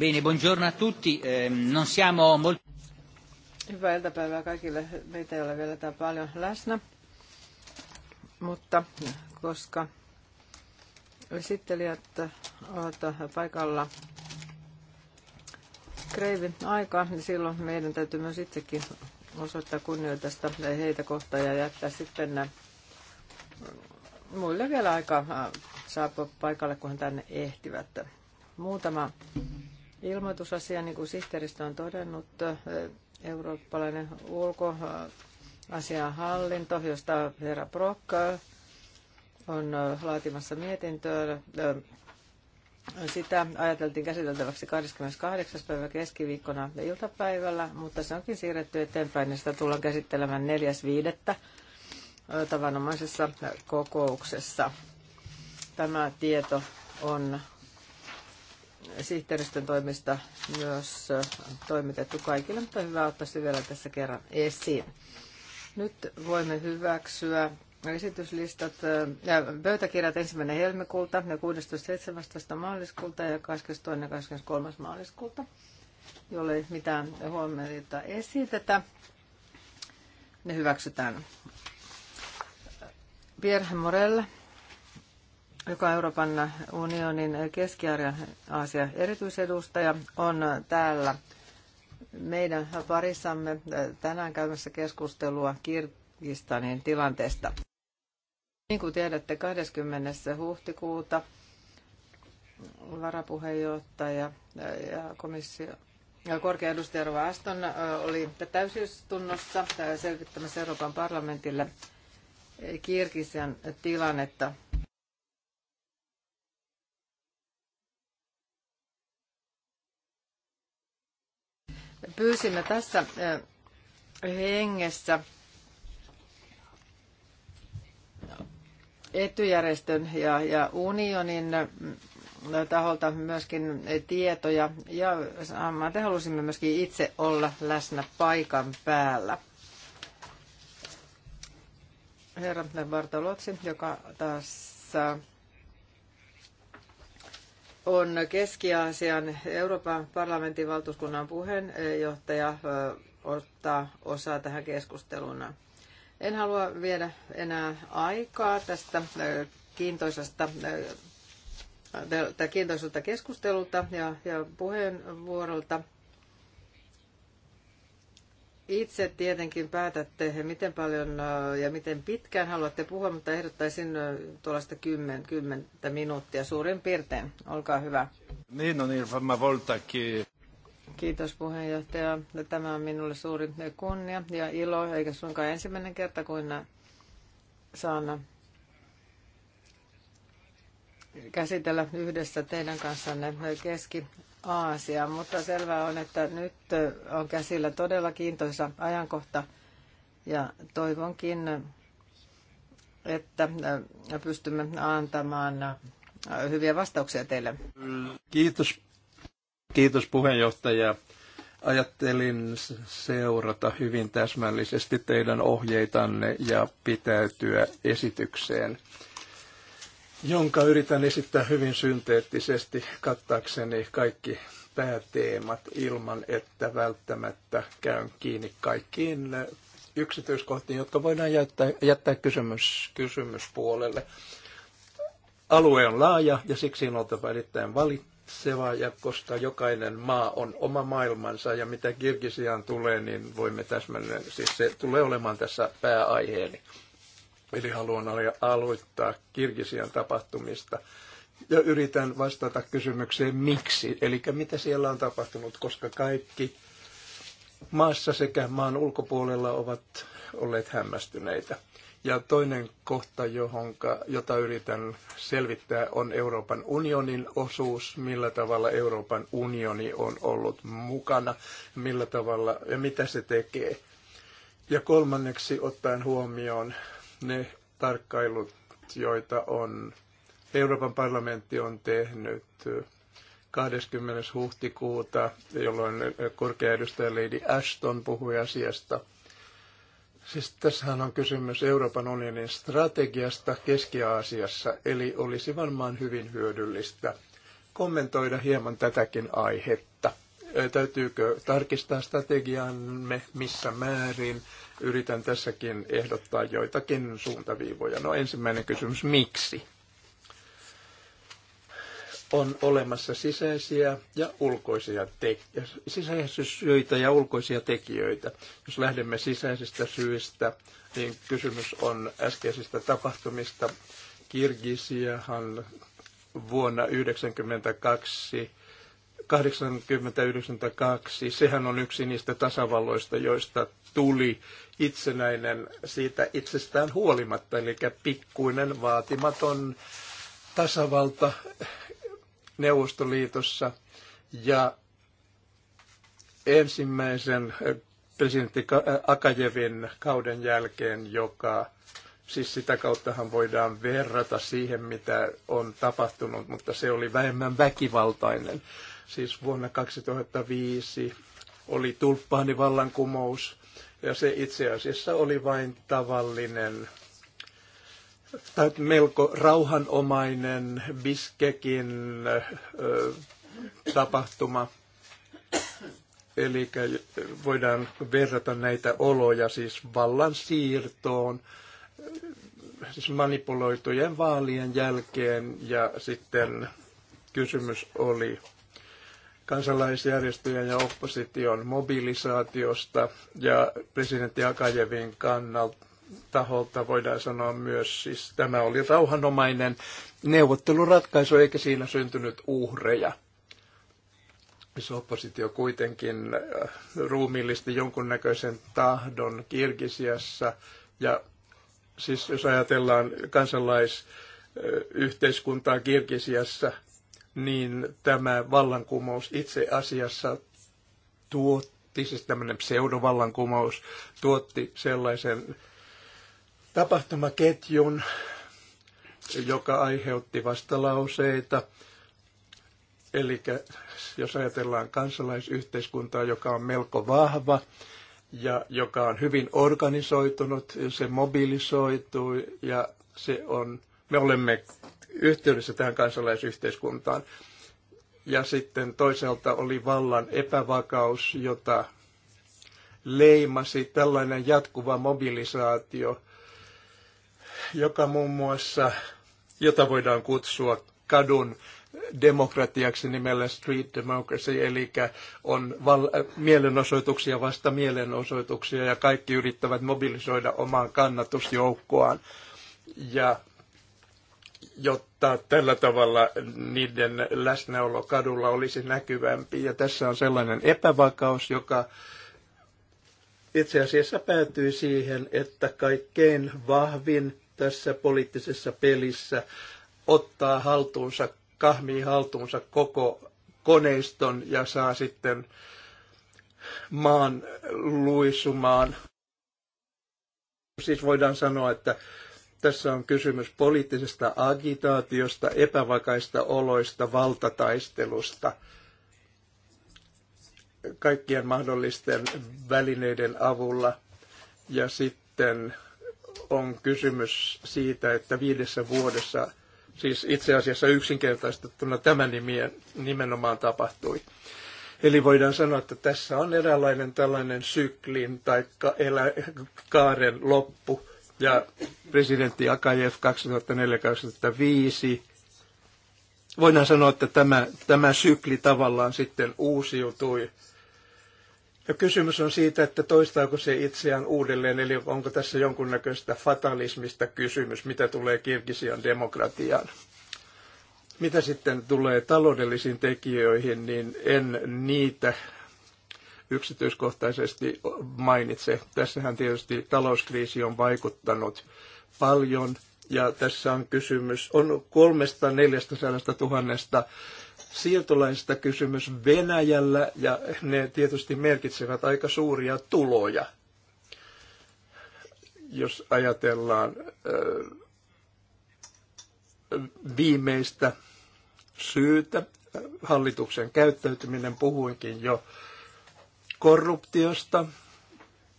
Bene, buongiorno a tutti. Ehm, non siamo molto... Hyvää iltapäivää kaikille. Meitä ei ole vielä täällä paljon läsnä, mutta koska esittelijät ovat paikalla kreivin aika, niin silloin meidän täytyy myös itsekin osoittaa kunnioitusta heitä kohtaan ja jättää sitten äh, muille vielä aikaa äh, saapua paikalle, kun tänne ehtivät. Muutama ilmoitusasia, niin kuin sihteeristö on todennut, eurooppalainen ulkoasianhallinto, josta herra Brock on laatimassa mietintöä. Sitä ajateltiin käsiteltäväksi 28. päivä keskiviikkona iltapäivällä, mutta se onkin siirretty eteenpäin ja niin sitä tullaan käsittelemään 4.5. tavanomaisessa kokouksessa. Tämä tieto on sihteeristön toimesta myös äh, toimitettu kaikille, mutta hyvä ottaa se vielä tässä kerran esiin. Nyt voimme hyväksyä esityslistat äh, ja pöytäkirjat ensimmäinen helmikuulta ja 16. 17. maaliskuulta ja 22. ja 23. maaliskuulta, jolle mitään huomioita esitetä. Ne hyväksytään. Pierre Morella joka on Euroopan unionin keski Aasia erityisedustaja, on täällä meidän parissamme äh, tänään käymässä keskustelua Kirgistanin tilanteesta. Niin kuin tiedätte, 20. huhtikuuta varapuheenjohtaja äh, ja komissio ja korkea edustaja Rova Aston äh, oli täysistunnossa selvittämässä Euroopan parlamentille Kirgisian tilannetta Pyysimme tässä hengessä etujärjestön ja, ja unionin taholta myöskin tietoja ja samaten halusimme myöskin itse olla läsnä paikan päällä. Herra Bartolotsi, joka tässä on Keski-Aasian Euroopan parlamentin valtuuskunnan puheenjohtaja ottaa osaa tähän keskusteluun. En halua viedä enää aikaa tästä kiintoisesta kiintoisuutta keskustelulta ja, ja puheenvuorolta itse tietenkin päätätte, miten paljon ja miten pitkään haluatte puhua, mutta ehdottaisin tuollaista kymmentä minuuttia suurin piirtein. Olkaa hyvä. Niin on no niin, ilman voltakin. Kiitos puheenjohtaja. Tämä on minulle suuri kunnia ja ilo, eikä suinkaan ensimmäinen kerta, kun saan käsitellä yhdessä teidän kanssanne keski Aasia, mutta selvää on, että nyt on käsillä todella kiintoisa ajankohta ja toivonkin, että pystymme antamaan hyviä vastauksia teille. Kiitos. Kiitos puheenjohtaja. Ajattelin seurata hyvin täsmällisesti teidän ohjeitanne ja pitäytyä esitykseen jonka yritän esittää hyvin synteettisesti kattaakseni kaikki pääteemat ilman, että välttämättä käyn kiinni kaikkiin äh, yksityiskohtiin, jotka voidaan jättää, jättää kysymys, kysymyspuolelle. Alue on laaja ja siksi on oltava erittäin valitseva, ja koska jokainen maa on oma maailmansa ja mitä Kirgisiaan tulee, niin voimme täsmälleen, siis se tulee olemaan tässä pääaiheeni. Eli haluan aloittaa Kirgisian tapahtumista ja yritän vastata kysymykseen miksi, eli mitä siellä on tapahtunut, koska kaikki maassa sekä maan ulkopuolella ovat olleet hämmästyneitä. Ja toinen kohta, johonka, jota yritän selvittää, on Euroopan unionin osuus, millä tavalla Euroopan unioni on ollut mukana, millä tavalla ja mitä se tekee. Ja kolmanneksi ottaen huomioon ne tarkkailut, joita on Euroopan parlamentti on tehnyt 20. huhtikuuta, jolloin korkea edustaja Lady Ashton puhui asiasta. Siis tässähän on kysymys Euroopan unionin strategiasta Keski-Aasiassa, eli olisi varmaan hyvin hyödyllistä kommentoida hieman tätäkin aihetta. Täytyykö tarkistaa strategiamme missä määrin Yritän tässäkin ehdottaa joitakin suuntaviivoja. No ensimmäinen kysymys, miksi? On olemassa sisäisiä ja ulkoisia tek- sisäisyyssyitä ja ulkoisia tekijöitä. Jos lähdemme sisäisistä syistä, niin kysymys on äskeisistä tapahtumista. Kirgisiahan vuonna 1992 80 sehän on yksi niistä tasavalloista, joista tuli itsenäinen siitä itsestään huolimatta, eli pikkuinen vaatimaton tasavalta Neuvostoliitossa ja ensimmäisen presidentti äh, Akajevin kauden jälkeen, joka siis sitä kauttahan voidaan verrata siihen, mitä on tapahtunut, mutta se oli vähemmän väkivaltainen Siis vuonna 2005 oli tulppaani vallankumous ja se itse asiassa oli vain tavallinen tai melko rauhanomainen Biskekin ö, tapahtuma. Eli voidaan verrata näitä oloja siis vallan siirtoon, siis manipuloitujen vaalien jälkeen ja sitten kysymys oli kansalaisjärjestöjen ja opposition mobilisaatiosta ja presidentti Akajevin kannalta taholta voidaan sanoa myös, siis tämä oli rauhanomainen neuvotteluratkaisu, eikä siinä syntynyt uhreja. Siis oppositio kuitenkin äh, ruumiillisti jonkunnäköisen tahdon Kirgisiassa ja siis jos ajatellaan kansalaisyhteiskuntaa äh, Kirgisiassa – niin tämä vallankumous itse asiassa tuotti, siis tämmöinen pseudovallankumous, tuotti sellaisen tapahtumaketjun, joka aiheutti vastalauseita. Eli jos ajatellaan kansalaisyhteiskuntaa, joka on melko vahva ja joka on hyvin organisoitunut, se mobilisoituu ja se on, me olemme yhteydessä tähän kansalaisyhteiskuntaan. Ja sitten toisaalta oli vallan epävakaus, jota leimasi tällainen jatkuva mobilisaatio, joka muun muassa, jota voidaan kutsua kadun demokratiaksi nimellä street democracy, eli on val- mielenosoituksia vasta mielenosoituksia ja kaikki yrittävät mobilisoida omaan kannatusjoukkoaan. Ja jotta tällä tavalla niiden läsnäolo kadulla olisi näkyvämpi. Ja tässä on sellainen epävakaus, joka itse asiassa päätyy siihen, että kaikkein vahvin tässä poliittisessa pelissä ottaa haltuunsa, kahmii haltuunsa koko koneiston ja saa sitten maan luisumaan. Siis voidaan sanoa, että tässä on kysymys poliittisesta agitaatiosta, epävakaista oloista, valtataistelusta, kaikkien mahdollisten välineiden avulla. Ja sitten on kysymys siitä, että viidessä vuodessa, siis itse asiassa yksinkertaistettuna tämä nimiä nimenomaan tapahtui. Eli voidaan sanoa, että tässä on eräänlainen tällainen syklin tai kaaren loppu, ja presidentti Akajev 2004-2005. Voidaan sanoa, että tämä, tämä sykli tavallaan sitten uusiutui. Ja kysymys on siitä, että toistaako se itseään uudelleen, eli onko tässä jonkunnäköistä fatalismista kysymys, mitä tulee Kirgisian demokratiaan. Mitä sitten tulee taloudellisiin tekijöihin, niin en niitä yksityiskohtaisesti mainitse. Tässähän tietysti talouskriisi on vaikuttanut paljon ja tässä on kysymys, on kolmesta neljästä 400 tuhannesta siirtolaisista kysymys Venäjällä ja ne tietysti merkitsevät aika suuria tuloja. Jos ajatellaan viimeistä syytä, hallituksen käyttäytyminen, puhuinkin jo korruptiosta.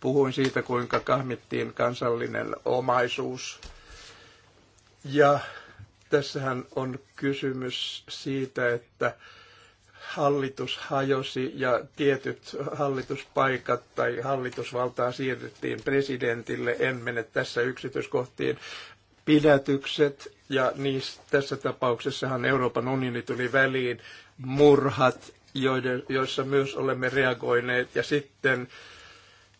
Puhuin siitä, kuinka kahmittiin kansallinen omaisuus. Ja tässähän on kysymys siitä, että hallitus hajosi ja tietyt hallituspaikat tai hallitusvaltaa siirrettiin presidentille. En mene tässä yksityiskohtiin. Pidätykset ja niissä, tässä tapauksessahan Euroopan unioni tuli väliin murhat joiden, joissa myös olemme reagoineet. Ja sitten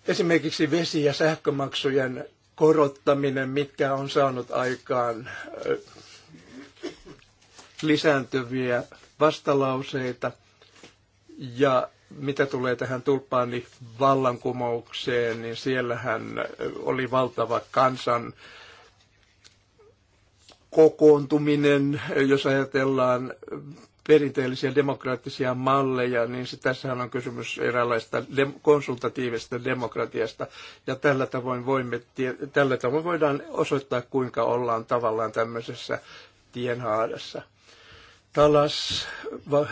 esimerkiksi vesi- ja sähkömaksujen korottaminen, mitkä on saanut aikaan lisääntyviä vastalauseita. Ja mitä tulee tähän tulppaani vallankumoukseen, niin siellähän oli valtava kansan kokoontuminen, jos ajatellaan perinteellisiä demokraattisia malleja, niin se, tässähän on kysymys eräänlaista de, konsultatiivisesta demokratiasta. Ja tällä tavoin, voimme, tällä tavoin voidaan osoittaa, kuinka ollaan tavallaan tämmöisessä tienhaadassa. Talas va,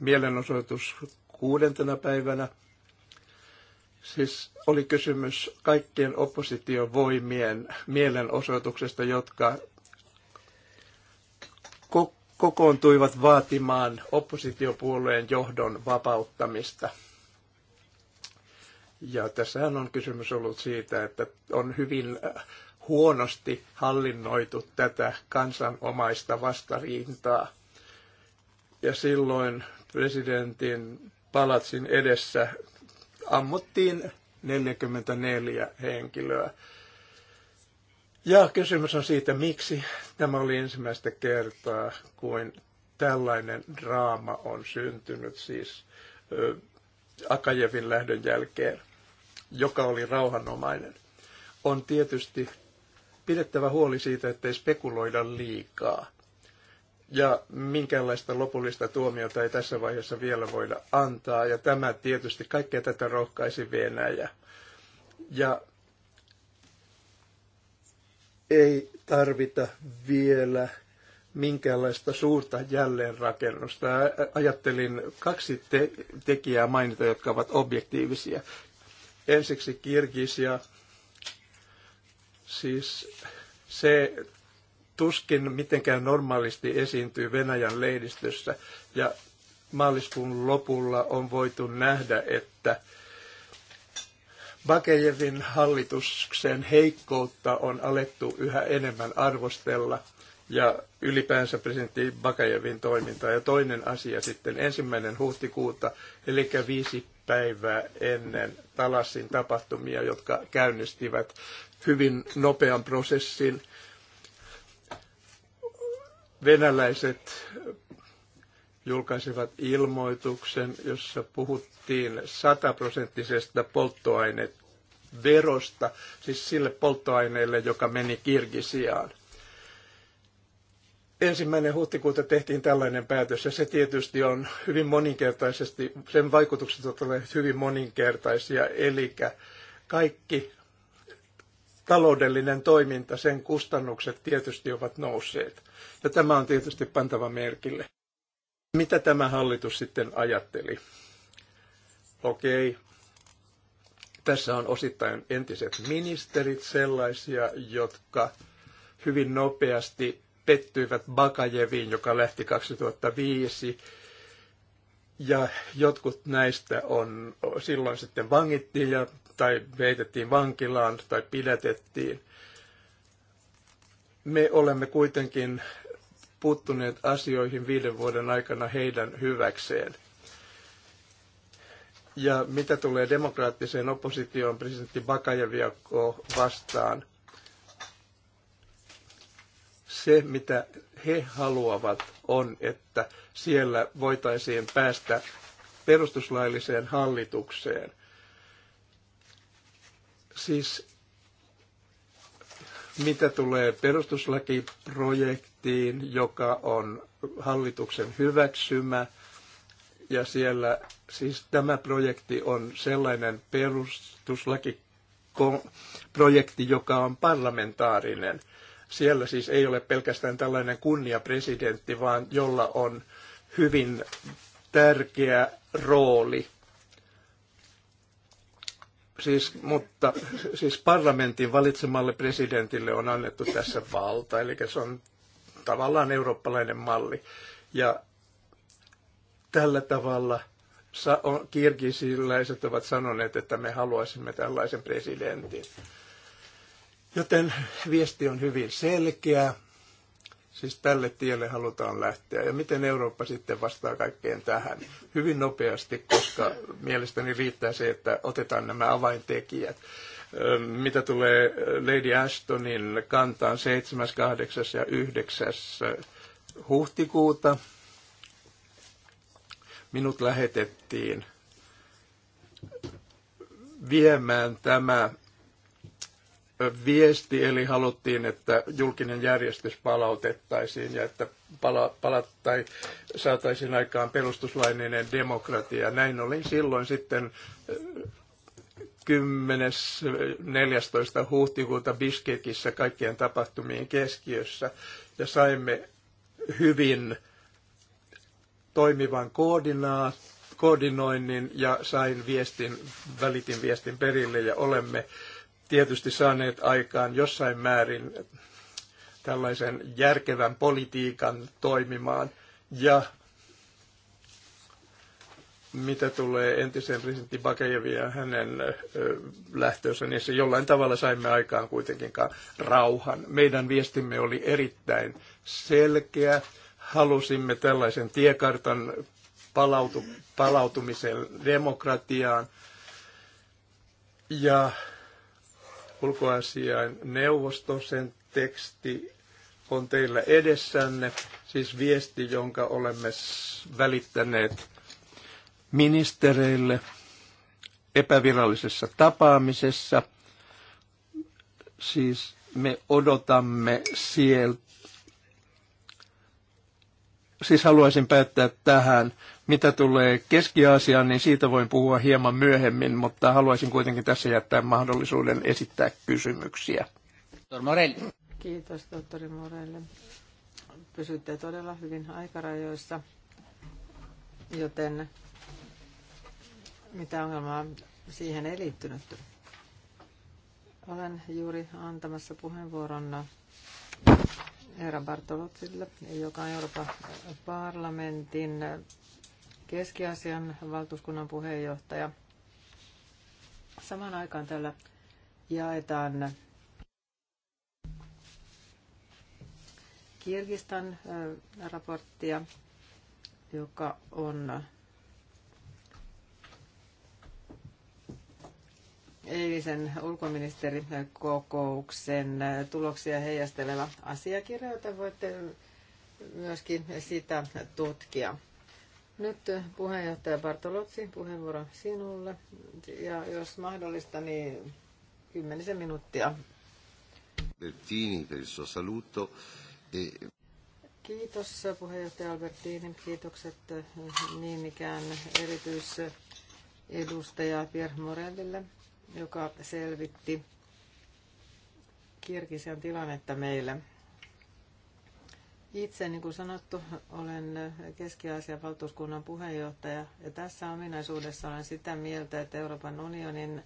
mielenosoitus kuudentena päivänä. Siis oli kysymys kaikkien oppositiovoimien mielenosoituksesta, jotka kokoontuivat vaatimaan oppositiopuolueen johdon vapauttamista. Ja tässähän on kysymys ollut siitä, että on hyvin äh, huonosti hallinnoitu tätä kansanomaista vastarintaa. Ja silloin presidentin palatsin edessä ammuttiin 44 henkilöä. Ja kysymys on siitä, miksi tämä oli ensimmäistä kertaa, kuin tällainen draama on syntynyt siis Akajevin lähdön jälkeen, joka oli rauhanomainen. On tietysti pidettävä huoli siitä, ettei spekuloida liikaa. Ja minkäänlaista lopullista tuomiota ei tässä vaiheessa vielä voida antaa. Ja tämä tietysti kaikkea tätä rohkaisi Venäjä. Ja ei tarvita vielä minkäänlaista suurta jälleenrakennusta. Ajattelin kaksi te- tekijää mainita, jotka ovat objektiivisia. Ensiksi Kirgisia, siis se tuskin mitenkään normaalisti esiintyy Venäjän lehdistössä ja maaliskuun lopulla on voitu nähdä, että Bakejevin hallituksen heikkoutta on alettu yhä enemmän arvostella ja ylipäänsä presidentti Bakajevin toimintaa. Ja toinen asia sitten ensimmäinen huhtikuuta, eli viisi päivää ennen Talassin tapahtumia, jotka käynnistivät hyvin nopean prosessin. Venäläiset julkaisivat ilmoituksen, jossa puhuttiin sataprosenttisesta polttoaineverosta, siis sille polttoaineelle, joka meni Kirgisiaan. Ensimmäinen huhtikuuta tehtiin tällainen päätös, ja se tietysti on hyvin moninkertaisesti, sen vaikutukset ovat olleet hyvin moninkertaisia, eli kaikki taloudellinen toiminta, sen kustannukset tietysti ovat nousseet. Ja tämä on tietysti pantava merkille. Mitä tämä hallitus sitten ajatteli? Okei, tässä on osittain entiset ministerit sellaisia, jotka hyvin nopeasti pettyivät Bakajeviin, joka lähti 2005. Ja jotkut näistä on silloin sitten vangittiin ja, tai veitettiin vankilaan tai pidätettiin. Me olemme kuitenkin puuttuneet asioihin viiden vuoden aikana heidän hyväkseen. Ja mitä tulee demokraattiseen oppositioon presidentti Bakajeviakko vastaan, se mitä he haluavat on, että siellä voitaisiin päästä perustuslailliseen hallitukseen. Siis mitä tulee perustuslakiprojektiin, joka on hallituksen hyväksymä, ja siellä siis tämä projekti on sellainen perustuslakiprojekti, joka on parlamentaarinen. Siellä siis ei ole pelkästään tällainen kunniapresidentti, vaan jolla on hyvin tärkeä rooli Siis, mutta siis parlamentin valitsemalle presidentille on annettu tässä valta, eli se on tavallaan eurooppalainen malli. Ja tällä tavalla kirgisiläiset ovat sanoneet, että me haluaisimme tällaisen presidentin. Joten viesti on hyvin selkeä. Siis tälle tielle halutaan lähteä. Ja miten Eurooppa sitten vastaa kaikkeen tähän? Hyvin nopeasti, koska mielestäni riittää se, että otetaan nämä avaintekijät. Mitä tulee Lady Ashtonin kantaan 7., 8. ja 9. huhtikuuta, minut lähetettiin viemään tämä viesti, eli haluttiin, että julkinen järjestys palautettaisiin ja että pala, tai saataisiin aikaan perustuslaininen demokratia. Näin oli silloin sitten 10.14. Äh, huhtikuuta Biskekissä kaikkien tapahtumien keskiössä ja saimme hyvin toimivan koordinaat, koordinoinnin ja sain viestin, välitin viestin perille ja olemme tietysti saaneet aikaan jossain määrin tällaisen järkevän politiikan toimimaan. Ja mitä tulee entisen presidentti Bakejevin ja hänen lähtöönsä, niin se jollain tavalla saimme aikaan kuitenkin rauhan. Meidän viestimme oli erittäin selkeä. Halusimme tällaisen tiekartan palautu, palautumisen demokratiaan. Ja ulkoasiain neuvoston sen teksti on teillä edessänne, siis viesti, jonka olemme välittäneet ministereille epävirallisessa tapaamisessa. Siis me odotamme sieltä. Siis haluaisin päättää tähän. Mitä tulee Keski-Aasiaan, niin siitä voin puhua hieman myöhemmin, mutta haluaisin kuitenkin tässä jättää mahdollisuuden esittää kysymyksiä. Kiitos, tohtori Morelle. Pysytte todella hyvin aikarajoissa, joten mitä ongelmaa siihen ei liittynyt? Olen juuri antamassa puheenvuoron herra Bartolotsille, joka on Euroopan parlamentin Keski-Asian valtuuskunnan puheenjohtaja. Samaan aikaan täällä jaetaan Kirgistan raporttia, joka on eilisen ulkoministerikokouksen tuloksia heijasteleva asiakirja, jota voitte myöskin sitä tutkia. Nyt puheenjohtaja Bartolotsi, puheenvuoro sinulle. Ja jos mahdollista, niin kymmenisen minuuttia. Bertini per il suo saluto. E... Kiitos puheenjohtaja Albertini, kiitokset eh, niin ikään erityisedustaja Pierre Morellille, joka selvitti kirkisen tilannetta meille. Itse, niin kuin sanottu, olen Keski-Aasian valtuuskunnan puheenjohtaja ja tässä ominaisuudessa olen sitä mieltä, että Euroopan unionin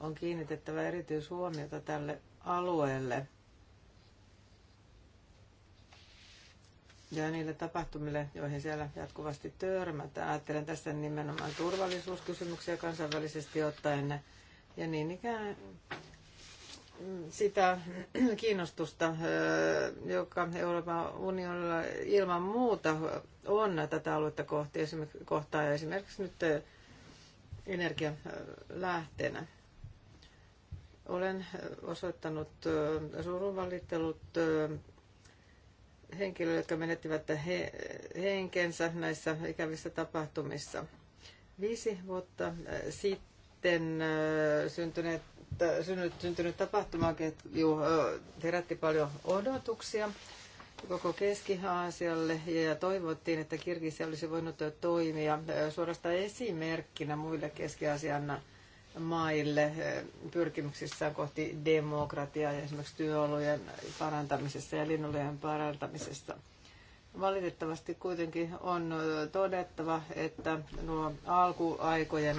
on kiinnitettävä erityishuomiota tälle alueelle ja niille tapahtumille, joihin siellä jatkuvasti törmätään. Ajattelen tässä nimenomaan turvallisuuskysymyksiä kansainvälisesti ottaen ja niin ikään sitä kiinnostusta, joka Euroopan unionilla ilman muuta on tätä aluetta kohti, kohtaa esimerkiksi nyt energialähteenä. Olen osoittanut surunvalittelut henkilöille, jotka menettivät he, henkensä näissä ikävissä tapahtumissa. Viisi vuotta sitten sitten syntyneet, syntynyt, syntynyt tapahtuma herätti paljon odotuksia koko Keski-Aasialle ja toivottiin, että Kirgisia olisi voinut toimia suorastaan esimerkkinä muille Keski-Aasian maille pyrkimyksissään kohti demokratiaa ja esimerkiksi työolojen parantamisessa ja linnullien parantamisessa. Valitettavasti kuitenkin on todettava, että nuo alkuaikojen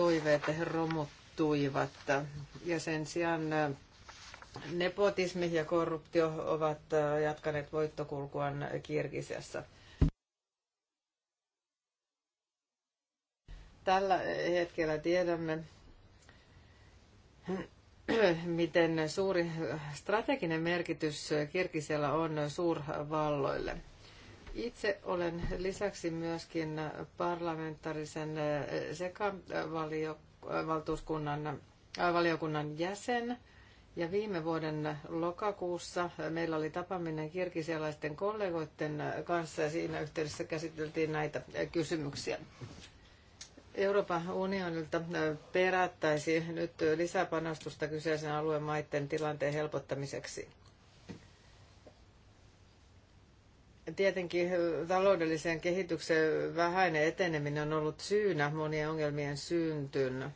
toiveet romuttuivat. Ja sen sijaan äh, nepotismi ja korruptio ovat äh, jatkaneet voittokulkuaan kirkisessä Tällä hetkellä tiedämme, miten suuri strateginen merkitys kirkisellä on suurvalloille – itse olen lisäksi myöskin parlamentaarisen äh, sekavaltuuskunnan äh, äh, valiokunnan jäsen. Ja viime vuoden lokakuussa meillä oli tapaaminen kirkisialaisten kollegoiden kanssa ja siinä yhteydessä käsiteltiin näitä kysymyksiä. Euroopan unionilta perättäisiin nyt lisäpanostusta kyseisen alueen maiden tilanteen helpottamiseksi. Tietenkin taloudellisen kehityksen vähäinen eteneminen on ollut syynä monien ongelmien syntyn.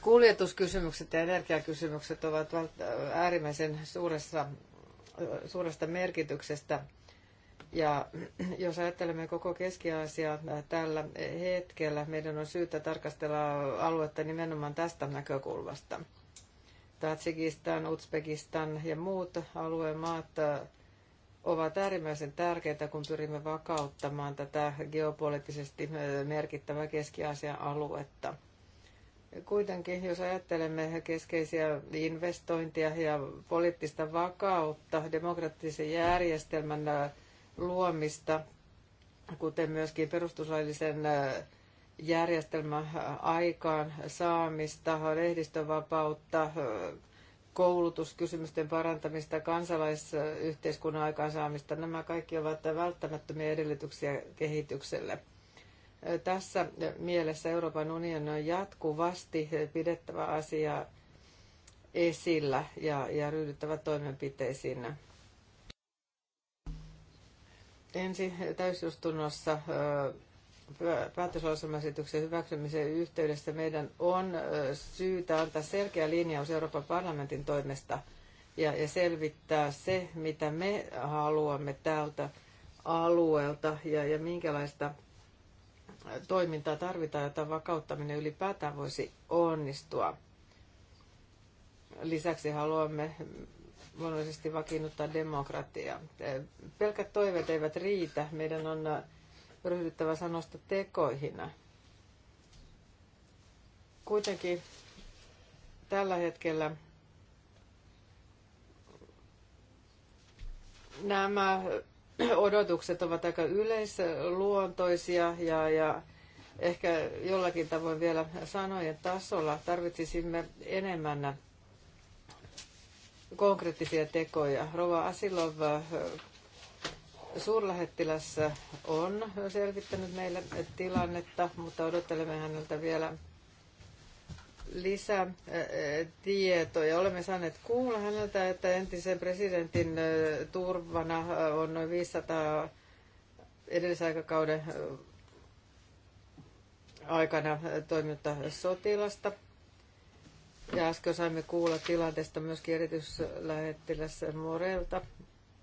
Kuljetuskysymykset ja energiakysymykset ovat äärimmäisen suuressa, suuresta merkityksestä. Ja jos ajattelemme koko Keski-Aasiaa tällä hetkellä, meidän on syytä tarkastella aluetta nimenomaan tästä näkökulmasta. Tatsikistan, Uzbekistan ja muut alueen maat äh, ovat äärimmäisen tärkeitä, kun pyrimme vakauttamaan tätä geopoliittisesti äh, merkittävää Keski-Aasian aluetta. Kuitenkin, jos ajattelemme keskeisiä investointeja ja poliittista vakautta, demokraattisen järjestelmän äh, luomista, kuten myöskin perustuslaillisen järjestelmän äh, aikaan saamista, lehdistönvapautta, äh, koulutuskysymysten parantamista, kansalaisyhteiskunnan aikaansaamista. Nämä kaikki ovat välttämättömiä edellytyksiä kehitykselle. Äh, tässä mielessä Euroopan unionin on jatkuvasti pidettävä asia esillä ja, ja ryhdyttävä toimenpiteisiin. Ensi täysjustunnossa päätöslauselmaesityksen hyväksymisen yhteydessä meidän on syytä antaa selkeä linjaus Euroopan parlamentin toimesta ja, ja selvittää se, mitä me haluamme täältä alueelta ja, ja minkälaista toimintaa tarvitaan, jotta vakauttaminen ylipäätään voisi onnistua. Lisäksi haluamme luonnollisesti vakiinnuttaa demokratiaa. Pelkät toiveet eivät riitä. Meidän on ryhdyttävä sanosta tekoihin. Kuitenkin tällä hetkellä nämä odotukset ovat aika yleisluontoisia ja, ja ehkä jollakin tavoin vielä sanojen tasolla tarvitsisimme enemmän konkreettisia tekoja. Rova Asilov Suurlähettiläs on selvittänyt meille tilannetta, mutta odottelemme häneltä vielä lisätietoja. Olemme saaneet kuulla häneltä, että entisen presidentin turvana on noin 500 edellisaikakauden aikana toiminutta sotilasta. Ja äsken saimme kuulla tilanteesta myöskin erityislähettiläs Morelta,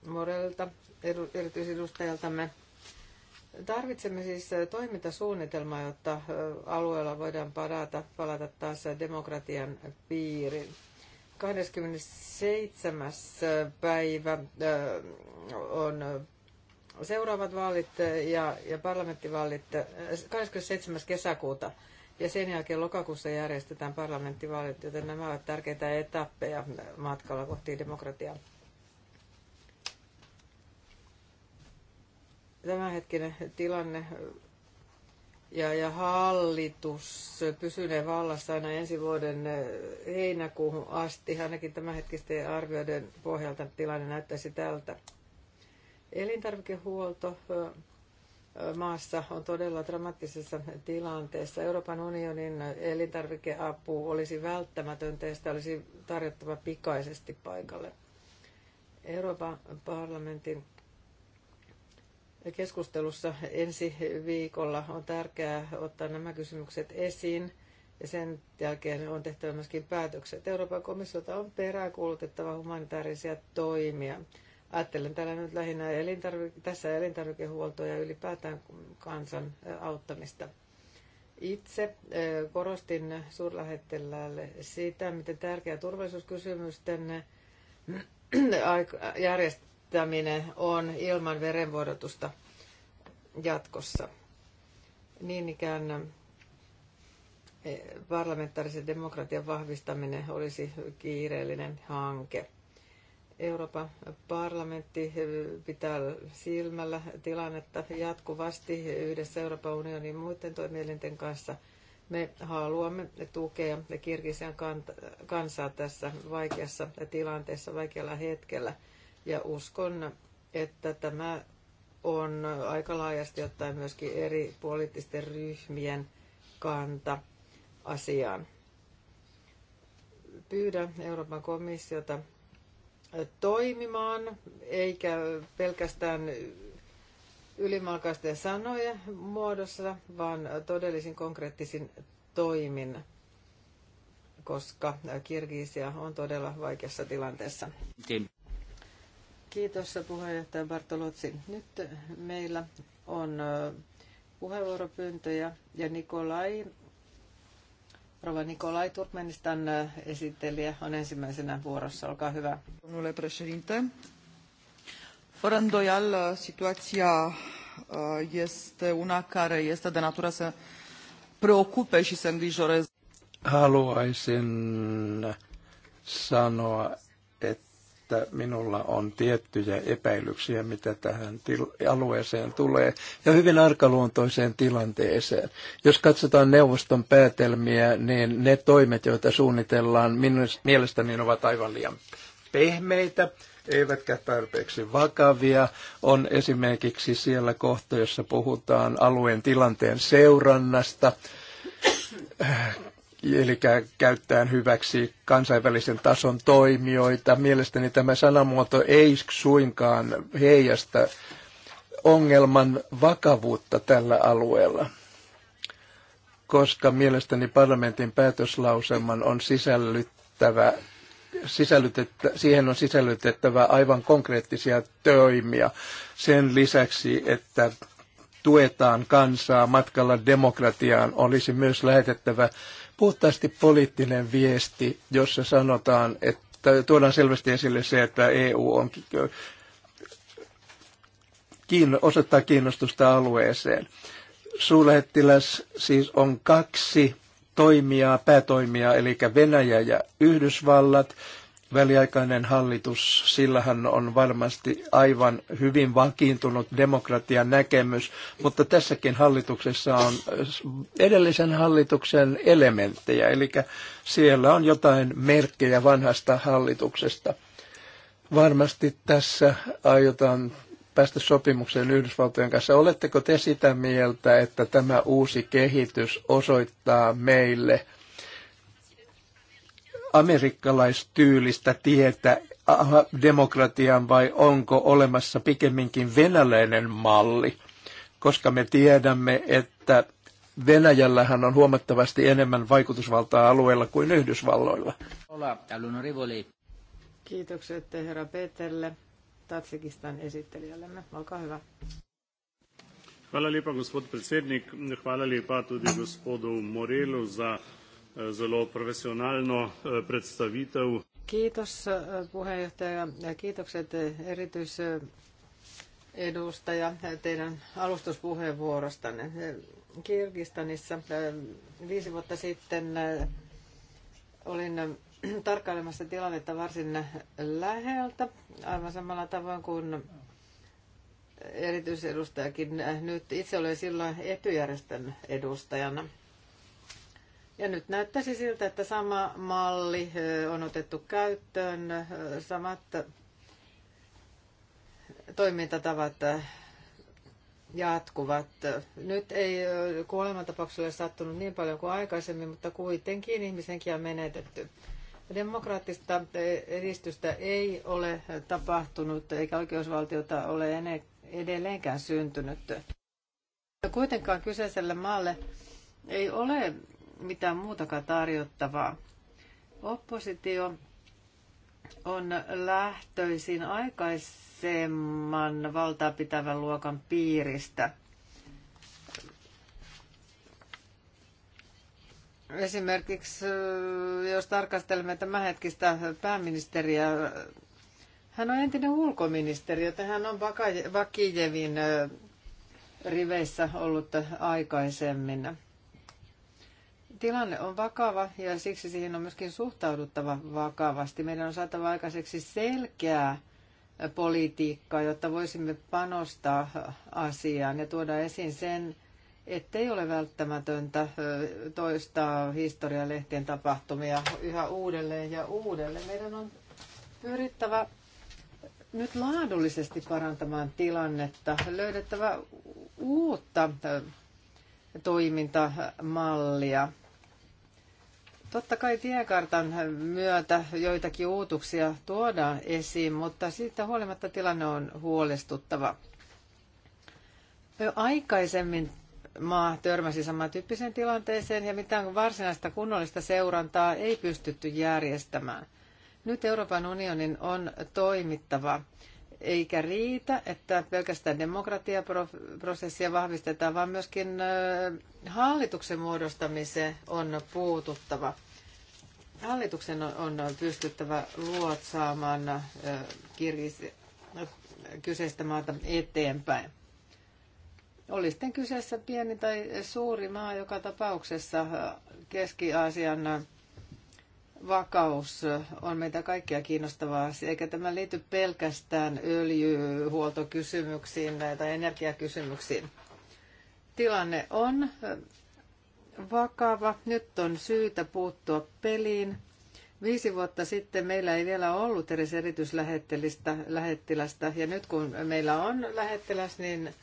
Morelta, erityisedustajaltamme. Tarvitsemme siis äh, toimintasuunnitelmaa, jotta äh, alueella voidaan palata, palata taas äh, demokratian piiriin. 27. päivä on seuraavat vaalit ja, ja parlamenttivaalit 27. kesäkuuta ja sen jälkeen lokakuussa järjestetään parlamenttivaalit, joten nämä ovat tärkeitä etappeja matkalla kohti demokratiaa. tämänhetkinen tilanne ja, ja hallitus pysynee vallassa aina ensi vuoden eh, heinäkuuhun asti. Ainakin tämänhetkisten arvioiden pohjalta tilanne näyttäisi tältä. Elintarvikehuolto eh, eh, maassa on todella dramaattisessa tilanteessa. Euroopan unionin elintarvikeapu olisi välttämätöntä ja sitä olisi tarjottava pikaisesti paikalle. Euroopan parlamentin keskustelussa ensi viikolla on tärkeää ottaa nämä kysymykset esiin ja sen jälkeen on tehtävä myöskin päätökset. Euroopan komissiota on peräänkuulutettava humanitaarisia toimia. Ajattelen täällä nyt lähinnä elintarvike- tässä elintarvikehuoltoa ja ylipäätään kansan auttamista. Itse korostin suurlähettiläälle sitä, miten tärkeä turvallisuuskysymysten järjest- käyttäminen on ilman verenvuodatusta jatkossa. Niin ikään eh, parlamentaarisen demokratian vahvistaminen olisi kiireellinen hanke. Euroopan parlamentti eh, pitää silmällä tilannetta jatkuvasti yhdessä Euroopan unionin muiden toimielinten kanssa. Me haluamme tukea Kirgisian kansaa tässä vaikeassa tilanteessa, vaikealla hetkellä – ja uskon, että tämä on aika laajasti ottaen myöskin eri poliittisten ryhmien kanta asiaan. Pyydän Euroopan komissiota toimimaan, eikä pelkästään ylimalkaisten sanojen muodossa, vaan todellisin konkreettisin toimin, koska Kirgisia on todella vaikeassa tilanteessa. Kiitos. Kiitos puheenjohtaja Bartolotsi. Nyt meillä on puheenvuoropyyntöjä ja Nikolai, Rova Nikolai Turkmenistan esittelijä on ensimmäisenä vuorossa. Olkaa hyvä. Domnule președinte, fără îndoială, situația este una care este de natură să preocupe și să îngrijoreze. Haluaisin sanoa, että minulla on tiettyjä epäilyksiä, mitä tähän alueeseen tulee, ja hyvin arkaluontoiseen tilanteeseen. Jos katsotaan neuvoston päätelmiä, niin ne toimet, joita suunnitellaan, minun mielestäni ovat aivan liian pehmeitä, eivätkä tarpeeksi vakavia. On esimerkiksi siellä kohta, jossa puhutaan alueen tilanteen seurannasta, eli käyttäen hyväksi kansainvälisen tason toimijoita. Mielestäni tämä sanamuoto ei suinkaan heijasta ongelman vakavuutta tällä alueella, koska mielestäni parlamentin päätöslauselman on sisällyttävä sisällytettä, siihen on sisällytettävä aivan konkreettisia toimia sen lisäksi, että tuetaan kansaa matkalla demokratiaan, olisi myös lähetettävä puhtaasti poliittinen viesti, jossa sanotaan, että tuodaan selvästi esille se, että EU on kiinno, osoittaa kiinnostusta alueeseen. Suulähettiläs siis on kaksi toimijaa, päätoimijaa, eli Venäjä ja Yhdysvallat, väliaikainen hallitus, sillähän on varmasti aivan hyvin vakiintunut demokratian näkemys, mutta tässäkin hallituksessa on edellisen hallituksen elementtejä, eli siellä on jotain merkkejä vanhasta hallituksesta. Varmasti tässä aiotaan päästä sopimukseen Yhdysvaltojen kanssa. Oletteko te sitä mieltä, että tämä uusi kehitys osoittaa meille – amerikkalaistyylistä tietä demokratian vai onko olemassa pikemminkin venäläinen malli, koska me tiedämme, että Venäjällähän on huomattavasti enemmän vaikutusvaltaa alueella kuin Yhdysvalloilla. Kiitokset herra Peterille, Tatsikistan esittelijällemme. Olkaa hyvä. Hvala lepa, gospod predsednik. Hvala lepa tudi gospodu Morelu za zelo profesionalno eh, predstavitev. Kiitos eh, puheenjohtaja ja kiitokset eh, erityisedustaja teidän alustuspuheenvuorostanne. Kirgistanissa viisi vuotta sitten olin tarkkailemassa tilannetta varsin läheltä, aivan samalla tavoin kuin erityisedustajakin nyt. Itse olen silloin etujärjestön edustajana – ja nyt näyttäisi siltä, että sama malli on otettu käyttöön, samat toimintatavat jatkuvat. Nyt ei kuolemantapaukselle sattunut niin paljon kuin aikaisemmin, mutta kuitenkin ihmisenkin on menetetty. Demokraattista edistystä ei ole tapahtunut eikä oikeusvaltiota ole edelleenkään syntynyt. Kuitenkaan kyseiselle maalle ei ole mitään muutakaan tarjottavaa. Oppositio on lähtöisin aikaisemman valtaa pitävän luokan piiristä. Esimerkiksi jos tarkastelemme hetkistä pääministeriä, hän on entinen ulkoministeri, joten hän on Vakijevin riveissä ollut aikaisemmin. Tilanne on vakava ja siksi siihen on myöskin suhtauduttava vakavasti. Meidän on saatava aikaiseksi selkeää politiikkaa, jotta voisimme panostaa asiaan ja tuoda esiin sen, ettei ole välttämätöntä toistaa historialehtien tapahtumia yhä uudelleen ja uudelleen. Meidän on pyrittävä nyt laadullisesti parantamaan tilannetta, löydettävä uutta toimintamallia. Totta kai tiekartan myötä joitakin uutuksia tuodaan esiin, mutta siitä huolimatta tilanne on huolestuttava. Jo aikaisemmin maa törmäsi samantyyppiseen tilanteeseen ja mitään varsinaista kunnollista seurantaa ei pystytty järjestämään. Nyt Euroopan unionin on toimittava eikä riitä, että pelkästään demokratiaprosessia vahvistetaan, vaan myöskin hallituksen muodostamiseen on puututtava. Hallituksen on pystyttävä luotsaamaan kyseistä maata eteenpäin. Oli sitten kyseessä pieni tai suuri maa, joka tapauksessa Keski-Aasian vakaus on meitä kaikkia kiinnostava asia, eikä tämä liity pelkästään öljyhuoltokysymyksiin tai energiakysymyksiin. Tilanne on vakava. Nyt on syytä puuttua peliin. Viisi vuotta sitten meillä ei vielä ollut edes erityislähettilästä, ja nyt kun meillä on lähettiläs, niin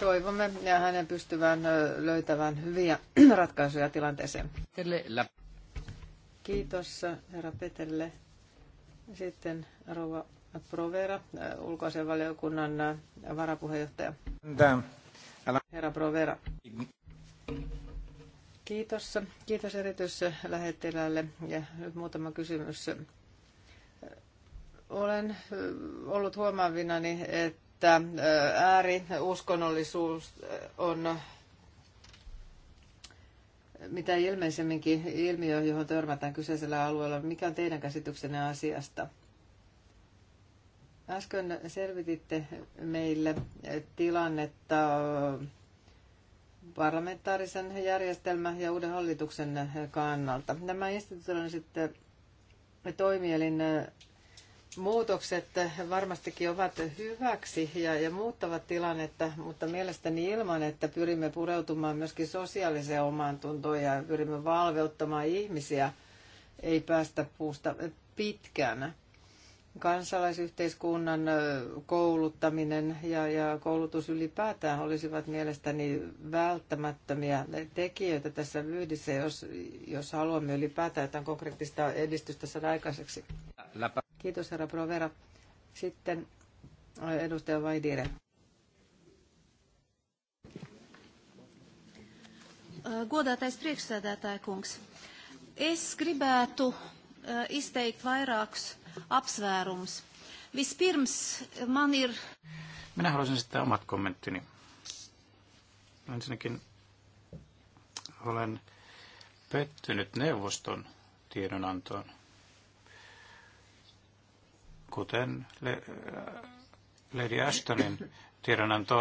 toivomme ja hänen pystyvän löytävän hyviä ratkaisuja tilanteeseen. Kiitos herra Petelle. Sitten rouva Provera, äh, ulkoasianvaliokunnan äh, varapuheenjohtaja. Herra Provera. Kiitos. Kiitos erityislähettilälle. Ja nyt muutama kysymys. Olen äh, ollut huomaavinani, että ääriuskonnollisuus on mitä ilmeisemminkin ilmiö, johon törmätään kyseisellä alueella. Mikä on teidän käsityksenne asiasta? Äsken selvititte meille tilannetta parlamentaarisen järjestelmän ja uuden hallituksen kannalta. Nämä institutionaaliset toimielin muutokset varmastikin ovat hyväksi ja, ja muuttavat tilannetta, mutta mielestäni ilman, että pyrimme pureutumaan myöskin sosiaaliseen omaan tuntoon ja pyrimme valveuttamaan ihmisiä, ei päästä puusta pitkään Kansalaisyhteiskunnan kouluttaminen ja, ja koulutus ylipäätään olisivat mielestäni välttämättömiä tekijöitä tässä vyydissä, jos, jos haluamme ylipäätään jotain konkreettista edistystä saada aikaiseksi. Läpä. Kiitos, herra Provera. Sitten äh, edustaja Vaidire. Äh, godātais priekšsēdētāja kungs, es gribētu äh, izteikt vairākus apsvērumus. Vispirms man ir... Minä haluaisin sitten omat kommenttini. Ensinnäkin olen pettynyt neuvoston tiedonantoon kuten Le- äh, Lady Ashtonin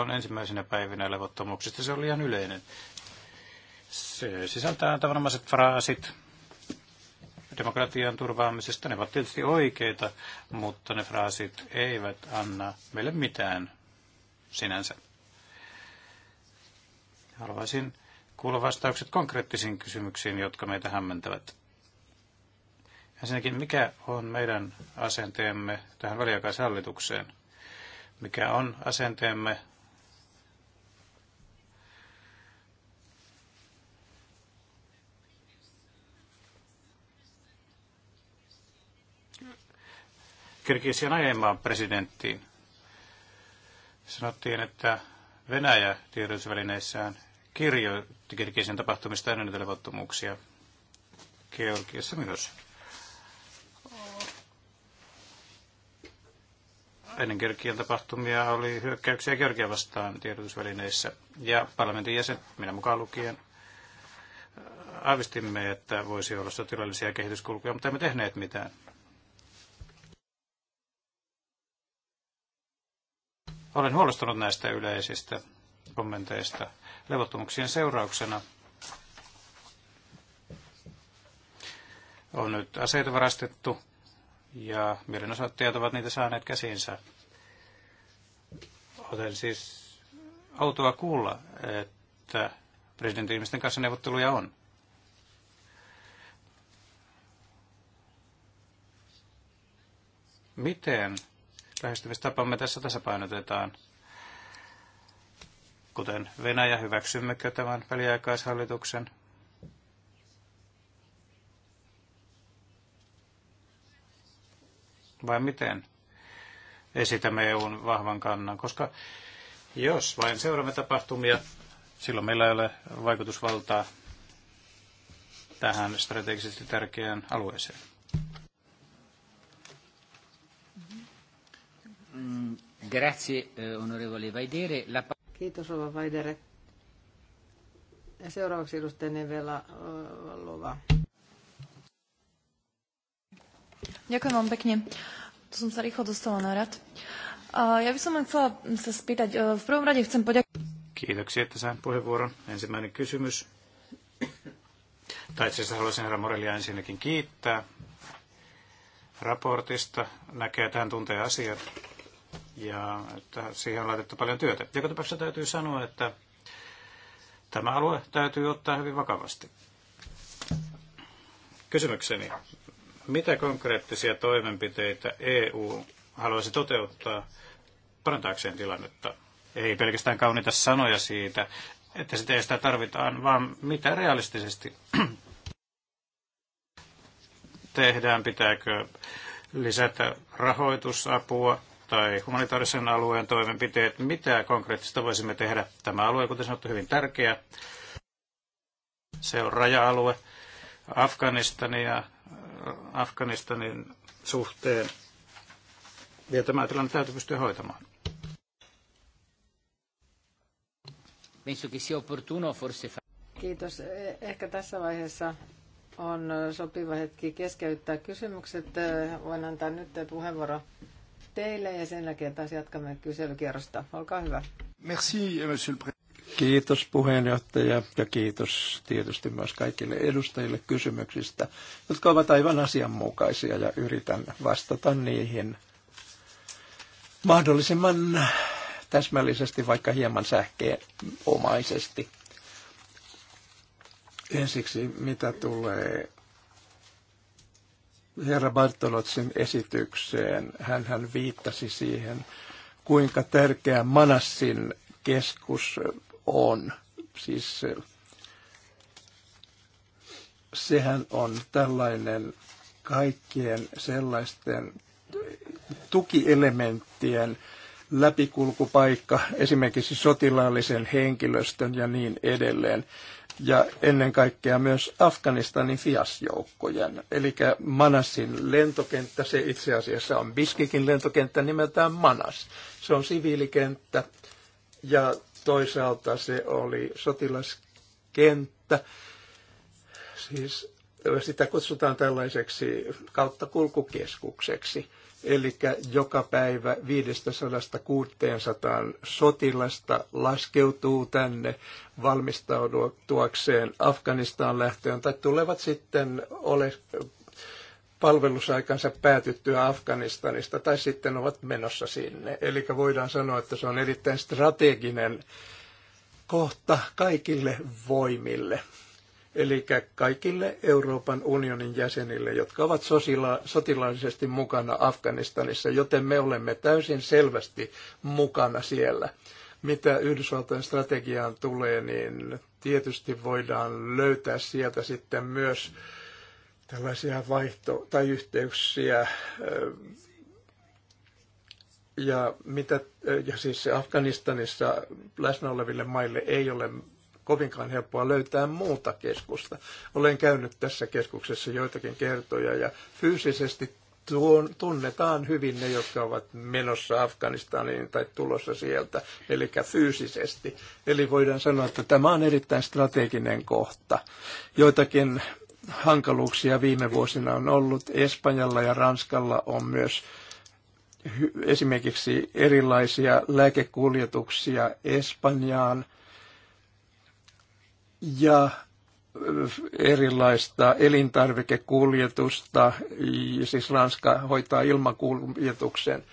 on ensimmäisenä päivinä levottomuuksista. Se oli ihan yleinen. Se sisältää tavanomaiset fraasit demokratian turvaamisesta. Ne ovat tietysti oikeita, mutta ne fraasit eivät anna meille mitään sinänsä. Haluaisin kuulla vastaukset konkreettisiin kysymyksiin, jotka meitä hämmentävät. Ensinnäkin, mikä on meidän asenteemme tähän väliaikaishallitukseen? Mikä on asenteemme Kirgisian aiemmaan presidenttiin? Sanottiin, että Venäjä tiedotusvälineissään kirjoitti Kirgisian tapahtumista ennen levottomuuksia. Georgiassa myös. Ennen Georgian tapahtumia oli hyökkäyksiä Georgia vastaan tiedotusvälineissä ja parlamentin jäsen, minä mukaan lukien, aavistimme, että voisi olla sotilaallisia kehityskulkuja, mutta emme tehneet mitään. Olen huolestunut näistä yleisistä kommenteista levottomuuksien seurauksena. On nyt aseita varastettu ja mielenosoittajat ovat niitä saaneet käsiinsä. Oten siis outoa kuulla, että presidentin ihmisten kanssa neuvotteluja on. Miten lähestymistapamme tässä tasapainotetaan? Kuten Venäjä, hyväksymmekö tämän väliaikaishallituksen vai miten esitämme EUn vahvan kannan, koska jos vain seuraamme tapahtumia, silloin meillä ei ole vaikutusvaltaa tähän strategisesti tärkeään alueeseen. Mm, grazie, eh, onorevole Vaidere. La... Kiitos, Rova Vaidere. Ja seuraavaksi edustaja Nevela eh, Lova. Ďakujem vám pekne. To som sa rýchlo dostala na rad. A Ja by som len chcela sa spýtať. E, v prvom rade chcem poďakovať. Kiitoksia, että sain puheenvuoron. Ensimmäinen kysymys. Tai itse asiassa haluaisin herra Morelia ensinnäkin kiittää raportista. Näkee, että hän tuntee asiat ja että siihen on laitettu paljon työtä. Joka tapauksessa täytyy sanoa, että tämä alue täytyy ottaa hyvin vakavasti. Kysymykseni mitä konkreettisia toimenpiteitä EU haluaisi toteuttaa parantaakseen tilannetta? Ei pelkästään kaunita sanoja siitä, että sitä, sitä tarvitaan, vaan mitä realistisesti tehdään, pitääkö lisätä rahoitusapua tai humanitaarisen alueen toimenpiteet, mitä konkreettista voisimme tehdä. Tämä alue, kuten sanottu, hyvin tärkeä. Se on raja-alue Afganistania Afganistanin suhteen. Ja tämä tilanne täytyy pystyä hoitamaan. Kiitos. E, ehkä tässä vaiheessa on sopiva hetki keskeyttää kysymykset. E, voin antaa nyt puheenvuoro teille ja sen jälkeen taas jatkamme kyselykierrosta. Olkaa hyvä. Merci, monsieur le Kiitos puheenjohtaja ja kiitos tietysti myös kaikille edustajille kysymyksistä, jotka ovat aivan asianmukaisia ja yritän vastata niihin mahdollisimman täsmällisesti, vaikka hieman sähkeenomaisesti. Ensiksi mitä tulee herra Bartolotsin esitykseen, hän, hän viittasi siihen, kuinka tärkeä Manassin keskus on. Siis sehän on tällainen kaikkien sellaisten tukielementtien läpikulkupaikka, esimerkiksi sotilaallisen henkilöstön ja niin edelleen. Ja ennen kaikkea myös Afganistanin fiasjoukkojen, eli Manasin lentokenttä, se itse asiassa on Biskikin lentokenttä nimeltään Manas. Se on siviilikenttä ja toisaalta se oli sotilaskenttä. Siis sitä kutsutaan tällaiseksi kauttakulkukeskukseksi. Eli joka päivä 500-600 sotilasta laskeutuu tänne valmistautuakseen Afganistan lähtöön tai tulevat sitten ole palvelusaikansa päätyttyä Afganistanista tai sitten ovat menossa sinne. Eli voidaan sanoa, että se on erittäin strateginen kohta kaikille voimille. Eli kaikille Euroopan unionin jäsenille, jotka ovat sosila- sotilaallisesti mukana Afganistanissa, joten me olemme täysin selvästi mukana siellä. Mitä Yhdysvaltojen strategiaan tulee, niin tietysti voidaan löytää sieltä sitten myös äh, tällaisia vaihto- tai yhteyksiä. Ja, mitä, ja siis Afganistanissa läsnä oleville maille ei ole kovinkaan helppoa löytää muuta keskusta. Olen käynyt tässä keskuksessa joitakin kertoja ja fyysisesti tuon, tunnetaan hyvin ne, jotka ovat menossa Afganistaniin tai tulossa sieltä, eli fyysisesti. Eli voidaan sanoa, että tämä on erittäin strateginen kohta. Joitakin hankaluuksia viime vuosina on ollut. Espanjalla ja Ranskalla on myös esimerkiksi erilaisia lääkekuljetuksia Espanjaan ja erilaista elintarvikekuljetusta, siis Ranska hoitaa ilmakuljetuksen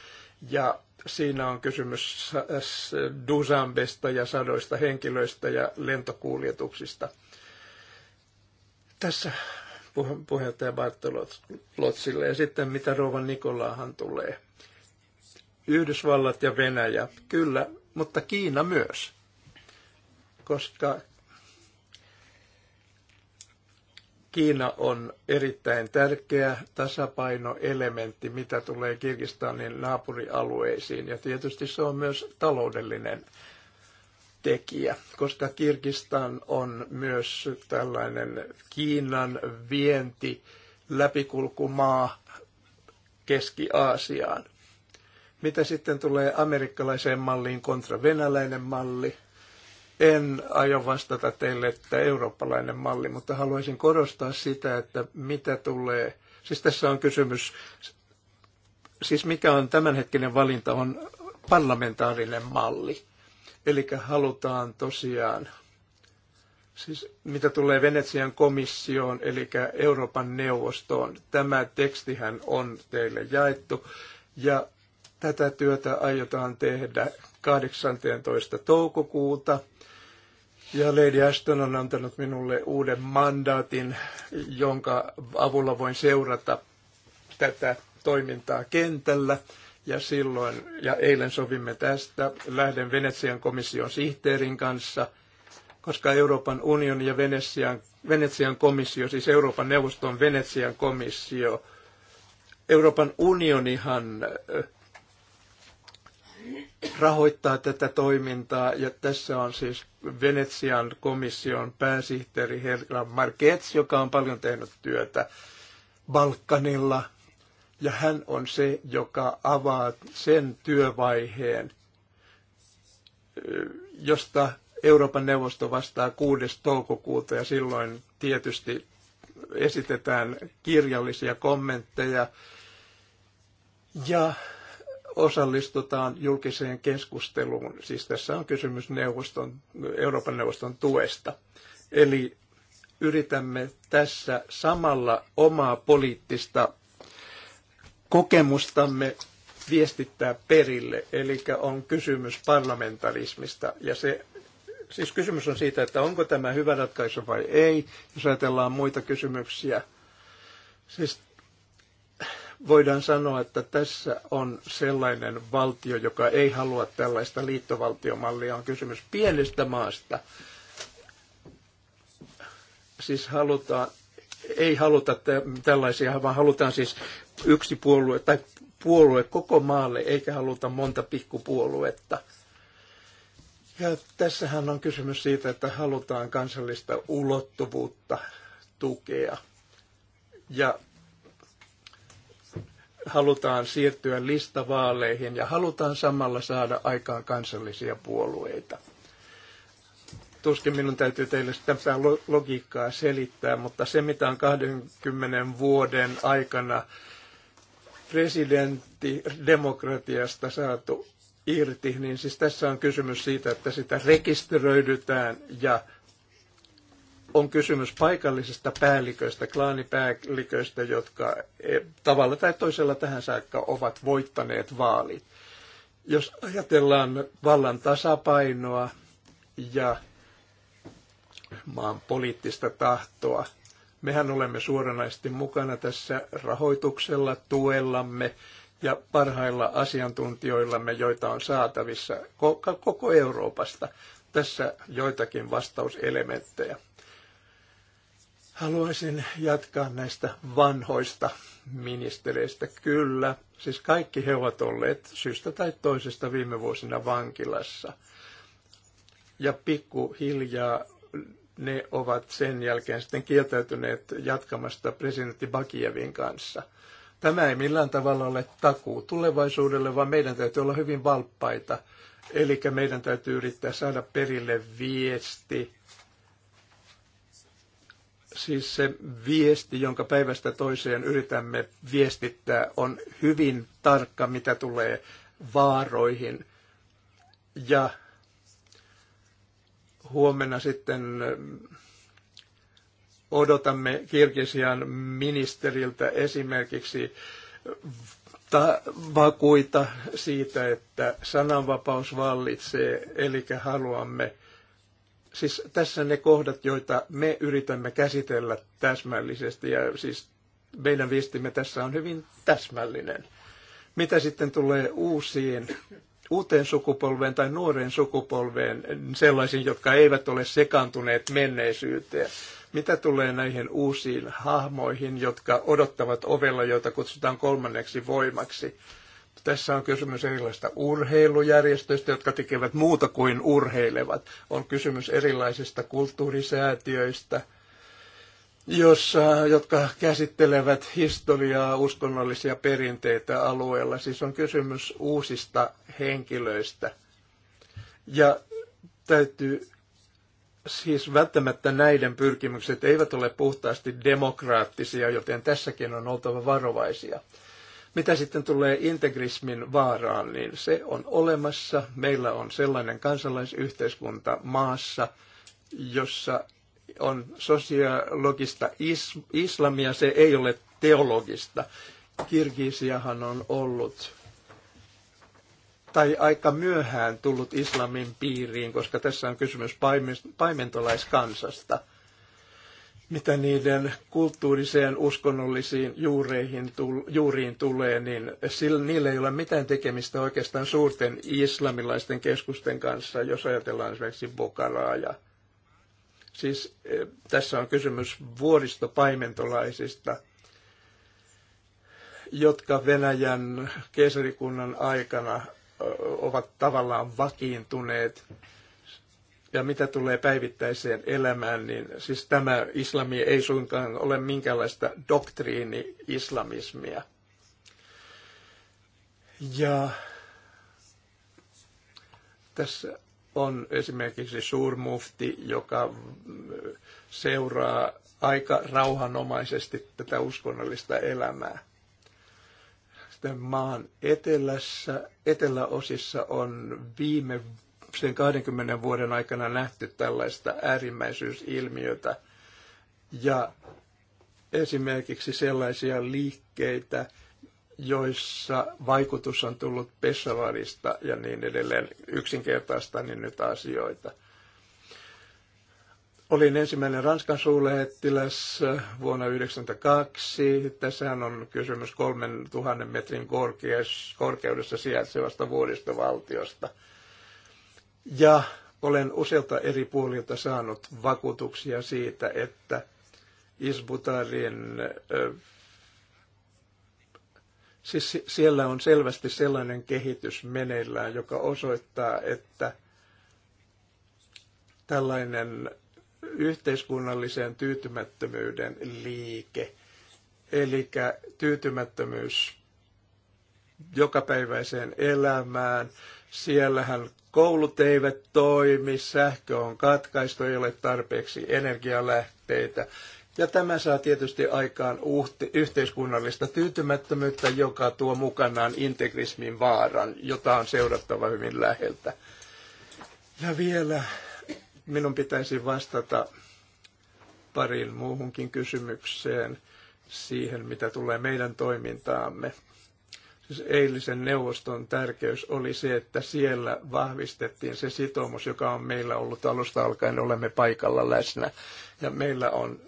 ja siinä on kysymys Dusambesta ja sadoista henkilöistä ja lentokuljetuksista – tässä puheenjohtaja Bartolotsille ja sitten mitä Rova Nikolaahan tulee. Yhdysvallat ja Venäjä, kyllä, mutta Kiina myös, koska Kiina on erittäin tärkeä tasapainoelementti, mitä tulee Kirgistanin naapurialueisiin. Ja tietysti se on myös taloudellinen tekijä, koska Kirgistan on myös tällainen Kiinan vienti läpikulkumaa Keski-Aasiaan. Mitä sitten tulee amerikkalaiseen malliin kontra venäläinen malli? En aio vastata teille, että eurooppalainen malli, mutta haluaisin korostaa sitä, että mitä tulee. Siis tässä on kysymys, siis mikä on tämänhetkinen valinta, on parlamentaarinen malli. Eli halutaan tosiaan, siis mitä tulee Venetsian komissioon, eli Euroopan neuvostoon, tämä tekstihän on teille jaettu. Ja tätä työtä aiotaan tehdä 18. toukokuuta. Ja Lady Ashton on antanut minulle uuden mandaatin, jonka avulla voin seurata tätä toimintaa kentällä ja silloin, ja eilen sovimme tästä, lähden Venetsian komission sihteerin kanssa, koska Euroopan unioni ja Venetsian, Venetsian komissio, siis Euroopan neuvoston Venetsian komissio, Euroopan unionihan äh, rahoittaa tätä toimintaa ja tässä on siis Venetsian komission pääsihteeri Herra Marquez, joka on paljon tehnyt työtä Balkanilla – ja hän on se, joka avaa sen työvaiheen, josta Euroopan neuvosto vastaa 6. toukokuuta ja silloin tietysti esitetään kirjallisia kommentteja ja osallistutaan julkiseen keskusteluun. Siis tässä on kysymys neuvoston, Euroopan neuvoston tuesta. Eli yritämme tässä samalla omaa poliittista kokemustamme viestittää perille, eli on kysymys parlamentarismista. Ja se, siis kysymys on siitä, että onko tämä hyvä ratkaisu vai ei, jos ajatellaan muita kysymyksiä. Siis voidaan sanoa, että tässä on sellainen valtio, joka ei halua tällaista liittovaltiomallia. On kysymys pienestä maasta. Siis halutaan ei haluta tällaisia, vaan halutaan siis yksi puolue tai puolue koko maalle, eikä haluta monta pikkupuoluetta. Ja tässähän on kysymys siitä, että halutaan kansallista ulottuvuutta tukea. Ja halutaan siirtyä listavaaleihin ja halutaan samalla saada aikaan kansallisia puolueita. Tuskin minun täytyy teille tätä logiikkaa selittää, mutta se mitä on 20 vuoden aikana presidentti demokratiasta saatu irti, niin siis tässä on kysymys siitä, että sitä rekisteröidytään ja on kysymys paikallisista päälliköistä, klaanipäälliköistä, jotka e, tavalla tai toisella tähän saakka ovat voittaneet vaalit. Jos ajatellaan vallan tasapainoa ja maan poliittista tahtoa. Mehän olemme suoranaisesti mukana tässä rahoituksella, tuellamme ja parhailla asiantuntijoillamme, joita on saatavissa koko Euroopasta. Tässä joitakin vastauselementtejä. Haluaisin jatkaa näistä vanhoista ministereistä. Kyllä, siis kaikki he ovat olleet syystä tai toisesta viime vuosina vankilassa. Ja pikkuhiljaa ne ovat sen jälkeen sitten kieltäytyneet jatkamasta presidentti Bakijevin kanssa. Tämä ei millään tavalla ole takuu tulevaisuudelle, vaan meidän täytyy olla hyvin valppaita. Eli meidän täytyy yrittää saada perille viesti, siis se viesti, jonka päivästä toiseen yritämme viestittää, on hyvin tarkka, mitä tulee vaaroihin. Ja Huomenna sitten odotamme Kirgisian ministeriltä esimerkiksi ta- vakuita siitä, että sananvapaus vallitsee, eli haluamme. Siis tässä ne kohdat, joita me yritämme käsitellä täsmällisesti, ja siis meidän viestimme tässä on hyvin täsmällinen. Mitä sitten tulee uusiin uuteen sukupolveen tai nuoreen sukupolveen, sellaisiin, jotka eivät ole sekantuneet menneisyyteen. Mitä tulee näihin uusiin hahmoihin, jotka odottavat ovella, joita kutsutaan kolmanneksi voimaksi? Tässä on kysymys erilaisista urheilujärjestöistä, jotka tekevät muuta kuin urheilevat. On kysymys erilaisista kulttuurisäätiöistä – jossa, jotka käsittelevät historiaa, uskonnollisia perinteitä alueella. Siis on kysymys uusista henkilöistä. Ja täytyy siis välttämättä näiden pyrkimykset eivät ole puhtaasti demokraattisia, joten tässäkin on oltava varovaisia. Mitä sitten tulee integrismin vaaraan, niin se on olemassa. Meillä on sellainen kansalaisyhteiskunta maassa, jossa on sosiologista islamia, se ei ole teologista. Kirgisiahan on ollut tai aika myöhään tullut islamin piiriin, koska tässä on kysymys paimentolaiskansasta, mitä niiden kulttuuriseen uskonnollisiin juureihin, juuriin tulee, niin niillä ei ole mitään tekemistä oikeastaan suurten islamilaisten keskusten kanssa, jos ajatellaan esimerkiksi Bokaraa ja Siis e, tässä on kysymys vuoristopaimentolaisista, jotka Venäjän keisarikunnan aikana ovat tavallaan vakiintuneet. Ja mitä tulee päivittäiseen elämään, niin siis tämä islami ei suinkaan ole minkäänlaista doktriini-islamismia. Ja tässä on esimerkiksi suurmufti, joka seuraa aika rauhanomaisesti tätä uskonnollista elämää. Sitten maan etelässä, eteläosissa on viime sen 20 vuoden aikana nähty tällaista äärimmäisyysilmiötä ja esimerkiksi sellaisia liikkeitä, joissa vaikutus on tullut pesavarista ja niin edelleen yksinkertaista, niin nyt asioita. Olin ensimmäinen Ranskan suurlähettiläs vuonna 1992. Tässähän on kysymys 3000 metrin korkeudessa sijaitsevasta vuodistovaltiosta. Ja olen useilta eri puolilta saanut vakuutuksia siitä, että Isbutarin Siis siellä on selvästi sellainen kehitys meneillään, joka osoittaa, että tällainen yhteiskunnalliseen tyytymättömyyden liike, eli tyytymättömyys jokapäiväiseen elämään. Siellähän koulut eivät toimi, sähkö on katkaistu, ei ole tarpeeksi energialähteitä ja tämä saa tietysti aikaan uhti, yhteiskunnallista tyytymättömyyttä, joka tuo mukanaan integrismin vaaran, jota on seurattava hyvin läheltä. Ja vielä minun pitäisi vastata pariin muuhunkin kysymykseen siihen, mitä tulee meidän toimintaamme eilisen neuvoston tärkeys oli se, että siellä vahvistettiin se sitoumus, joka on meillä ollut alusta alkaen, olemme paikalla läsnä. Ja meillä on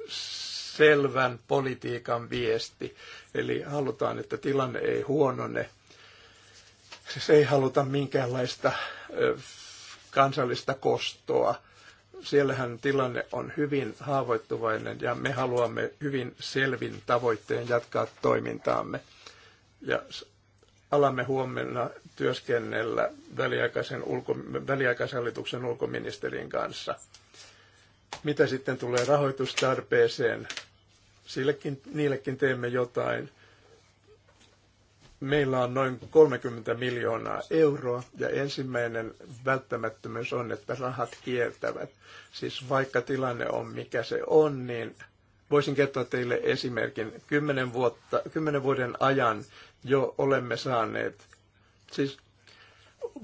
selvän politiikan viesti. Eli halutaan, että tilanne ei huonone. Siis ei haluta minkäänlaista kansallista kostoa. Siellähän tilanne on hyvin haavoittuvainen ja me haluamme hyvin selvin tavoitteen jatkaa toimintaamme. Ja alamme huomenna työskennellä väliaikaisen, ulko, väliaikaishallituksen ulkoministerin kanssa. Mitä sitten tulee rahoitustarpeeseen, sillekin, niillekin teemme jotain. Meillä on noin 30 miljoonaa euroa ja ensimmäinen välttämättömyys on, että rahat kiertävät. Siis vaikka tilanne on mikä se on, niin voisin kertoa teille esimerkin. vuotta, kymmenen vuoden ajan jo olemme saaneet. Siis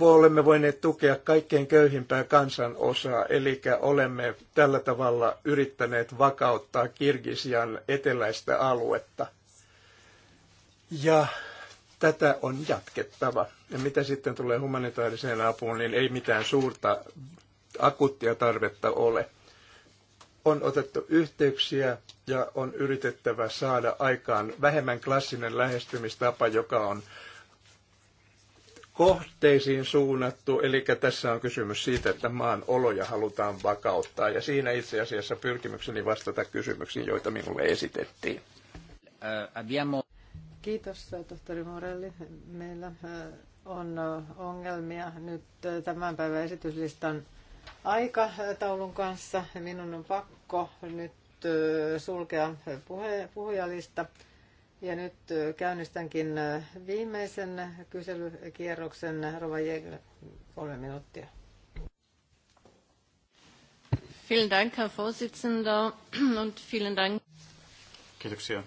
olemme voineet tukea kaikkein köyhimpää kansanosaa, eli olemme tällä tavalla yrittäneet vakauttaa Kirgisian eteläistä aluetta. Ja tätä on jatkettava. Ja mitä sitten tulee humanitaariseen apuun, niin ei mitään suurta akuuttia tarvetta ole on otettu yhteyksiä ja on yritettävä saada aikaan vähemmän klassinen lähestymistapa, joka on kohteisiin suunnattu, eli tässä on kysymys siitä, että maan oloja halutaan vakauttaa, ja siinä itse asiassa pyrkimykseni vastata kysymyksiin, joita minulle esitettiin. Äh, Kiitos, tohtori Morelli. Meillä äh, on äh, ongelmia nyt tämän päivän esityslistan aikataulun kanssa. Minun on pakko nyt sulkea puhe, puhujalista. Ja nyt käynnistänkin viimeisen kyselykierroksen. Rova Jäger, kolme minuuttia. Vielen Dank, Herr Vorsitzender, und vielen Dank. Kiitoksia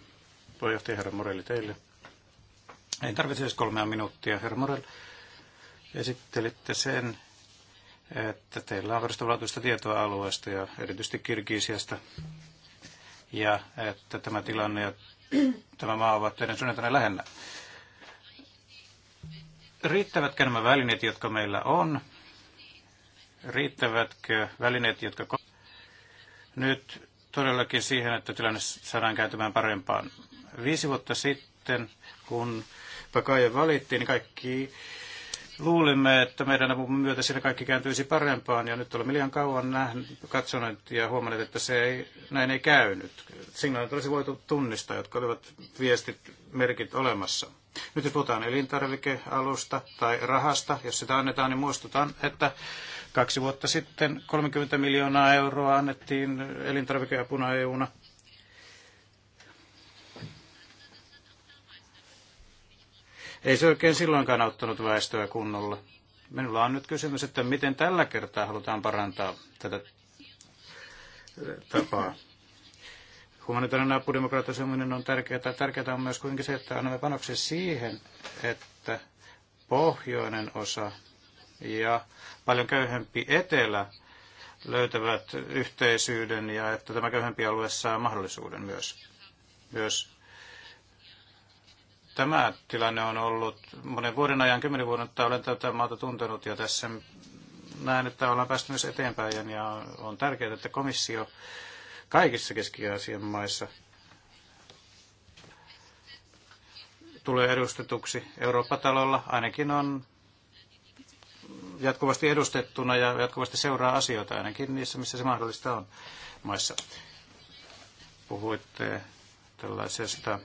puheenjohtaja herra Morelli teille. Ei tarvitse edes kolmea minuuttia. Herra Morelli. esittelitte sen, että teillä on varustavalaatuista tietoa alueesta ja erityisesti Kirgisiasta ja että tämä tilanne ja tämä maa ovat teidän suunnitelmanne lähellä. Riittävätkö nämä välineet, jotka meillä on? Riittävätkö välineet, jotka nyt todellakin siihen, että tilanne saadaan käytämään parempaan? Viisi vuotta sitten, kun Pakaja valittiin, niin kaikki Luulimme, että meidän avun myötä siinä kaikki kääntyisi parempaan, ja nyt olemme liian kauan nähnyt, katsoneet ja huomanneet, että se ei, näin ei käynyt. Signaalit olisi voitu tunnistaa, jotka olivat viestit, merkit olemassa. Nyt jos puhutaan elintarvikealusta tai rahasta, jos sitä annetaan, niin muistutan, että kaksi vuotta sitten 30 miljoonaa euroa annettiin elintarvikeapuna EUna. Ei se oikein silloinkaan auttanut väestöä kunnolla. Minulla on nyt kysymys, että miten tällä kertaa halutaan parantaa tätä tapaa. Humanitaarinen apudemokraattisuuminen on tärkeää. Tärkeää on myös kuitenkin se, että annamme panoksen siihen, että pohjoinen osa ja paljon köyhempi etelä löytävät yhteisyyden ja että tämä köyhempi alue saa mahdollisuuden myös, myös Tämä tilanne on ollut monen vuoden ajan, kymmenen vuoden, että olen tätä maata tuntenut ja tässä näen, että ollaan päästy myös eteenpäin ja on tärkeää, että komissio kaikissa Keski-Aasian maissa tulee edustetuksi Eurooppa-talolla, ainakin on jatkuvasti edustettuna ja jatkuvasti seuraa asioita, ainakin niissä, missä se mahdollista on maissa. Puhuitte tällaisesta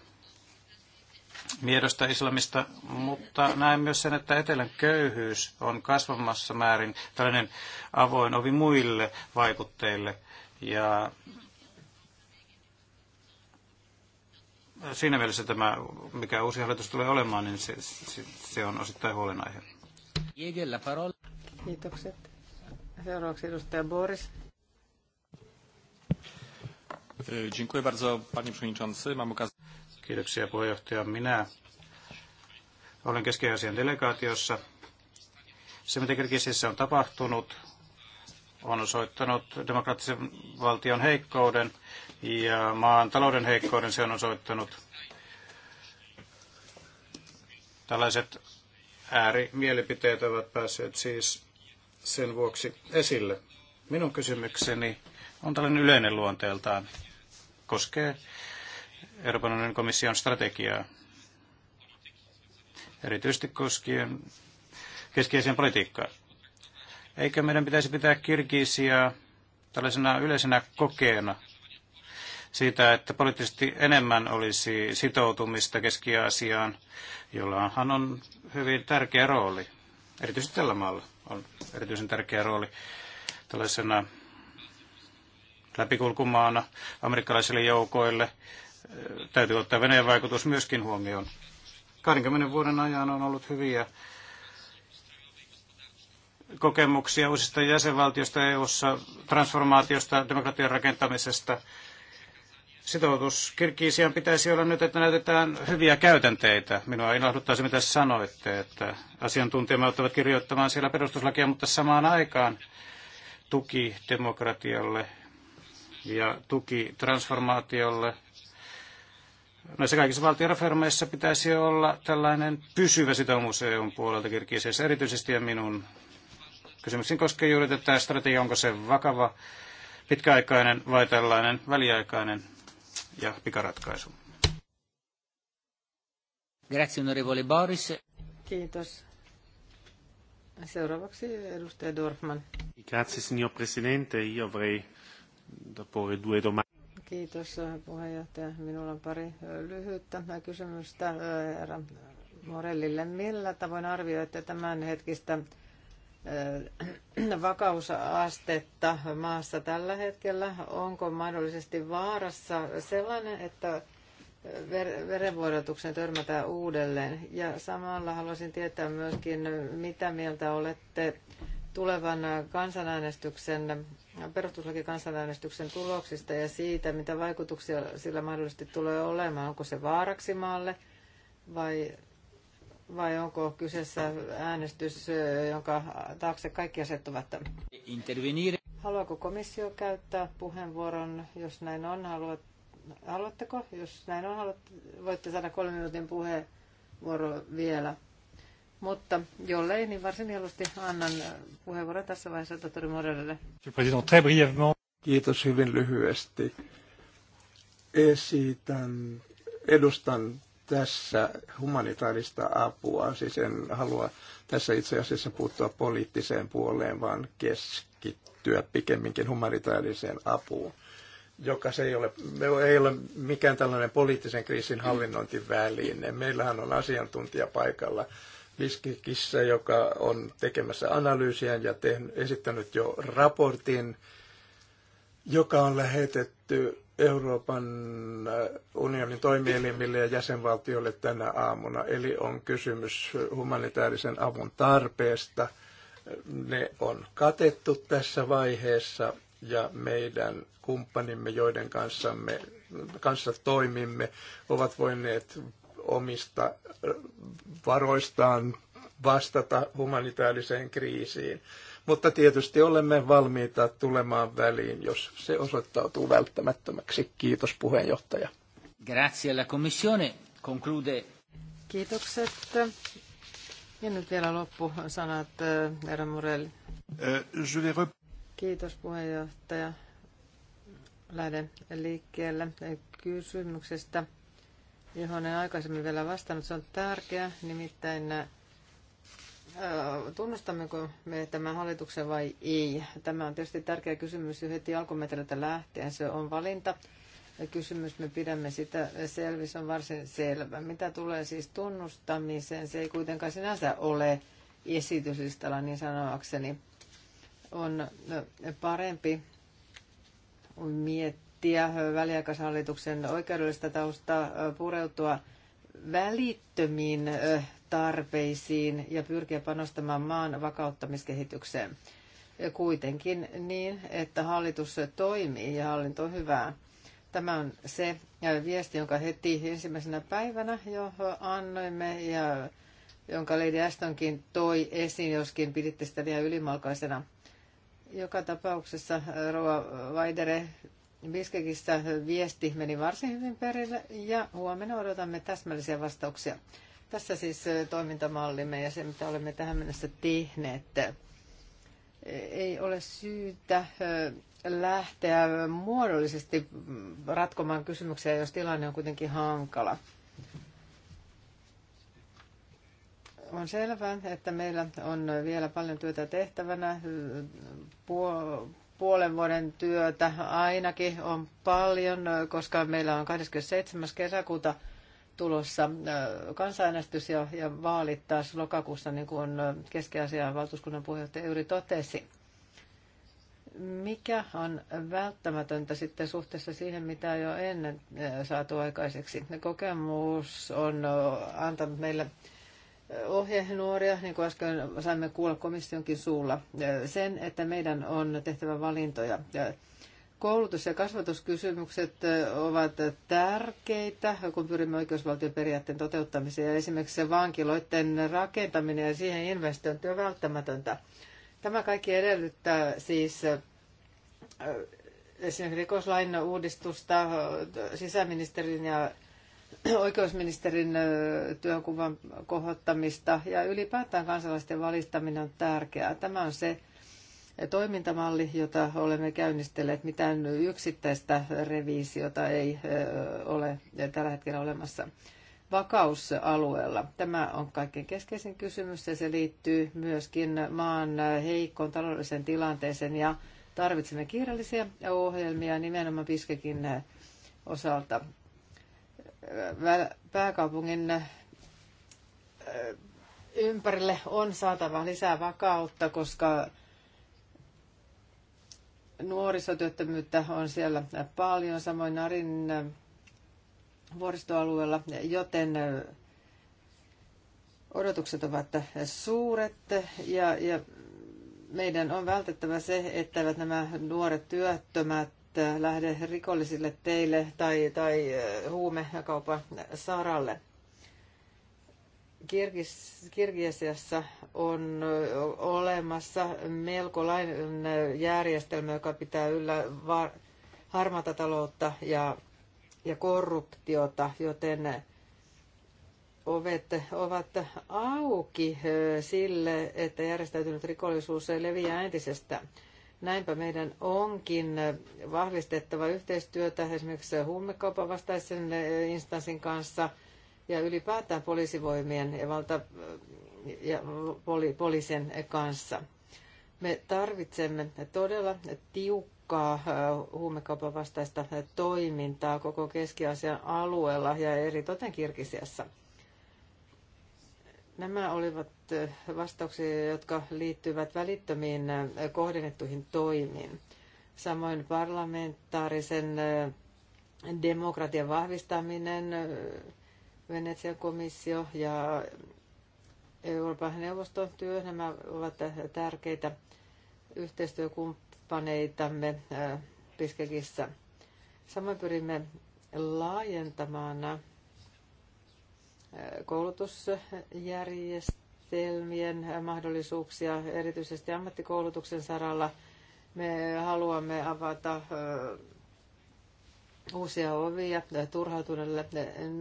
miedosta islamista, mutta näen myös sen, että etelän köyhyys on kasvamassa määrin tällainen avoin ovi muille vaikutteille. Ja siinä mielessä tämä, mikä uusi hallitus tulee olemaan, niin se, se, se on osittain huolenaihe. Kiitokset. Seuraavaksi edustaja Boris. Dziękuję bardzo, panie przewodniczący. Mam okazję... Kiitoksia puheenjohtaja. Minä olen keski delegaatiossa. Se, mitä Kirgisissä on tapahtunut, on osoittanut demokraattisen valtion heikkouden ja maan talouden heikkouden se on osoittanut. Tällaiset äärimielipiteet ovat päässeet siis sen vuoksi esille. Minun kysymykseni on tällainen yleinen luonteeltaan. Koskee Euroopan unionin komission strategiaa, erityisesti koskien keskeiseen politiikkaan. Eikö meidän pitäisi pitää Kirgisiä tällaisena yleisenä kokeena siitä, että poliittisesti enemmän olisi sitoutumista Keski-Aasiaan, jollahan on hyvin tärkeä rooli. Erityisesti tällä maalla on erityisen tärkeä rooli tällaisena läpikulkumaana amerikkalaisille joukoille täytyy ottaa Venäjän vaikutus myöskin huomioon. 20 vuoden ajan on ollut hyviä kokemuksia uusista jäsenvaltioista EU-ssa, transformaatiosta, demokratian rakentamisesta. Sitoutus Kirkiisiaan pitäisi olla nyt, että näytetään hyviä käytänteitä. Minua ilahduttaa se, mitä sanoitte, että asiantuntijamme ottavat kirjoittamaan siellä perustuslakia, mutta samaan aikaan tuki demokratialle ja tuki transformaatiolle – Näissä kaikissa valtioreformeissa pitäisi olla tällainen pysyvä sitoumus EUn puolelta kirkiseessä erityisesti ja minun kysymykseni koskee juuri tätä strategia, onko se vakava, pitkäaikainen vai tällainen väliaikainen ja pikaratkaisu. Grazie, onorevole Boris. Kiitos. Seuraavaksi edustaja Dorfman. Grazie, signor Presidente. Io avrei da porre due domande. Kiitos puheenjohtaja. Minulla on pari lyhyttä kysymystä herra Morellille. Millä tavoin arvioitte tämänhetkistä vakausastetta maassa tällä hetkellä? Onko mahdollisesti vaarassa sellainen, että verenvuodatuksen törmätään uudelleen? Ja samalla haluaisin tietää myöskin, mitä mieltä olette tulevan kansanäänestyksen, perustuslakikansanäänestyksen tuloksista ja siitä, mitä vaikutuksia sillä mahdollisesti tulee olemaan. Onko se vaaraksi maalle vai, vai onko kyseessä äänestys, jonka taakse kaikki asettuvat? Intervenire. Haluaako komissio käyttää puheenvuoron, jos näin on? Haluat, haluatteko? Jos näin on, haluat, voitte saada kolmen minuutin puheenvuoro vielä. Mutta jollei, niin varsin mieluusti annan puheenvuoron tässä vaiheessa tohtori Morelille. Kiitos hyvin lyhyesti. Esitän, edustan tässä humanitaarista apua, siis en halua tässä itse asiassa puuttua poliittiseen puoleen, vaan keskittyä pikemminkin humanitaariseen apuun, joka se ei ole, ei ole mikään tällainen poliittisen kriisin hallinnointiväline. Meillähän on asiantuntija paikalla Viskikissa, joka on tekemässä analyysiä ja tehnyt, esittänyt jo raportin, joka on lähetetty Euroopan äh, unionin toimielimille ja jäsenvaltioille tänä aamuna. Eli on kysymys humanitaarisen avun tarpeesta. Ne on katettu tässä vaiheessa ja meidän kumppanimme, joiden kanssa me kanssa toimimme, ovat voineet omista varoistaan vastata humanitaariseen kriisiin. Mutta tietysti olemme valmiita tulemaan väliin, jos se osoittautuu välttämättömäksi. Kiitos puheenjohtaja. Grazie alla Commissione. Conclude. Kiitokset. Ja nyt vielä loppusanat, eh, herra Morelli. Uh, eh, Kiitos puheenjohtaja. Lähden liikkeelle kysymyksestä, johon en aikaisemmin vielä vastannut. Se on tärkeä, nimittäin äh, tunnustammeko me tämän hallituksen vai ei? Tämä on tietysti tärkeä kysymys jo heti alkumetreiltä lähtien. Se on valinta. Kysymys me pidämme sitä selvis on varsin selvä. Mitä tulee siis tunnustamiseen, se ei kuitenkaan sinänsä ole esityslistalla niin sanoakseni. On äh, parempi miettiä miettiä väliaikaishallituksen oikeudellista taustaa, pureutua välittömiin tarpeisiin ja pyrkiä panostamaan maan vakauttamiskehitykseen kuitenkin niin, että hallitus toimii ja hallinto on hyvää. Tämä on se viesti, jonka heti ensimmäisenä päivänä jo annoimme ja jonka Lady Astonkin toi esiin, joskin piditte sitä vielä ylimalkaisena. Joka tapauksessa Rova Vaidere Biskekistä viesti meni varsin hyvin perille ja huomenna odotamme täsmällisiä vastauksia. Tässä siis toimintamallimme ja se, mitä olemme tähän mennessä tehneet. Ei ole syytä lähteä muodollisesti ratkomaan kysymyksiä, jos tilanne on kuitenkin hankala. On selvää, että meillä on vielä paljon työtä tehtävänä puolen vuoden työtä ainakin on paljon, koska meillä on 27. kesäkuuta tulossa äh, kansanäänestys ja, ja vaalit taas lokakuussa, niin kuin Keski-Asian valtuuskunnan puheenjohtaja Yuri totesi. Mikä on välttämätöntä sitten suhteessa siihen, mitä jo ennen äh, saatu aikaiseksi? Kokemus on äh, antanut meille ohjehnuoria, niin kuin äsken saimme kuulla komissionkin suulla, sen, että meidän on tehtävä valintoja. Koulutus- ja kasvatuskysymykset ovat tärkeitä, kun pyrimme oikeusvaltioperiaatteen toteuttamiseen. Ja esimerkiksi se vankiloiden rakentaminen ja siihen investointi on välttämätöntä. Tämä kaikki edellyttää siis esimerkiksi rikoslain uudistusta, sisäministerin ja oikeusministerin työnkuvan kohottamista ja ylipäätään kansalaisten valistaminen on tärkeää. Tämä on se toimintamalli, jota olemme käynnistelleet. Mitään yksittäistä revisiota ei ole tällä hetkellä olemassa. vakausalueella. alueella. Tämä on kaikkein keskeisin kysymys ja se liittyy myöskin maan heikkoon taloudelliseen tilanteeseen ja tarvitsemme kiireellisiä ohjelmia nimenomaan Piskekin osalta pääkaupungin äh, ympärille on saatava lisää vakautta, koska nuorisotyöttömyyttä on siellä paljon, samoin Narin äh, vuoristoalueella, joten äh, odotukset ovat suuret ja, ja meidän on vältettävä se, että nämä nuoret työttömät lähde rikollisille teille tai, tai eh, kaupan saralle. Kirgisiassa on eh, olemassa melko lain eh, järjestelmä, joka pitää yllä harmaata taloutta ja, ja korruptiota, joten ovet ovat auki sille, että järjestäytynyt rikollisuus leviää entisestään. Näinpä meidän onkin vahvistettava yhteistyötä esimerkiksi huumekaupan vastaisen eh, instanssin kanssa ja ylipäätään poliisivoimien ja, valta, eh, ja poli, poliisin kanssa. Me tarvitsemme todella tiukkaa eh, huumekaupan vastaista toimintaa koko Keski-Aasian alueella ja eritoten Kirkisiassa. Nämä olivat vastauksia, jotka liittyvät välittömiin kohdennettuihin toimiin. Samoin parlamentaarisen demokratian vahvistaminen, Venetsian komissio ja Euroopan neuvoston työ, nämä ovat tärkeitä yhteistyökumppaneitamme Piskekissä. Samoin pyrimme laajentamaan koulutusjärjestelmää järjestelmien mahdollisuuksia, erityisesti ammattikoulutuksen saralla. Me haluamme avata uusia ovia turhautuneille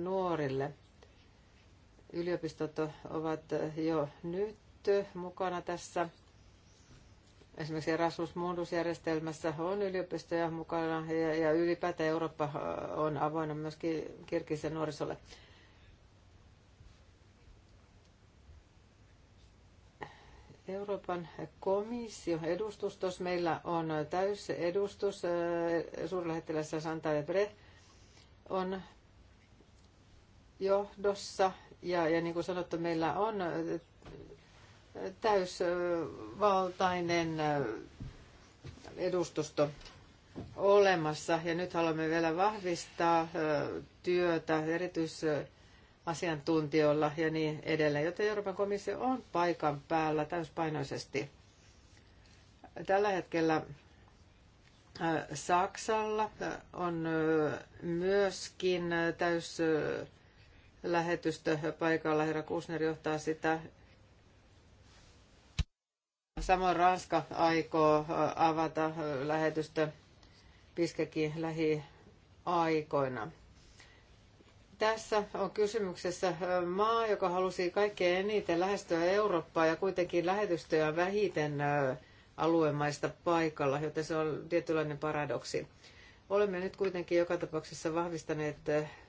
nuorille. Yliopistot ovat jo nyt mukana tässä. Esimerkiksi Erasmus Mundus-järjestelmässä on yliopistoja mukana ja, ja ylipäätään Eurooppa on avoinna myöskin kirkisen nuorisolle. Euroopan komissio edustustos. Meillä on täysedustus. Äh, suurlähettilässä Santa Ebre on johdossa. Ja, ja niin kuin sanottu, meillä on äh, täysvaltainen äh, edustusto olemassa. Ja nyt haluamme vielä vahvistaa työtä erityisesti asiantuntijoilla ja niin edelleen, joten Euroopan komissio on paikan päällä täyspainoisesti. Tällä hetkellä Saksalla on myöskin täys lähetystö paikalla. Herra Kusner johtaa sitä. Samoin Ranska aikoo avata lähetystö Piskekin lähiaikoina. Tässä on kysymyksessä maa, joka halusi kaikkein eniten lähestyä Eurooppaa ja kuitenkin lähetystöjä vähiten aluemaista paikalla, joten se on tietynlainen paradoksi. Olemme nyt kuitenkin joka tapauksessa vahvistaneet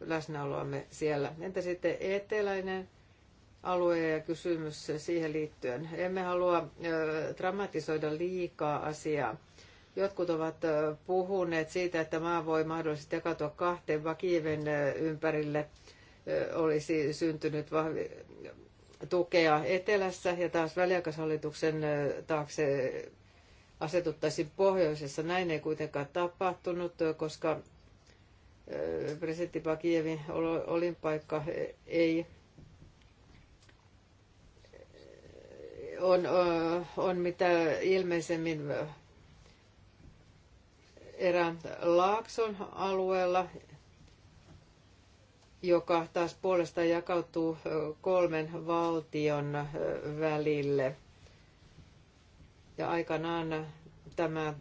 läsnäoloamme siellä. Entä sitten eteläinen alue ja kysymys siihen liittyen? Emme halua dramatisoida liikaa asiaa. Jotkut ovat puhuneet siitä, että maa voi mahdollisesti jakautua kahteen vakiiven ympärille. Olisi syntynyt vahvi, tukea etelässä ja taas väliaikaishallituksen taakse asetuttaisiin pohjoisessa. Näin ei kuitenkaan tapahtunut, koska presidentti Bakievin olinpaikka ei on, on mitä ilmeisemmin erään laakson alueella, joka taas puolestaan jakautuu kolmen valtion välille. Ja aikanaan tämä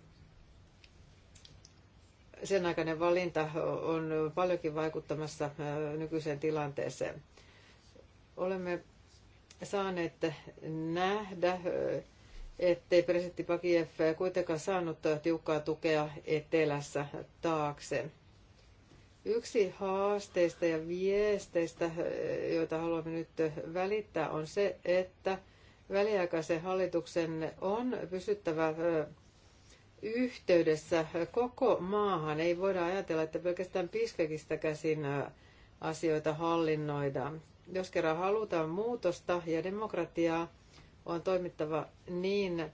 sen aikainen valinta on paljonkin vaikuttamassa nykyiseen tilanteeseen. Olemme saaneet nähdä ettei presidentti Bakijev kuitenkaan saanut tiukkaa tukea etelässä taakseen. Yksi haasteista ja viesteistä, joita haluamme nyt välittää, on se, että väliaikaisen hallituksen on pysyttävä yhteydessä koko maahan. Ei voida ajatella, että pelkästään Piskekistä käsin asioita hallinnoidaan. Jos kerran halutaan muutosta ja demokratiaa, on toimittava niin,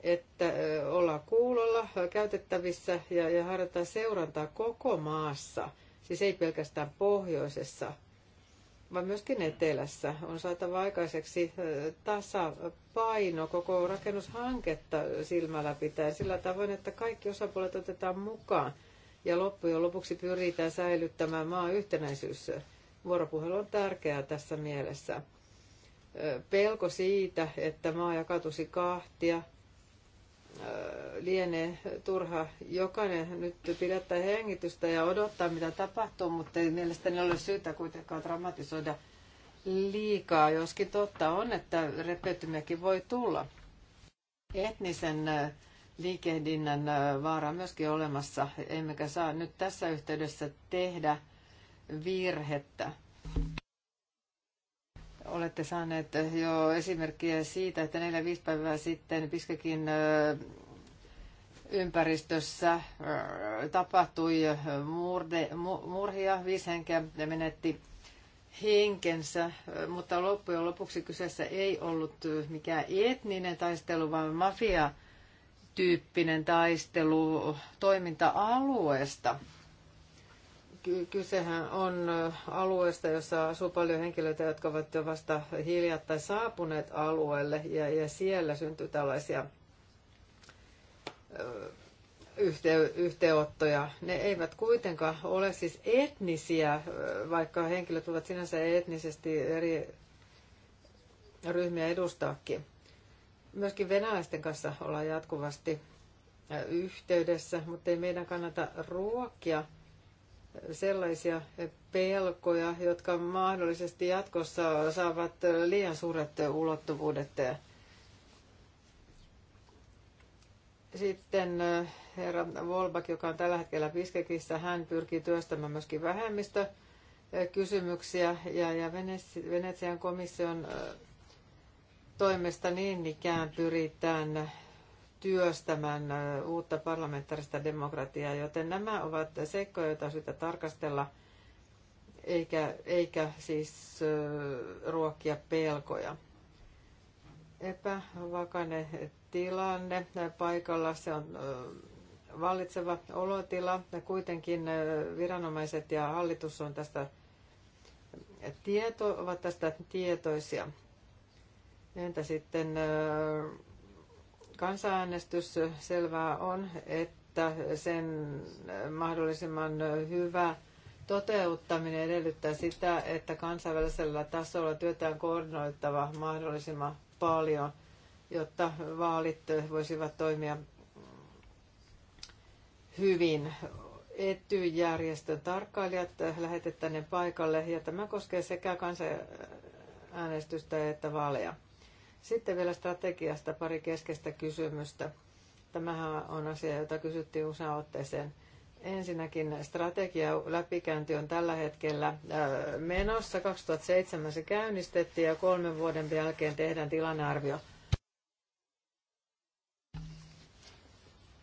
että ollaan kuulolla, käytettävissä ja, ja harjoittaa seurantaa koko maassa, siis ei pelkästään pohjoisessa, vaan myöskin etelässä. On saatava aikaiseksi tasapaino koko rakennushanketta silmällä pitäen sillä tavoin, että kaikki osapuolet otetaan mukaan ja loppujen lopuksi pyritään säilyttämään maan yhtenäisyys. Vuoropuhelu on tärkeää tässä mielessä pelko siitä, että maa jakatusi kahtia, lienee turha. Jokainen nyt pidättää hengitystä ja odottaa, mitä tapahtuu, mutta ei mielestäni ole syytä kuitenkaan dramatisoida liikaa, joskin totta on, että repeytymiäkin voi tulla. Etnisen liikehdinnän vaara on myöskin olemassa, emmekä saa nyt tässä yhteydessä tehdä virhettä olette saaneet jo esimerkkiä siitä, että neljä viisi päivää sitten Piskekin ympäristössä tapahtui murde, murhia, viisi henkeä menetti henkensä, mutta loppujen lopuksi kyseessä ei ollut mikään etninen taistelu, vaan mafia tyyppinen taistelu toiminta-alueesta kysehän on alueesta, jossa asuu paljon henkilöitä, jotka ovat jo vasta hiljattain saapuneet alueelle ja, ja siellä syntyy tällaisia yhte, yhteenottoja. Ne eivät kuitenkaan ole siis etnisiä, vaikka henkilöt ovat sinänsä etnisesti eri ryhmiä edustaakin. Myöskin venäläisten kanssa ollaan jatkuvasti yhteydessä, mutta ei meidän kannata ruokkia – sellaisia pelkoja, jotka mahdollisesti jatkossa saavat liian suuret ulottuvuudet. Sitten eh, herra Volbak, joka on tällä hetkellä Piskekissä, hän pyrkii työstämään myöskin vähemmistö eh, kysymyksiä ja, ja Venetsian komission eh, toimesta niin ikään pyritään työstämään uutta parlamentaarista demokratiaa, joten nämä ovat seikkoja, joita on syytä tarkastella, eikä, eikä siis ruokkia pelkoja. Epävakainen tilanne paikalla, se on vallitseva olotila. Kuitenkin viranomaiset ja hallitus on tästä tieto, ovat tästä tietoisia. Entä sitten Kansanäänestys selvää on, että sen mahdollisimman hyvä toteuttaminen edellyttää sitä, että kansainvälisellä tasolla työtään koordinoittava mahdollisimman paljon, jotta vaalit voisivat toimia hyvin. Etyjärjestön tarkkailijat lähetettäneen paikalle ja tämä koskee sekä kansanäänestystä että vaaleja. Sitten vielä strategiasta pari keskeistä kysymystä. Tämähän on asia, jota kysyttiin useaan otteeseen. Ensinnäkin strategia läpikäynti on tällä hetkellä äh, menossa. 2007 se käynnistettiin ja kolmen vuoden jälkeen tehdään tilannearvio.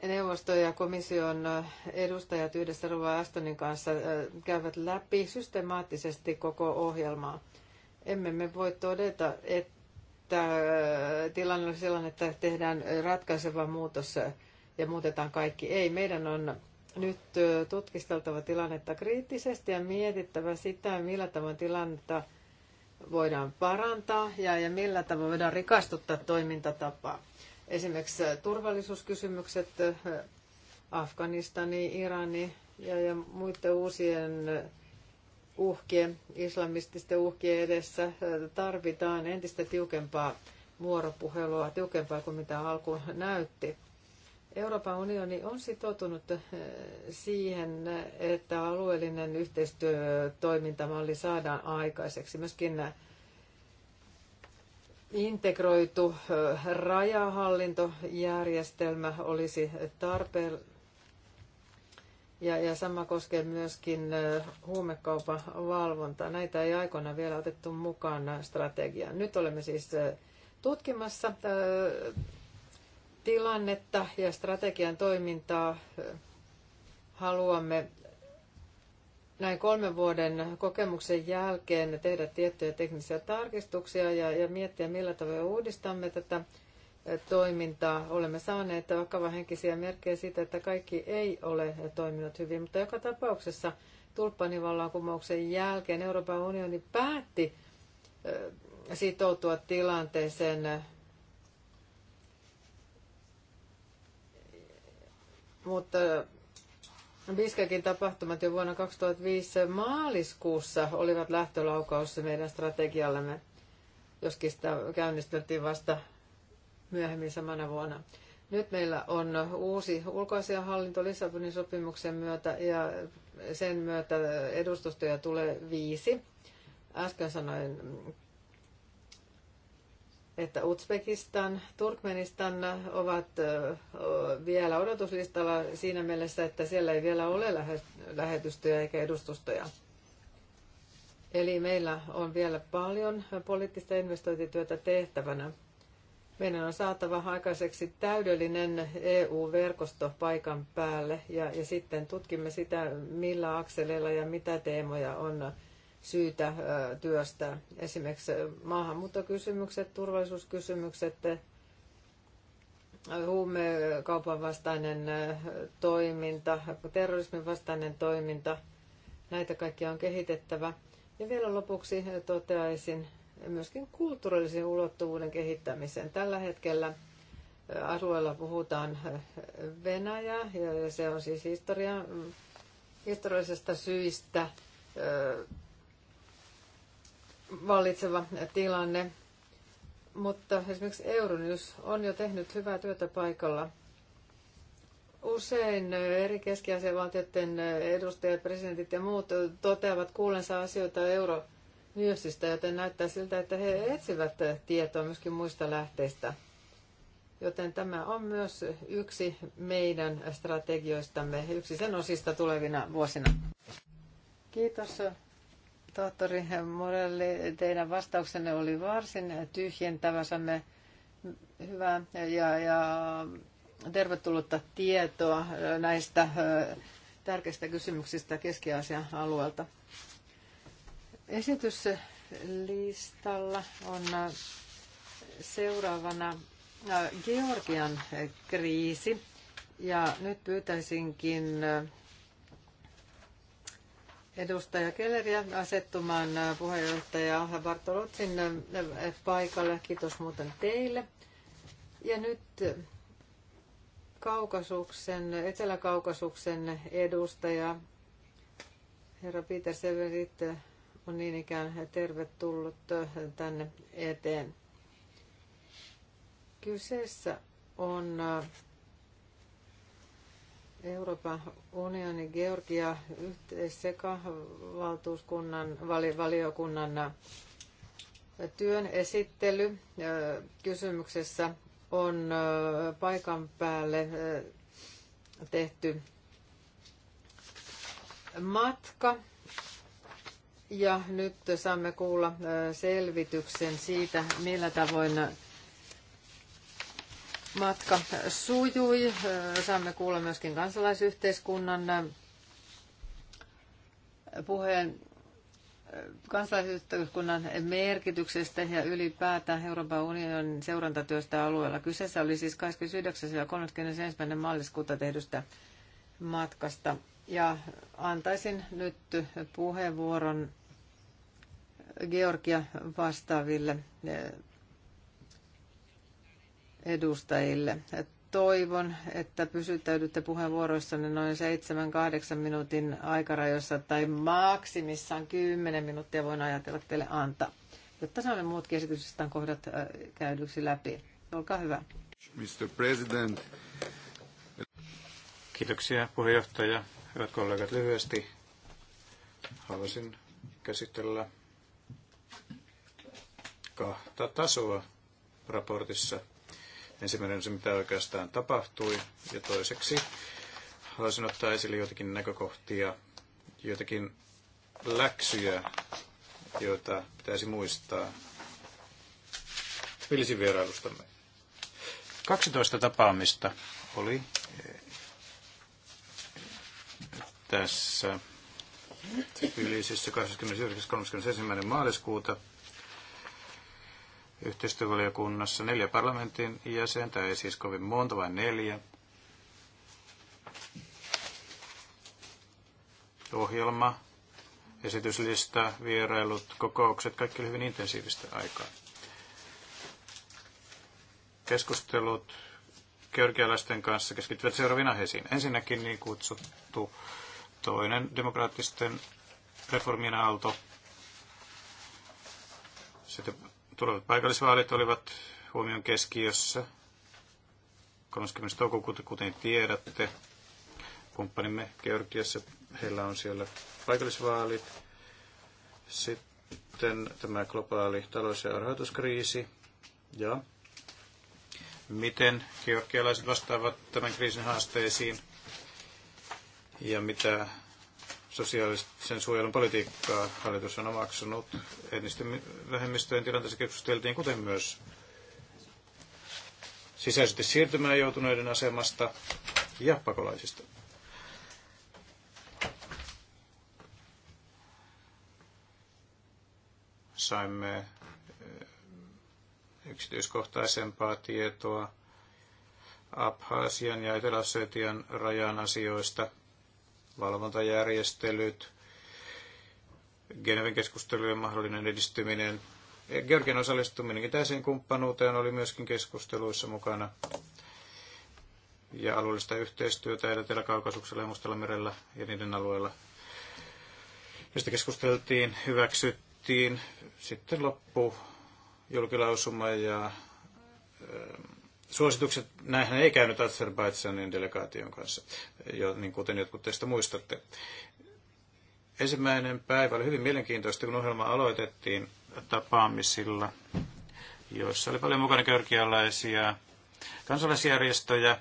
Neuvosto ja komission edustajat yhdessä Ruva Astonin kanssa äh, käyvät läpi systemaattisesti koko ohjelmaa. Emme me voi todeta, että että äh, tilanne on sellainen, että tehdään ratkaiseva muutos ja muutetaan kaikki. Ei, meidän on nyt äh, tutkisteltava tilannetta kriittisesti ja mietittävä sitä, millä tavoin tilannetta voidaan parantaa ja, ja millä tavoin voidaan rikastuttaa toimintatapaa. Esimerkiksi äh, turvallisuuskysymykset, Afganistani, Irani ja, ja muiden uusien uhkien, islamististen uhkien edessä tarvitaan entistä tiukempaa vuoropuhelua, tiukempaa kuin mitä alkuun näytti. Euroopan unioni on sitoutunut eh, siihen, että alueellinen yhteistyötoimintamalli saadaan aikaiseksi. Myöskin integroitu eh, rajahallintojärjestelmä olisi tarpeen ja, ja sama koskee myöskin huumekaupan valvontaa. Näitä ei aikoina vielä otettu mukaan strategiaan. Nyt olemme siis tutkimassa tilannetta ja strategian toimintaa. Haluamme näin kolmen vuoden kokemuksen jälkeen tehdä tiettyjä teknisiä tarkistuksia ja, ja miettiä, millä tavalla uudistamme tätä toimintaa. Olemme saaneet vakavahenkisiä merkkejä siitä, että kaikki ei ole toiminut hyvin, mutta joka tapauksessa tulppanivallankumouksen jälkeen Euroopan unioni päätti sitoutua tilanteeseen mutta Biskekin tapahtumat jo vuonna 2005 maaliskuussa olivat lähtölaukaus meidän strategiallemme, joskin sitä käynnisteltiin vasta myöhemmin samana vuonna. Nyt meillä on uusi ulkoasianhallinto Lissabonin sopimuksen myötä ja sen myötä edustustoja tulee viisi. Äsken sanoin, että Uzbekistan, Turkmenistan ovat vielä odotuslistalla siinä mielessä, että siellä ei vielä ole lähetystöjä eikä edustustoja. Eli meillä on vielä paljon poliittista investointityötä tehtävänä. Meidän on saatava aikaiseksi täydellinen EU-verkosto paikan päälle ja, ja sitten tutkimme sitä, millä akseleilla ja mitä teemoja on syytä työstää. Esimerkiksi maahanmuuttokysymykset, turvallisuuskysymykset, huumekaupan vastainen toiminta, terrorismin vastainen toiminta. Näitä kaikkia on kehitettävä. Ja vielä lopuksi toteaisin, myöskin kulttuurillisen ulottuvuuden kehittämiseen. Tällä hetkellä alueella puhutaan Venäjä, ja se on siis historia mm, historiallisesta syistä vallitseva tilanne. Mutta esimerkiksi Euronius on jo tehnyt hyvää työtä paikalla. Usein eri keskiasian valtioiden edustajat, presidentit ja muut toteavat kuulensa asioita euro Myösistä, joten näyttää siltä, että he etsivät tietoa myöskin muista lähteistä. Joten tämä on myös yksi meidän strategioistamme, yksi sen osista tulevina vuosina. Kiitos tohtori Morelli. Teidän vastauksenne oli varsin tyhjentävä. Saamme hyvää ja, ja tervetullutta tietoa näistä tärkeistä kysymyksistä Keski-Aasian alueelta. Esityslistalla on äh, seuraavana äh, Georgian äh, kriisi. Ja nyt pyytäisinkin edustaja Kelleriä asettumaan puheenjohtaja Bartolotsin paikalle. Kiitos muuten teille. Ja nyt Kaukasuksen, Etelä-Kaukasuksen edustaja herra Peter Severit on niin ikään tervetullut äh, tänne eteen. Kyseessä on äh, Euroopan unioni, Georgia sekä valtuuskunnan vali, valiokunnan äh, työn esittely. Kysymyksessä on paikan päälle tehty matka ja nyt saamme kuulla selvityksen siitä, millä tavoin matka sujui. Saamme kuulla myöskin kansalaisyhteiskunnan puheen kansalaisyhteiskunnan merkityksestä ja ylipäätään Euroopan unionin seurantatyöstä alueella. Kyseessä oli siis 29. ja 31. maaliskuuta tehdystä matkasta ja antaisin nyt puheenvuoron Georgia vastaaville eh, edustajille. Toivon, että pysyttäydytte puheenvuoroissanne noin 7-8 minuutin aikarajoissa tai maksimissaan 10 minuuttia voin ajatella teille antaa, jotta saamme muut esitysistään kohdat eh, käydyksi läpi. Olkaa hyvä. Mr. President. Kiitoksia puheenjohtaja. Hyvät kollegat, lyhyesti haluaisin käsitellä kahta tasoa raportissa. Ensimmäinen on se, mitä oikeastaan tapahtui, ja toiseksi haluaisin ottaa esille joitakin näkökohtia, joitakin läksyjä, joita pitäisi muistaa Tbilisin vierailustamme. 12 tapaamista oli tässä Ylisissä 29.31. maaliskuuta yhteistyövaliokunnassa neljä parlamentin jäsentä, ei siis kovin monta, vain neljä. Ohjelma, esityslista, vierailut, kokoukset, kaikki oli hyvin intensiivistä aikaa. Keskustelut georgialaisten kanssa keskittyvät seuraaviin aiheisiin. Ensinnäkin niin kutsuttu toinen demokraattisten reformien aalto. Sitten tulevat paikallisvaalit olivat huomion keskiössä 30. toukokuuta, kuten tiedätte. Kumppanimme Georgiassa, heillä on siellä paikallisvaalit. Sitten tämä globaali talous- ja rahoituskriisi. Ja miten georgialaiset vastaavat tämän kriisin haasteisiin ja mitä sosiaalisen suojelun politiikkaa hallitus on omaksunut. Etnisten vähemmistöjen tilanteessa keskusteltiin, kuten myös sisäisesti siirtymään joutuneiden asemasta ja pakolaisista. Saimme eh, yksityiskohtaisempaa tietoa Abhaasian ja Etelä-Sötian rajan asioista – valvontajärjestelyt, Geneven keskustelujen mahdollinen edistyminen. Georgian osallistuminen itäiseen kumppanuuteen oli myöskin keskusteluissa mukana ja alueellista yhteistyötä Etelä-Kaukasuksella ja Mustalla merellä ja niiden alueella, josta keskusteltiin, hyväksyttiin. Sitten loppu julkilausuma ja ähm, suositukset, näinhän ei käynyt Azerbaidsanin delegaation kanssa, jo, niin kuten jotkut teistä muistatte. Ensimmäinen päivä oli hyvin mielenkiintoista, kun ohjelma aloitettiin tapaamisilla, joissa oli paljon mukana körkialaisia kansalaisjärjestöjä,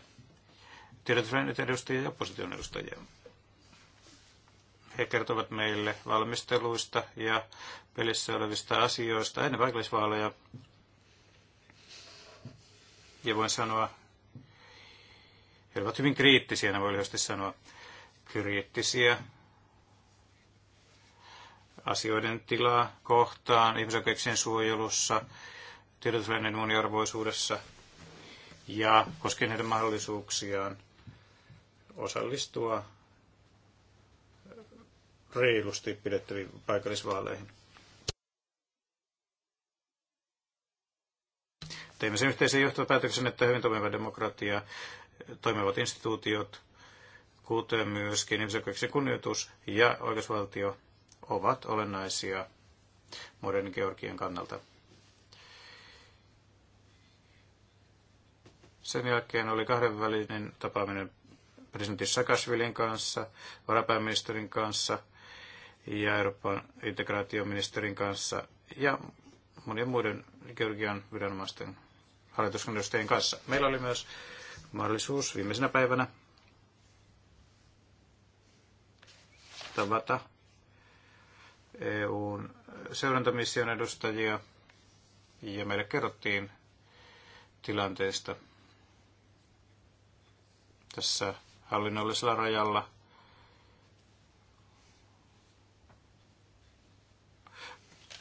tiedotusvälineiden edustajia ja opposition edustajia. He kertovat meille valmisteluista ja pelissä olevista asioista ennen paikallisvaaleja ja voin sanoa, he ovat hyvin kriittisiä, ne voi lyhyesti sanoa, kriittisiä asioiden tilaa kohtaan, ihmisoikeuksien suojelussa, tiedotusvälineiden moniarvoisuudessa ja koskien heidän mahdollisuuksiaan osallistua reilusti pidettäviin paikallisvaaleihin. Teimme sen yhteisen johtopäätöksen, että hyvin toimiva demokratia, toimivat instituutiot, kuten myöskin ihmisoikeuksien kunnioitus ja oikeusvaltio ovat olennaisia modernin Georgian kannalta. Sen jälkeen oli kahdenvälinen tapaaminen presidentti Sakashvilin kanssa, varapääministerin kanssa ja Euroopan integraatioministerin kanssa ja monien muiden Georgian viranomaisten hallituksen kanssa. Meillä oli myös mahdollisuus viimeisenä päivänä tavata EUn seurantamission edustajia ja meille kerrottiin tilanteesta tässä hallinnollisella rajalla.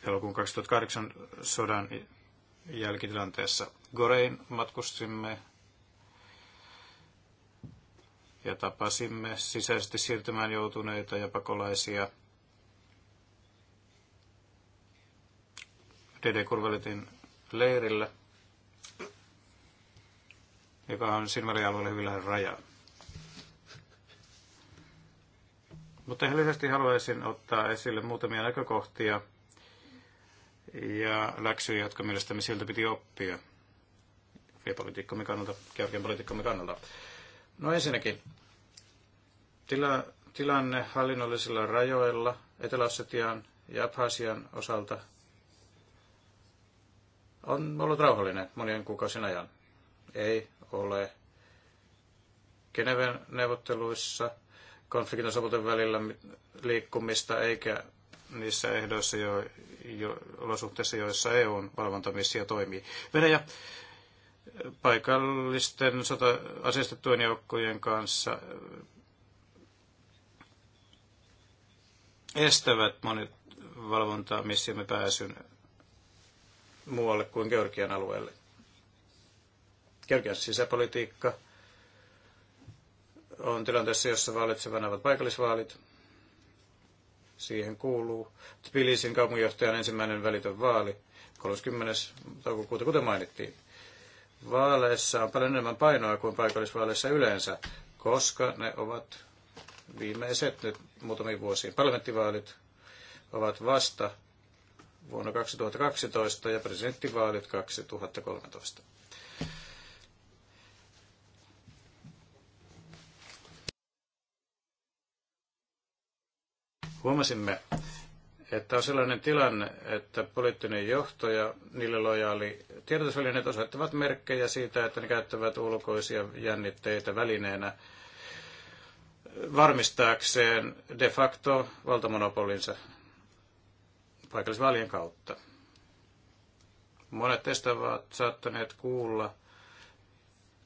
Elokuun 2008 sodan jälkitilanteessa Gorein matkustimme ja tapasimme sisäisesti siirtymään joutuneita ja pakolaisia. DD Kurvelitin leirillä, joka on Silmarin alueelle hyvin lähellä rajaa. Mutta lyhyesti haluaisin ottaa esille muutamia näkökohtia ja läksyjä, jotka mielestäni siltä piti oppia – ja politiikkamme kannalta, Georgian politiikkamme kannalta. No ensinnäkin, tila, tilanne hallinnollisilla rajoilla etelä ja Abhasian osalta on ollut rauhallinen monien kuukausien ajan. Ei ole Geneven neuvotteluissa konfliktin osapuolten välillä liikkumista eikä niissä ehdoissa jo, jo, olosuhteissa, joissa EUn valvontamissio toimii. Venäjä paikallisten sota, aseistettujen joukkojen kanssa äh, estävät monet valvontaa missiomme pääsyn muualle kuin Georgian alueelle. Georgian sisäpolitiikka on tilanteessa, jossa vaalitsevana ovat paikallisvaalit. Siihen kuuluu Tbilisin kaupunginjohtajan ensimmäinen välitön vaali 30. toukokuuta, kuten mainittiin vaaleissa on paljon enemmän painoa kuin paikallisvaaleissa yleensä, koska ne ovat viimeiset nyt muutamiin vuosiin. Parlamenttivaalit ovat vasta vuonna 2012 ja presidenttivaalit 2013. Huomasimme, että on sellainen tilanne, että poliittinen johto ja niille lojaali tiedotusvälineet osoittavat merkkejä siitä, että ne käyttävät ulkoisia jännitteitä välineenä varmistaakseen de facto valtamonopolinsa paikallisvaalien kautta. Monet teistä ovat saattaneet kuulla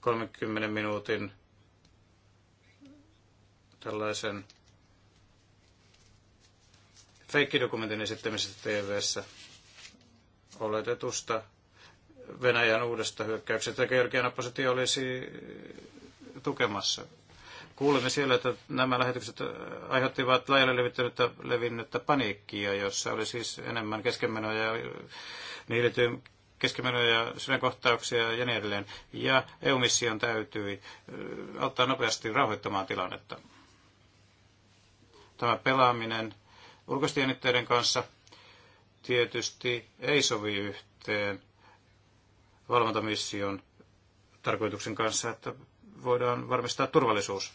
30 minuutin tällaisen feikkidokumentin esittämisestä TVssä oletetusta Venäjän uudesta hyökkäyksestä, jota Georgian oppositio olisi tukemassa. Kuulemme siellä, että nämä lähetykset aiheuttivat laajalle levinnyttä, levinnyttä paniikkia, jossa oli siis enemmän keskenmenoja, niihin keskemenoja keskimenoja, sydänkohtauksia ja niin edelleen. Ja EU-mission täytyi auttaa nopeasti rauhoittamaan tilannetta. Tämä pelaaminen ulkoisten jännitteiden kanssa tietysti ei sovi yhteen valvontamission tarkoituksen kanssa, että voidaan varmistaa turvallisuus.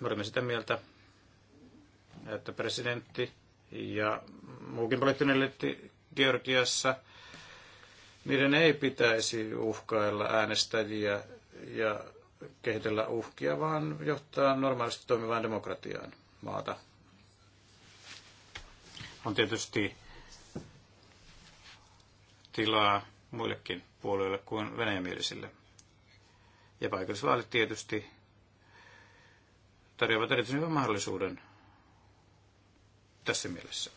Me olemme sitä mieltä, että presidentti ja muukin poliittinen liitti Georgiassa, niiden ei pitäisi uhkailla äänestäjiä ja kehitellä uhkia, vaan johtaa normaalisti toimivaan demokratiaan maata on tietysti tilaa muillekin puolueille kuin venäjämielisille. Ja paikallisvaalit tietysti tarjoavat erityisen hyvän mahdollisuuden tässä mielessä.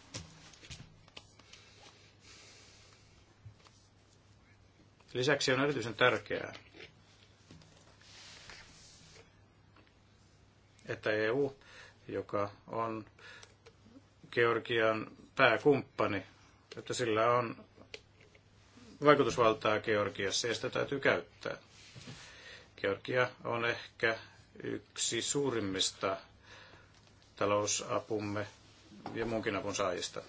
Lisäksi on erityisen tärkeää, että EU, joka on Georgian pääkumppani, että sillä on vaikutusvaltaa Georgiassa ja sitä täytyy käyttää. Georgia on ehkä yksi suurimmista talousapumme ja muunkin avun saajista.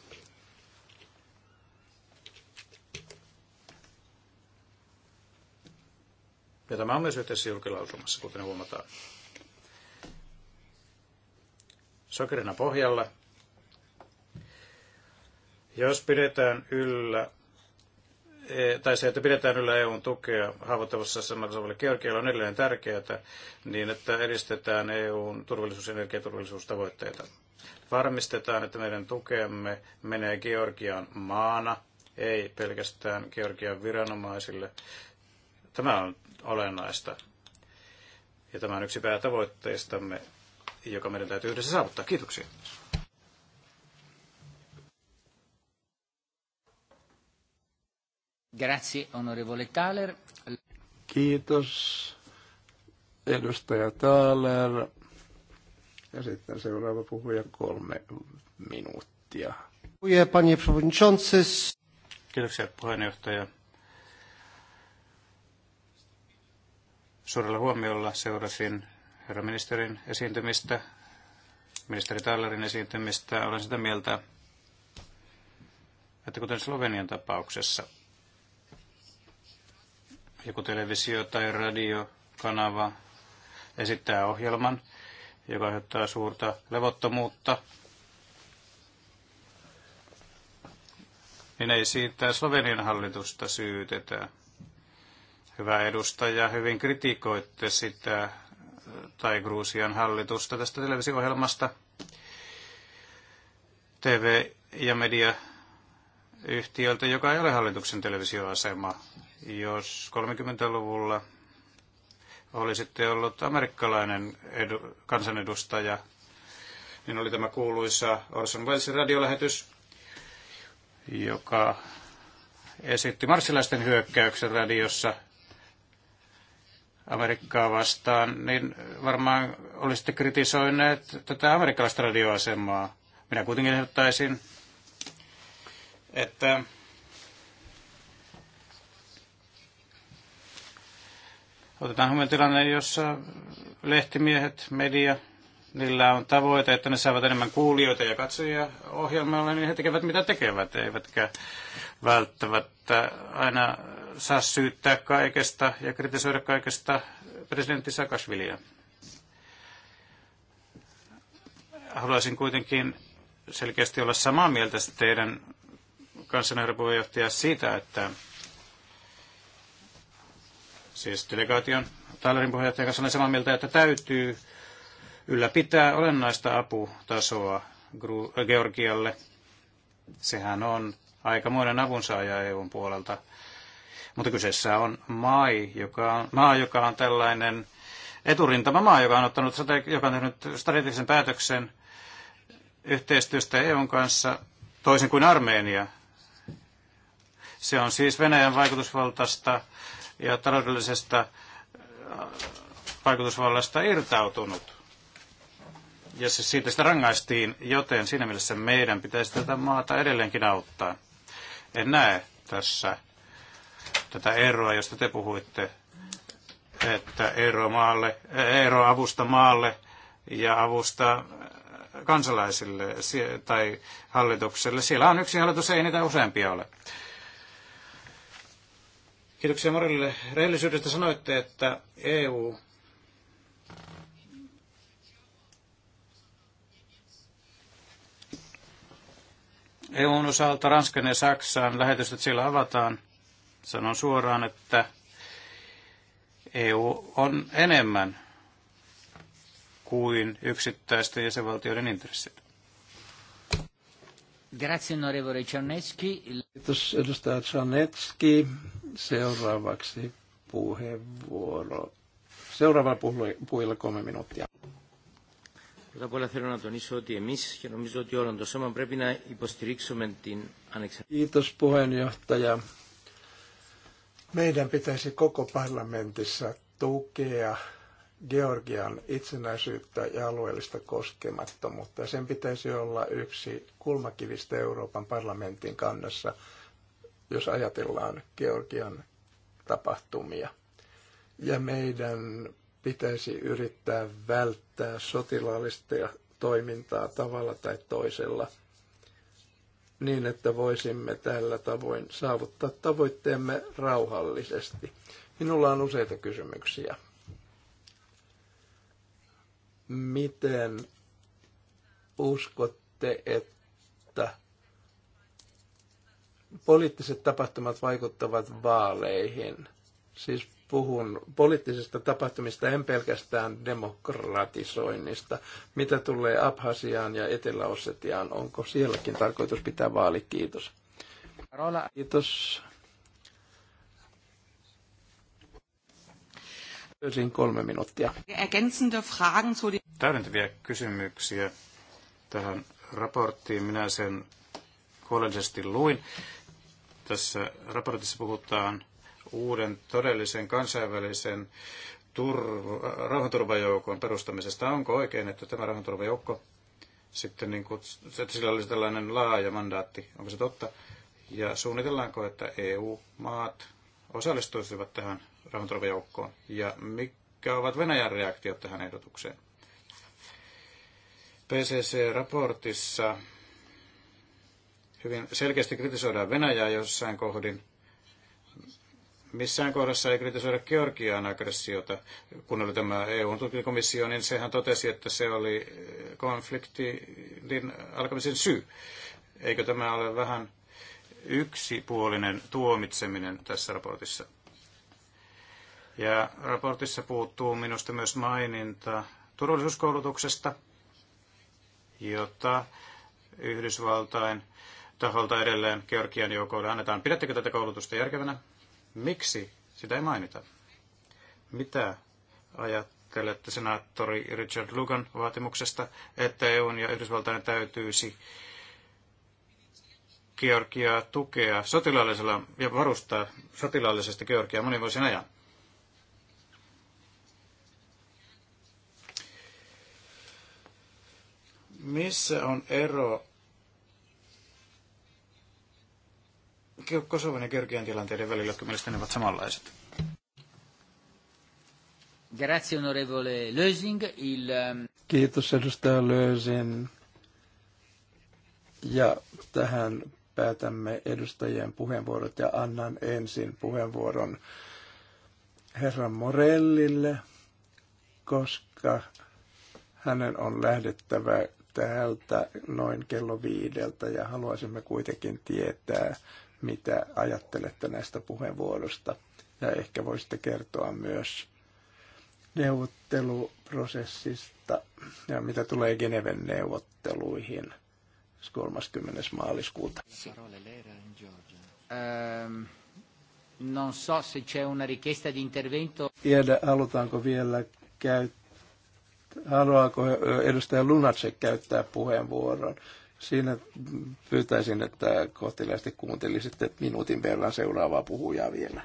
Ja tämä on myös yhteisessä julkilausumassa, kuten huomataan. Sokerina pohjalla jos pidetään yllä e, tai se, että pidetään yllä EUn tukea haavoittuvassa samalla Georgialla on edelleen tärkeää, niin että edistetään EUn turvallisuus- ja energiaturvallisuustavoitteita. Varmistetaan, että meidän tukemme menee Georgian maana, ei pelkästään Georgian viranomaisille. Tämä on olennaista. Ja tämä on yksi päätavoitteistamme, joka meidän täytyy yhdessä saavuttaa. Kiitoksia. Grazie, onorevole Thaler. Kiitos, edustaja Thaler. Ja sitten seuraava puhuja kolme minuuttia. Kiitoksia puheenjohtaja. Suurella huomiolla seurasin herra ministerin esiintymistä, ministeri Tallerin esiintymistä. Olen sitä mieltä, että kuten Slovenian tapauksessa – joku televisio tai radiokanava esittää ohjelman, joka aiheuttaa suurta levottomuutta, niin ei siitä Slovenian hallitusta syytetä. Hyvä edustaja, hyvin kritikoitte sitä äh, tai Gruusian hallitusta tästä televisio-ohjelmasta. TV- ja mediayhtiöltä, joka ei ole hallituksen televisioasema, jos 30-luvulla olisitte ollut amerikkalainen edu, kansanedustaja, niin oli tämä kuuluisa Orson Wellesin radiolähetys, joka esitti marssilaisten hyökkäyksen radiossa Amerikkaa vastaan, niin varmaan olisitte kritisoineet tätä amerikkalaista radioasemaa. Minä kuitenkin ehdottaisin, että Otetaan huomioon tilanne, jossa lehtimiehet, media, niillä on tavoite, että ne saavat enemmän kuulijoita ja katsojia ohjelmalla, niin he tekevät mitä tekevät, eivätkä välttämättä aina saa syyttää kaikesta ja kritisoida kaikesta presidentti Sakasvilia. Haluaisin kuitenkin selkeästi olla samaa mieltä teidän kanssanne, siitä, että siis delegaation Tallerin puheenjohtajan kanssa olen samaa mieltä, että täytyy ylläpitää olennaista aputasoa Georgialle. Sehän on aikamoinen avunsaaja EUn puolelta. Mutta kyseessä on mai, joka on, maa, joka on tällainen eturintama maa, joka on, ottanut, joka on tehnyt strategisen päätöksen yhteistyöstä EUn kanssa toisin kuin Armeenia. Se on siis Venäjän vaikutusvaltaista ja taloudellisesta äh, vaikutusvallasta irtautunut. Ja se, siitä sitä rangaistiin, joten siinä mielessä meidän pitäisi tätä maata edelleenkin auttaa. En näe tässä tätä eroa, josta te puhuitte, että ero, maalle, äh, ero avusta maalle ja avusta äh, kansalaisille tai hallitukselle. Siellä on yksi hallitus, ei niitä useampia ole. Kiitoksia Morille rehellisyydestä. Sanoitte, että EU EUn osalta Ranskan ja Saksan lähetystöt siellä avataan. Sanon suoraan, että EU on enemmän kuin yksittäisten jäsenvaltioiden intressit. Grazie, onorevole Czarnecki. Kiitos, edustaja Czarnecki. Seuraavaksi puheenvuoro. Seuraava puhujilla kolme minuuttia. Kiitos puheenjohtaja. Meidän pitäisi koko parlamentissa tukea Georgian itsenäisyyttä ja alueellista koskemattomuutta. sen pitäisi olla yksi kulmakivistä Euroopan parlamentin kannassa, jos ajatellaan Georgian tapahtumia. Ja meidän pitäisi yrittää välttää sotilaallista toimintaa tavalla tai toisella niin, että voisimme tällä tavoin saavuttaa tavoitteemme rauhallisesti. Minulla on useita kysymyksiä Miten uskotte, että poliittiset tapahtumat vaikuttavat vaaleihin? Siis puhun poliittisista tapahtumista, en pelkästään demokratisoinnista. Mitä tulee Abhasiaan ja Etelä-Ossetiaan, onko sielläkin tarkoitus pitää vaali? Kiitos. Kiitos. Ösin kolme minuuttia. Täydentäviä kysymyksiä tähän raporttiin. Minä sen huolellisesti luin. Tässä raportissa puhutaan uuden todellisen kansainvälisen turva, rauhanturvajoukon perustamisesta. Onko oikein, että tämä rauhanturvajoukko sitten niin kuin, että sillä olisi tällainen laaja mandaatti? Onko se totta? Ja suunnitellaanko, että EU-maat osallistuisivat tähän rauhanturvajoukkoon? Ja mikä ovat Venäjän reaktiot tähän ehdotukseen? PCC-raportissa hyvin selkeästi kritisoidaan Venäjää jossain kohdin. Missään kohdassa ei kritisoida Georgiaan aggressiota. Kun oli tämä EU-tutkimuskomissio, niin sehän totesi, että se oli eh, konfliktin alkamisen syy. Eikö tämä ole vähän yksipuolinen tuomitseminen tässä raportissa? Ja raportissa puuttuu minusta myös maininta turvallisuuskoulutuksesta, jota Yhdysvaltain taholta edelleen Georgian joukoille annetaan. Pidättekö tätä koulutusta järkevänä? Miksi sitä ei mainita? Mitä ajattelette senaattori Richard Lugan vaatimuksesta, että EUn ja Yhdysvaltain täytyisi Georgiaa tukea sotilaallisella ja varustaa sotilaallisesti Georgiaa monivuosien ajan? Missä on ero Kosovan ja Georgian tilanteiden välillä, jotka mielestäni ovat samanlaiset? Grazie onorevole Lösing. Il... Ehm, Kiitos edustaja Lösing. Ja tähän päätämme edustajien puheenvuorot ja annan ensin puheenvuoron herra Morellille, koska hänen on lähdettävä täältä noin kello viideltä ja haluaisimme kuitenkin tietää, mitä ajattelette näistä puheenvuorosta. Ja ehkä voisitte kertoa myös neuvotteluprosessista ja mitä tulee Geneven neuvotteluihin 30. maaliskuuta. Ehm, non so se c'è una richiesta di intervento. Tiedä, halutaanko vielä käyttää haluaako äh, edustaja Lunacek käyttää puheenvuoron? Siinä pyytäisin, että kohteliaasti kuuntelisitte minuutin verran seuraavaa puhujaa vielä.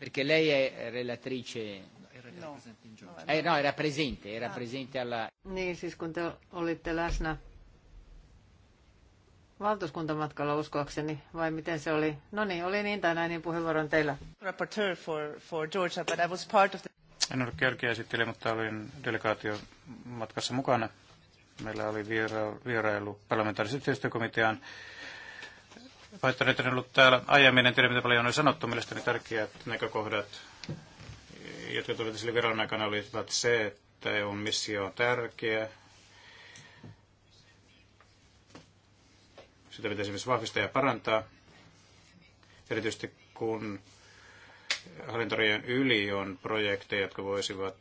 Perché lei è relatrice... No. Eh, no, era presente, era presente alla... Niin, siis kun te olitte läsnä valtuuskuntamatkalla uskoakseni, vai miten se oli? No niin, oli niin tai näin, niin puheenvuoron teillä. Rapporteur for, for Georgia, but I was part of the... En ollut Georgia esittelijä, mutta olin delegaatio matkassa mukana. Meillä oli viera- vierailu parlamentaarisen yhteistyökomitean. Vaikka nyt en ollut täällä aiemmin, en tiedä mitä paljon on sanottu. Mielestäni tärkeät näkökohdat, jotka tulivat sille viran aikana, olivat se, että EUn missio on tärkeä. Sitä pitäisi myös vahvistaa ja parantaa. Erityisesti kun hallintorajojen yli on projekteja, jotka voisivat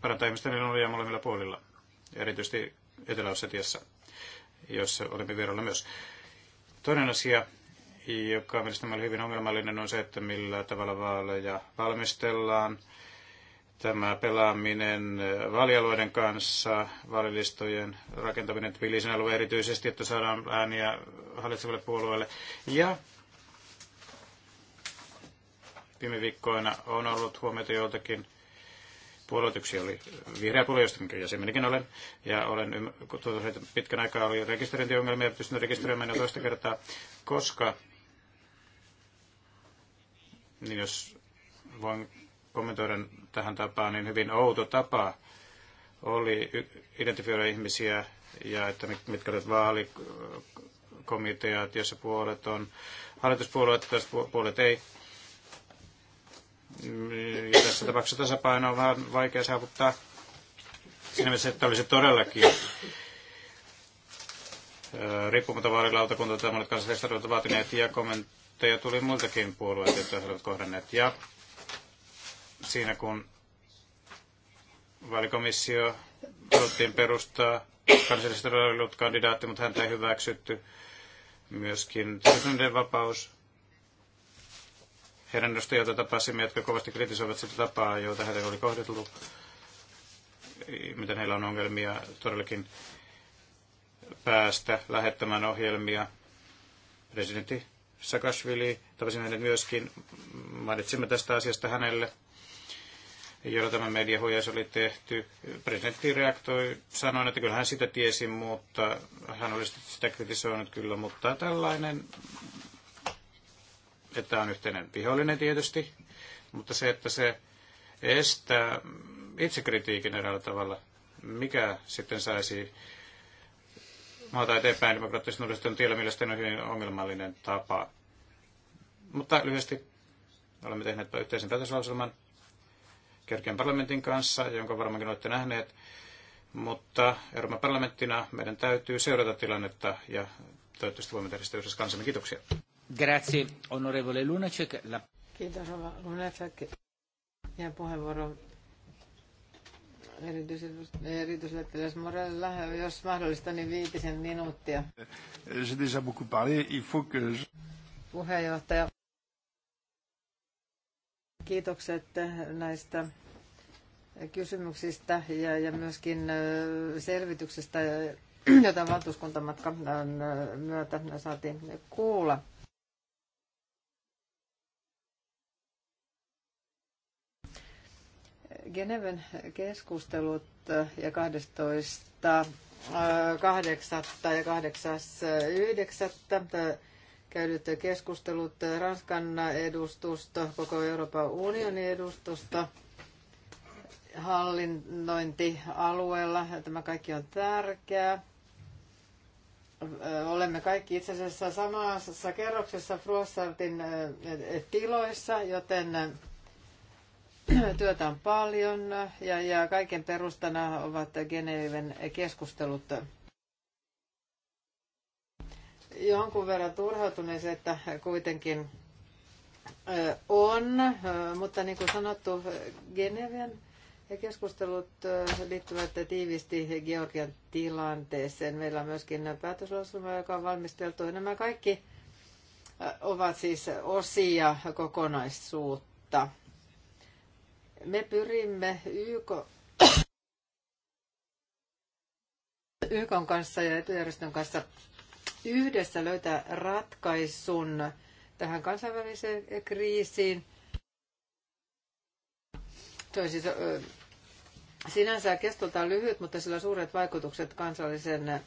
parantaa ihmisten elinoloja molemmilla puolilla, erityisesti Etelä-Ossetiassa, jossa olimme vierailla myös. Toinen asia, joka mielestäni oli hyvin ongelmallinen, on se, että millä tavalla vaaleja valmistellaan. Tämä pelaaminen vaalialueiden kanssa, vaalilistojen rakentaminen Tbilisin alue erityisesti, että saadaan ääniä hallitseville puolueille. Ja viime on ollut huomiota joiltakin puolueetuksia, oli vihreä puolue, josta minkä jäsenmenikin olen. Ja olen totesin, että pitkän aikaa oli rekisteröintiongelmia, pystynyt rekisteröimään jo toista kertaa, koska, niin jos voin kommentoida tähän tapaan, niin hyvin outo tapa oli identifioida ihmisiä ja että mitkä olivat vaalikomiteat, joissa puolet on hallituspuolueet, taas puolet ei. Ja tässä tapauksessa tasapaino on vähän vaikea saavuttaa siinä mielessä, että olisi todellakin riippumaton vaalilautakunta tai monet kansalliset ovat vaatineet ja kommentteja tuli muiltakin puolueita, jotka olivat kohdanneet. Ja siinä kun vaalikomissio haluttiin perustaa kansallisesta kandidaatti, mutta häntä ei hyväksytty. Myöskin vapaus heidän edustajia, joita tapasimme, jotka kovasti kritisoivat sitä tapaa, jota heille oli kohdeltu, miten heillä on ongelmia todellakin päästä lähettämään ohjelmia. Presidentti Sakashvili, tapasin hänet myöskin, mainitsimme tästä asiasta hänelle, jolla tämä mediahuijaus oli tehty. Presidentti reaktoi, sanoin, että kyllä hän sitä tiesi, mutta hän olisi sitä kritisoinut kyllä, mutta tällainen että on yhteinen vihollinen tietysti, mutta se, että se estää itsekritiikin eräällä tavalla, mikä sitten saisi maata eteenpäin demokraattisen uudistuksen tiellä, mielestäni on hyvin ongelmallinen tapa. Mutta lyhyesti olemme tehneet yhteisen päätöslauselman Kerkeän parlamentin kanssa, jonka varmaankin olette nähneet. Mutta Euroopan parlamenttina meidän täytyy seurata tilannetta ja toivottavasti voimme tehdä sitä yhdessä kanssamme. Kiitoksia. Grazie, onorevole Lunacek. La... Kiitos, Lunacek. Ja puheenvuoro erityislähettiläs Morelle, jos mahdollista, niin viitisen minuuttia. J'ai déjà beaucoup parlé, il faut que Puheenjohtaja, kiitokset näistä kysymyksistä ja, ja myöskin selvityksestä, jota valtuuskuntamatkan myötä saatiin kuulla. Geneven keskustelut ja 12. 8. ja 8.9. käydyt keskustelut Ranskan edustusta, koko Euroopan unionin edustusta hallinnointialueella. Tämä kaikki on tärkeää. Olemme kaikki itse asiassa samassa kerroksessa Frossartin eh, tiloissa, joten Työtä on paljon ja, ja kaiken perustana ovat Geneven keskustelut. Jonkun verran turhautuneet, että kuitenkin on, mutta niin kuin sanottu, Geneven keskustelut liittyvät tiiviisti Georgian tilanteeseen. Meillä on myöskin päätöslausuma, joka on valmisteltu. Nämä kaikki ovat siis osia kokonaisuutta. Me pyrimme YK, YK kanssa ja etujärjestön kanssa yhdessä löytää ratkaisun tähän kansainväliseen kriisiin. Se on siis sinänsä kestoltaan lyhyt, mutta sillä on suuret vaikutukset kansallisen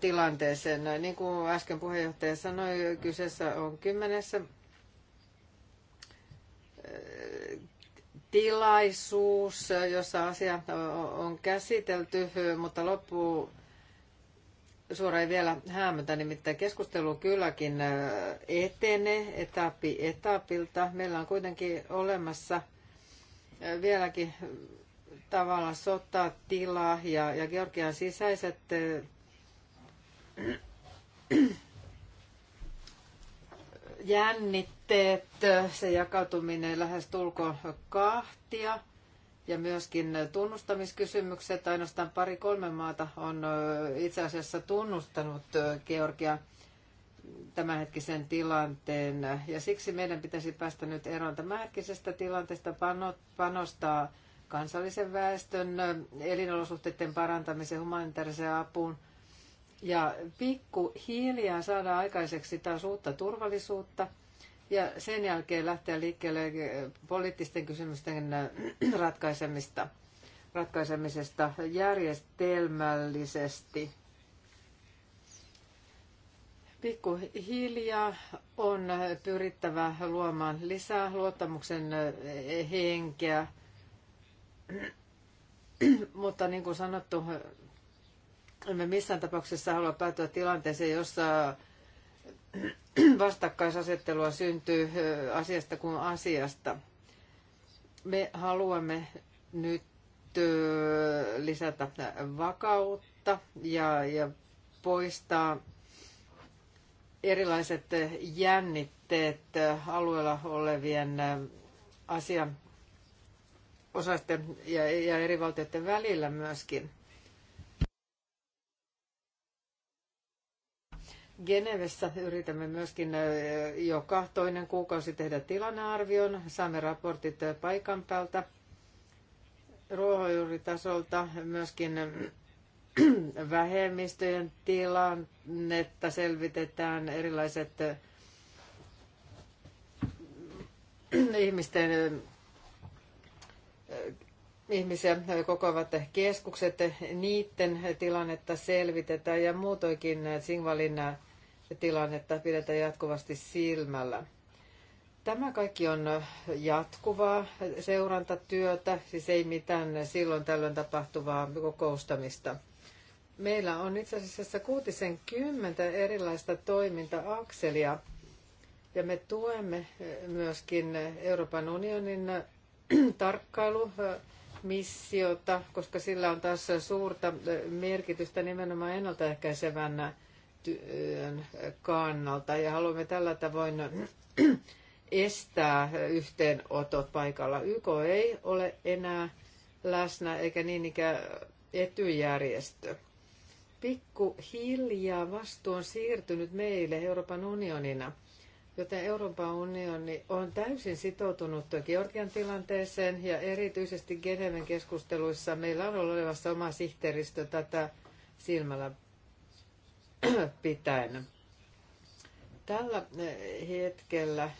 tilanteeseen. Niin kuin äsken puheenjohtaja sanoi, kyseessä on kymmenessä tilaisuus, jossa asia on käsitelty, mutta loppu suora ei vielä hämmentä, nimittäin keskustelu kylläkin etenee etappi etapilta. Meillä on kuitenkin olemassa vieläkin tavalla sotatila ja, ja Georgian sisäiset jännitteet, se jakautuminen lähes tulkoon kahtia ja myöskin tunnustamiskysymykset. Ainoastaan pari-kolme maata on itse asiassa tunnustanut Georgia tämänhetkisen tilanteen. Ja siksi meidän pitäisi päästä nyt eroon tämänhetkisestä tilanteesta, panostaa kansallisen väestön elinolosuhteiden parantamiseen, humanitaariseen apuun – ja pikkuhiljaa saada aikaiseksi taas uutta turvallisuutta ja sen jälkeen lähteä liikkeelle eh, poliittisten kysymysten eh, ratkaisemista, ratkaisemisesta järjestelmällisesti pikkuhiljaa on pyrittävä luomaan lisää luottamuksen eh, henkeä. Mutta niin kuin sanottu, emme missään tapauksessa halua päätyä tilanteeseen, jossa vastakkaisasettelua syntyy asiasta kuin asiasta. Me haluamme nyt lisätä vakautta ja, ja poistaa erilaiset jännitteet alueella olevien asian osaisten ja, ja eri valtioiden välillä myöskin. Genevessä yritämme myöskin joka toinen kuukausi tehdä tilannearvion. Saamme raportit paikan päältä ruohonjuuritasolta myöskin vähemmistöjen tilannetta selvitetään, erilaiset ihmisten ihmisiä kokoavat keskukset, niiden tilannetta selvitetään ja muutoinkin Singvalin tilannetta pidetään jatkuvasti silmällä. Tämä kaikki on jatkuvaa seurantatyötä, siis ei mitään silloin tällöin tapahtuvaa kokoustamista. Meillä on itse asiassa 60 kymmentä erilaista toiminta-akselia, ja me tuemme myöskin Euroopan unionin tarkkailumissiota, koska sillä on taas suurta merkitystä nimenomaan ennaltaehkäisevänä työn kannalta ja haluamme tällä tavoin estää yhteenotot paikalla. YK ei ole enää läsnä eikä niin ikään etyjärjestö. hiljaa vastuu on siirtynyt meille Euroopan unionina, joten Euroopan unioni on täysin sitoutunut Georgian tilanteeseen ja erityisesti Geneven keskusteluissa meillä on ollut olemassa oma sihteeristö tätä silmällä pitäen. Tällä eh, hetkellä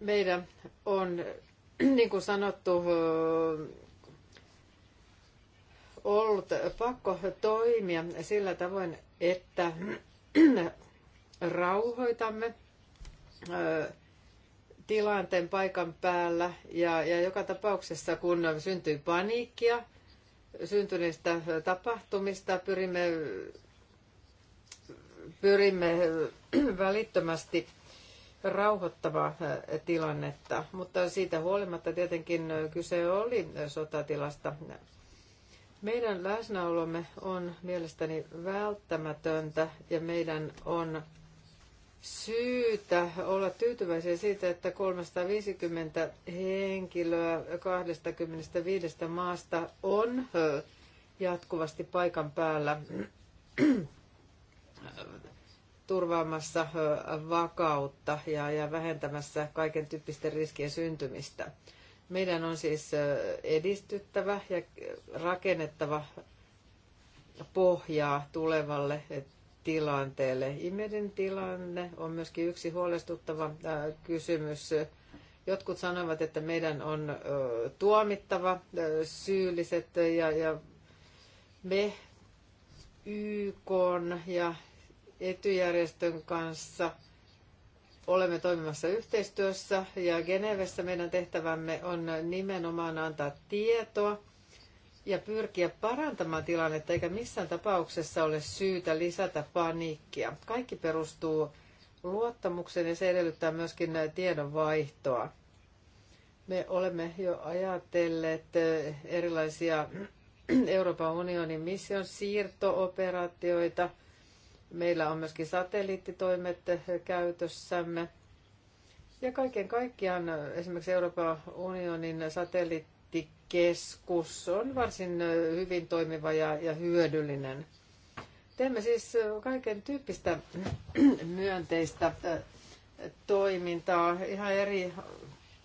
meidän on, niin kuin sanottu, eh, ollut pakko toimia sillä tavoin, että rauhoitamme eh, tilanteen paikan päällä ja, ja joka tapauksessa, kun syntyy paniikkia syntyneistä tapahtumista, pyrimme, pyrimme välittömästi rauhoittava tilannetta, mutta siitä huolimatta tietenkin kyse oli sotatilasta. Meidän läsnäolomme on mielestäni välttämätöntä ja meidän on syytä olla tyytyväisiä siitä, että 350 henkilöä 25 maasta on jatkuvasti paikan päällä turvaamassa vakautta ja, ja vähentämässä kaiken tyyppisten riskien syntymistä. Meidän on siis edistyttävä ja rakennettava pohjaa tulevalle tilanteelle. Imedin tilanne on myöskin yksi huolestuttava äh, kysymys. Jotkut sanovat, että meidän on tuomittava syylliset ja, ja me YK ja etujärjestön kanssa olemme toimimassa yhteistyössä ja Genevessä meidän tehtävämme on nimenomaan antaa tietoa ja pyrkiä parantamaan tilannetta, eikä missään tapauksessa ole syytä lisätä paniikkia. Kaikki perustuu luottamukseen ja se edellyttää myöskin tiedonvaihtoa. Me olemme jo ajatelleet eh, erilaisia Euroopan unionin mission siirtooperaatioita. Meillä on myöskin satelliittitoimet eh, käytössämme. Ja kaiken kaikkiaan eh, esimerkiksi Euroopan unionin satelliitti keskus on varsin hyvin toimiva ja, ja hyödyllinen. Teemme siis kaiken tyyppistä myönteistä toimintaa, ihan eri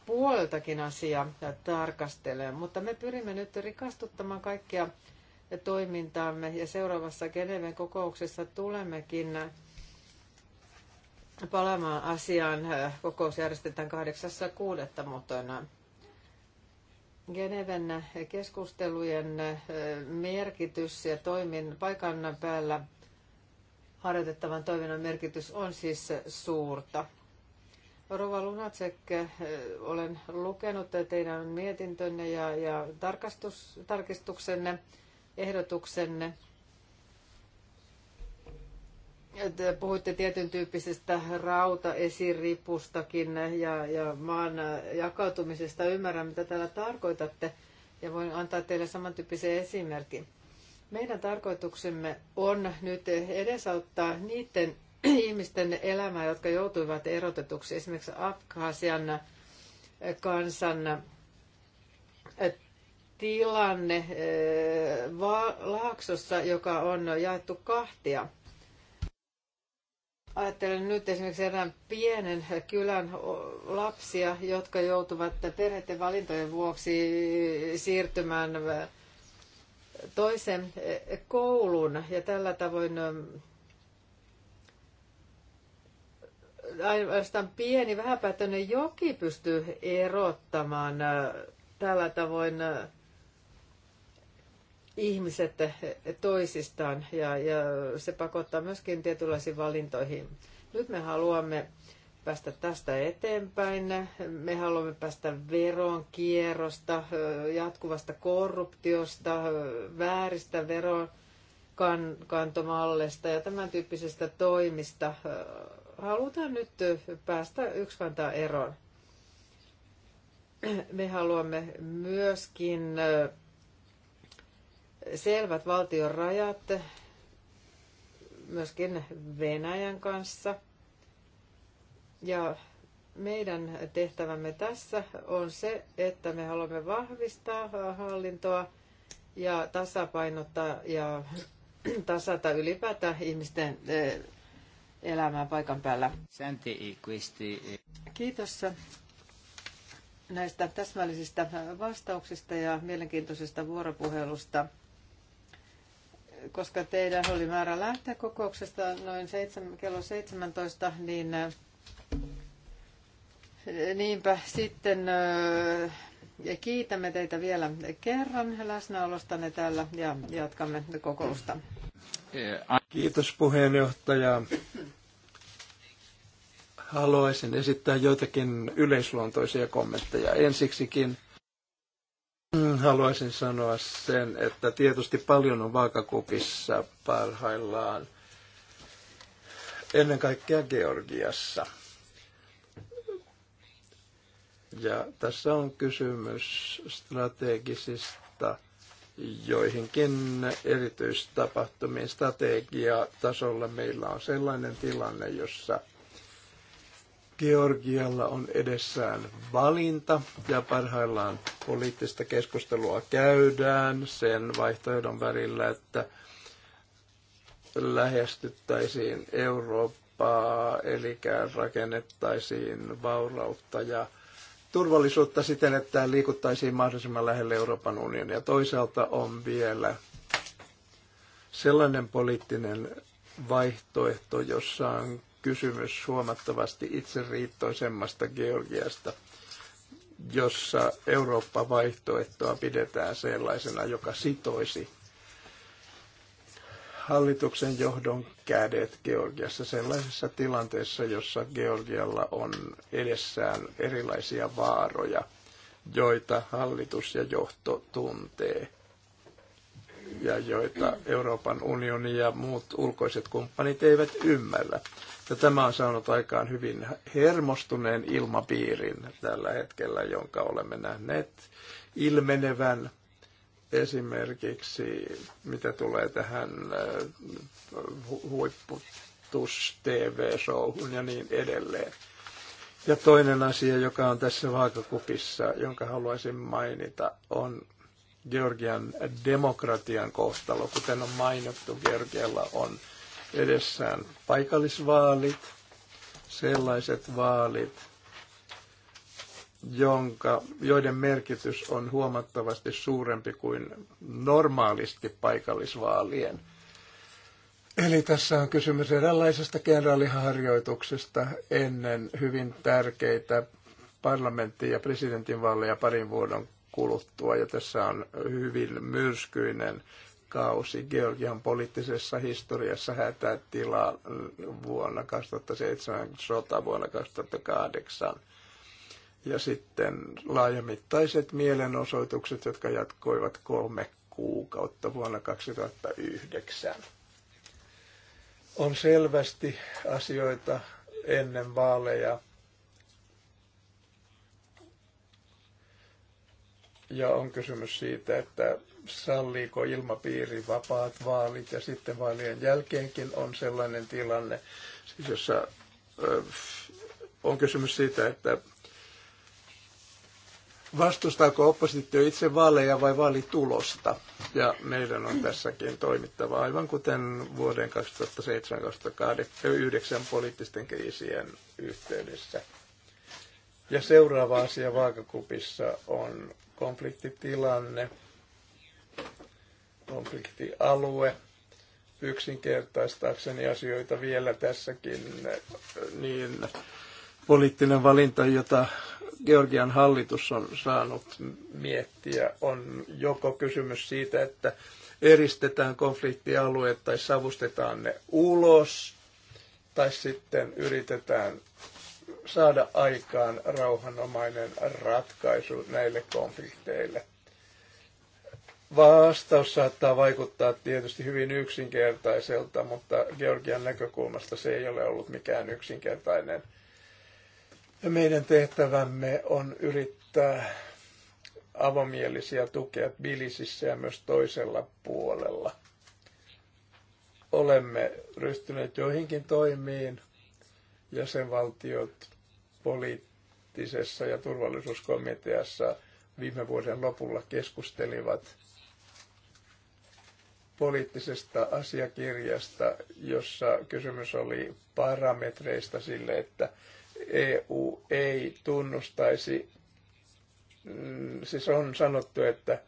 puoltakin asiaa tarkastelee, mutta me pyrimme nyt rikastuttamaan kaikkia toimintaamme ja seuraavassa Geneven kokouksessa tulemmekin palaamaan asiaan. Kokous järjestetään 8.6. muotoinaan. Geneven keskustelujen eh, merkitys ja toimin paikan päällä harjoitettavan toiminnan merkitys on siis suurta. Rova Lunacek, eh, olen lukenut teidän mietintönne ja, ja tarkistuksenne, ehdotuksenne. Te puhuitte tietyn tyyppisestä rautaesiripustakin ja, ja maan jakautumisesta. Ymmärrän, mitä täällä tarkoitatte ja voin antaa teille samantyyppisen esimerkin. Meidän tarkoituksemme on nyt edesauttaa niiden ihmisten elämää, jotka joutuivat erotetuksi esimerkiksi Abkhasian kansan tilanne eh, laaksossa, joka on jaettu kahtia – Ajattelen nyt esimerkiksi erään pienen kylän lapsia, jotka joutuvat perheiden valintojen vuoksi siirtymään toisen e, koulun ja tällä tavoin ainoastaan pieni vähäpätöinen joki pystyy erottamaan tällä tavoin ihmiset toisistaan ja, ja se pakottaa myöskin tietynlaisiin valintoihin. Nyt me haluamme päästä tästä eteenpäin. Me haluamme päästä veron kierrosta, jatkuvasta korruptiosta, vääristä verokantomallesta ja tämän tyyppisestä toimista. Halutaan nyt päästä yksikantaan eroon. Me haluamme myöskin selvät valtion rajat myöskin Venäjän kanssa. Ja meidän tehtävämme tässä on se, että me haluamme vahvistaa hallintoa ja tasapainottaa ja tasata ylipäätään ihmisten eh, elämää paikan päällä. Kiitos näistä täsmällisistä vastauksista ja mielenkiintoisesta vuoropuhelusta koska teidän oli määrä lähteä kokouksesta noin 7, kello 17, niin äh, niinpä sitten äh, ja kiitämme teitä vielä kerran läsnäolostanne täällä ja jatkamme kokousta. Kiitos puheenjohtaja. Haluaisin esittää joitakin yleisluontoisia kommentteja. Ensiksikin Mm, haluaisin sanoa sen, että tietysti paljon on vaakakupissa parhaillaan, ennen kaikkea Georgiassa. Ja tässä on kysymys strategisista joihinkin erityistapahtumiin strategiatasolla meillä on sellainen tilanne, jossa Georgialla on edessään valinta ja parhaillaan poliittista keskustelua käydään sen vaihtoehdon välillä, että lähestyttäisiin Eurooppaa, eli rakennettaisiin vaurautta ja turvallisuutta siten, että liikuttaisiin mahdollisimman lähelle Euroopan unionia. Toisaalta on vielä sellainen poliittinen vaihtoehto, jossa on kysymys huomattavasti itseriittoisemmasta Georgiasta, jossa Eurooppa-vaihtoehtoa pidetään sellaisena, joka sitoisi hallituksen johdon kädet Georgiassa sellaisessa tilanteessa, jossa Georgialla on edessään erilaisia vaaroja, joita hallitus ja johto tuntee ja joita Euroopan unioni ja muut ulkoiset kumppanit eivät ymmärrä. Ja tämä on saanut aikaan hyvin hermostuneen ilmapiirin tällä hetkellä, jonka olemme nähneet ilmenevän esimerkiksi, mitä tulee tähän äh, huipputus TV-showhun ja niin edelleen. Ja toinen asia, joka on tässä vaakakupissa, jonka haluaisin mainita, on Georgian demokratian kohtalo. Kuten on mainittu, Georgialla on edessään paikallisvaalit, sellaiset vaalit, jonka, joiden merkitys on huomattavasti suurempi kuin normaalisti paikallisvaalien. Eli tässä on kysymys eräänlaisesta kenraaliharjoituksesta ennen hyvin tärkeitä parlamentti- ja presidentinvaaleja parin vuoden kuluttua, ja tässä on hyvin myrskyinen kausi Georgian poliittisessa historiassa hätätila vuonna 2007, sota vuonna 2008 ja sitten laajamittaiset mielenosoitukset, jotka jatkoivat kolme kuukautta vuonna 2009. On selvästi asioita ennen vaaleja, ja on kysymys siitä, että salliiko ilmapiiri vapaat vaalit ja sitten vaalien jälkeenkin on sellainen tilanne, siis jossa on kysymys siitä, että vastustaako oppositio itse vaaleja vai vaalitulosta. Ja meidän on tässäkin toimittava aivan kuten vuoden 2007-2009 poliittisten kriisien yhteydessä. Ja seuraava asia vaakakupissa on konfliktitilanne konfliktialue yksinkertaistaakseni asioita vielä tässäkin, niin poliittinen valinta, jota Georgian hallitus on saanut miettiä, on joko kysymys siitä, että eristetään konfliktialueet tai savustetaan ne ulos, tai sitten yritetään saada aikaan rauhanomainen ratkaisu näille konflikteille – Vastaus saattaa vaikuttaa tietysti hyvin yksinkertaiselta, mutta Georgian näkökulmasta se ei ole ollut mikään yksinkertainen. Meidän tehtävämme on yrittää avomielisiä tukea Bilisissä ja myös toisella puolella. Olemme ryhtyneet joihinkin toimiin jäsenvaltiot poliittisessa ja turvallisuuskomiteassa viime vuoden lopulla keskustelivat – poliittisesta asiakirjasta, jossa kysymys oli parametreista sille, että EU ei tunnustaisi, mm, siis on sanottu, että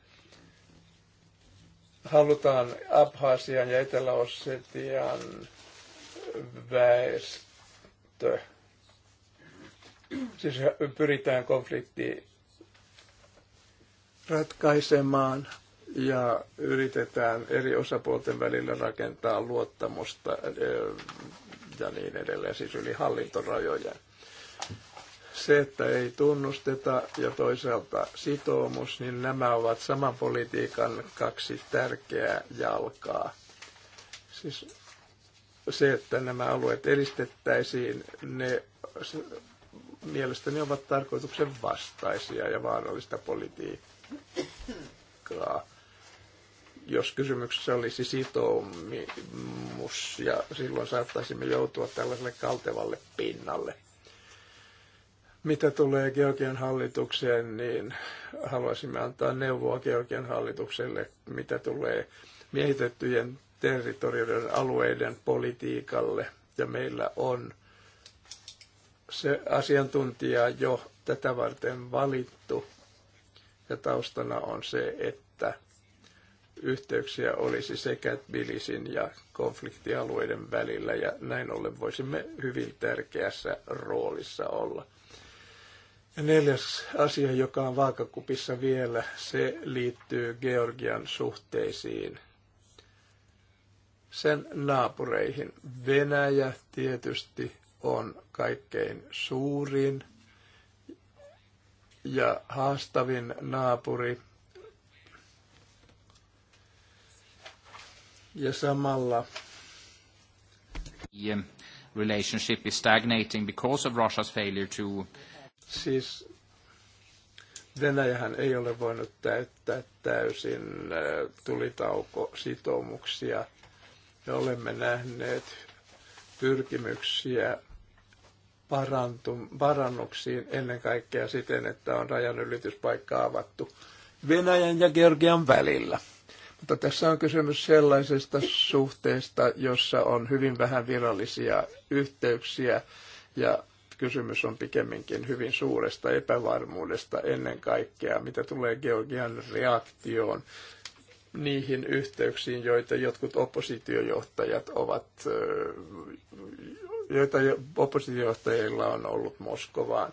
halutaan Abhaasian ja Etelä-Ossetian väestö. Siis pyritään konflikti ratkaisemaan ja yritetään eri osapuolten välillä rakentaa luottamusta eh, ja niin edelleen, siis yli hallintorajoja. Se, että ei tunnusteta ja toisaalta sitoumus, niin nämä ovat saman politiikan kaksi tärkeää jalkaa. Siis se, että nämä alueet edistettäisiin, ne mielestäni ovat tarkoituksen vastaisia ja vaarallista politiikkaa jos kysymyksessä olisi sitoumus, ja silloin saattaisimme joutua tällaiselle kaltevalle pinnalle. Mitä tulee Georgian hallitukseen, niin haluaisimme antaa neuvoa Georgian hallitukselle, mitä tulee miehitettyjen territorioiden alueiden politiikalle. Ja meillä on se asiantuntija jo tätä varten valittu. Ja taustana on se, että yhteyksiä olisi sekä Bilisin ja konfliktialueiden välillä ja näin ollen voisimme hyvin tärkeässä roolissa olla. Ja neljäs asia, joka on vaakakupissa vielä, se liittyy Georgian suhteisiin sen naapureihin. Venäjä tietysti on kaikkein suurin ja haastavin naapuri ja samalla the um, relationship is stagnating because of Russia's failure to... Siis Venäjähän ei ole voinut täyttää täysin äh, tulitaukositoumuksia. Me olemme nähneet pyrkimyksiä parantum, parannuksiin ennen kaikkea siten, että on rajanylityspaikka avattu Venäjän ja Georgian välillä. Mutta tässä on kysymys sellaisesta suhteesta, jossa on hyvin vähän virallisia yhteyksiä ja kysymys on pikemminkin hyvin suuresta epävarmuudesta ennen kaikkea, mitä tulee Georgian reaktioon niihin yhteyksiin, joita jotkut oppositiojohtajat ovat, joita oppositiojohtajilla on ollut Moskovaan.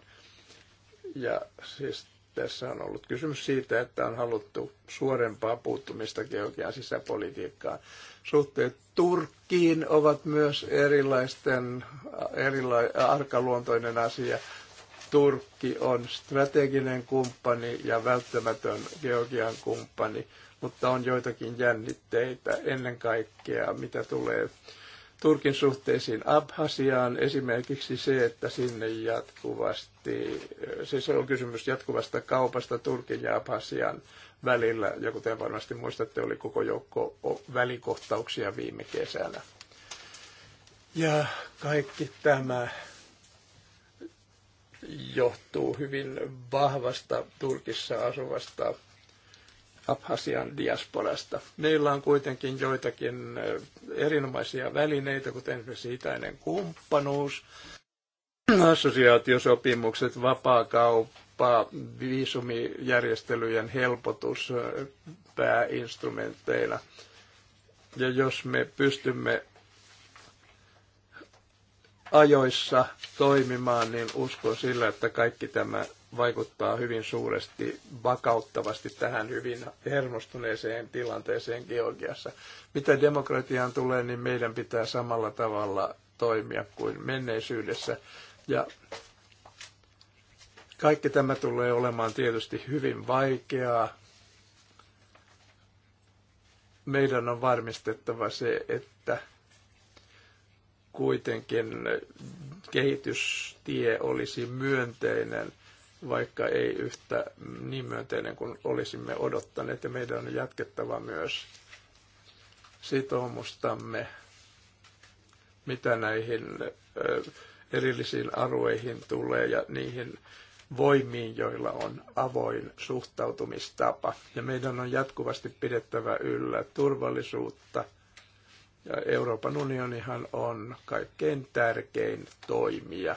Ja siis tässä on ollut kysymys siitä, että on haluttu suorempaa puuttumista Georgian sisäpolitiikkaan. Suhteet Turkkiin ovat myös erilaisten, erila- arkaluontoinen asia. Turkki on strateginen kumppani ja välttämätön Georgian kumppani, mutta on joitakin jännitteitä ennen kaikkea, mitä tulee Turkin suhteisiin Abhasiaan esimerkiksi se, että sinne jatkuvasti, siis se on kysymys jatkuvasta kaupasta Turkin ja Abhasian välillä, ja kuten varmasti muistatte, oli koko joukko välikohtauksia viime kesänä. Ja kaikki tämä johtuu hyvin vahvasta Turkissa asuvasta Abhasian diasporasta. Meillä on kuitenkin joitakin erinomaisia välineitä, kuten esimerkiksi itäinen kumppanuus, assosiaatiosopimukset, vapaakauppa, viisumijärjestelyjen helpotus pääinstrumentteina. Ja jos me pystymme ajoissa toimimaan, niin uskon sillä, että kaikki tämä vaikuttaa hyvin suuresti vakauttavasti tähän hyvin hermostuneeseen tilanteeseen Georgiassa. Mitä demokratiaan tulee, niin meidän pitää samalla tavalla toimia kuin menneisyydessä. Ja kaikki tämä tulee olemaan tietysti hyvin vaikeaa. Meidän on varmistettava se, että kuitenkin kehitystie olisi myönteinen – vaikka ei yhtä niin myönteinen kuin olisimme odottaneet, ja meidän on jatkettava myös sitoumustamme, mitä näihin erillisiin alueihin tulee ja niihin voimiin, joilla on avoin suhtautumistapa. Ja meidän on jatkuvasti pidettävä yllä turvallisuutta. Ja Euroopan unionihan on kaikkein tärkein toimija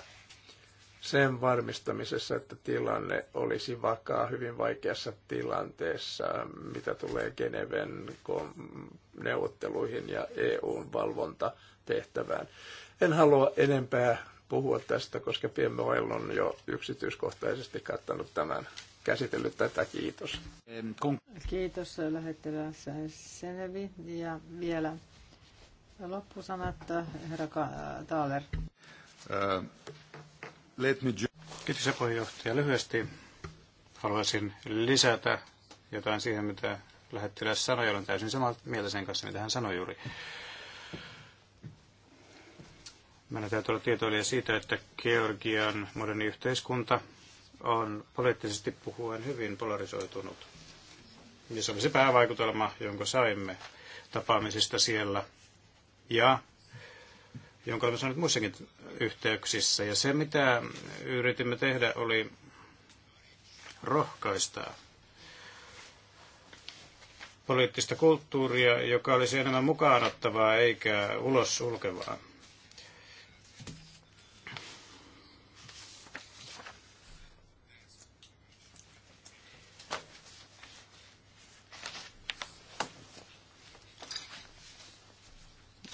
sen varmistamisessa, että tilanne olisi vakaa hyvin vaikeassa tilanteessa, mitä tulee Geneven neuvotteluihin ja EUn valvontatehtävään. En halua enempää puhua tästä, koska PMOL on jo yksityiskohtaisesti kattanut tämän käsitellyt tätä. Kiitos. Kiitos lähettiläs Senevi ja vielä loppusanat herra Taaler. Äh, Let me... Kiitos puheenjohtaja. Lyhyesti haluaisin lisätä jotain siihen, mitä lähettiläs sanoi. Olen täysin samaa mieltä sen kanssa, mitä hän sanoi juuri. Meillä täytyy olla tietoilija siitä, että Georgian moderni yhteiskunta on poliittisesti puhuen hyvin polarisoitunut. Ja se oli se päävaikutelma, jonka saimme tapaamisista siellä ja jonka olen saanut muissakin yhteyksissä. Ja se, mitä yritimme tehdä, oli rohkaista poliittista kulttuuria, joka olisi enemmän mukaanottavaa eikä ulos sulkevaa.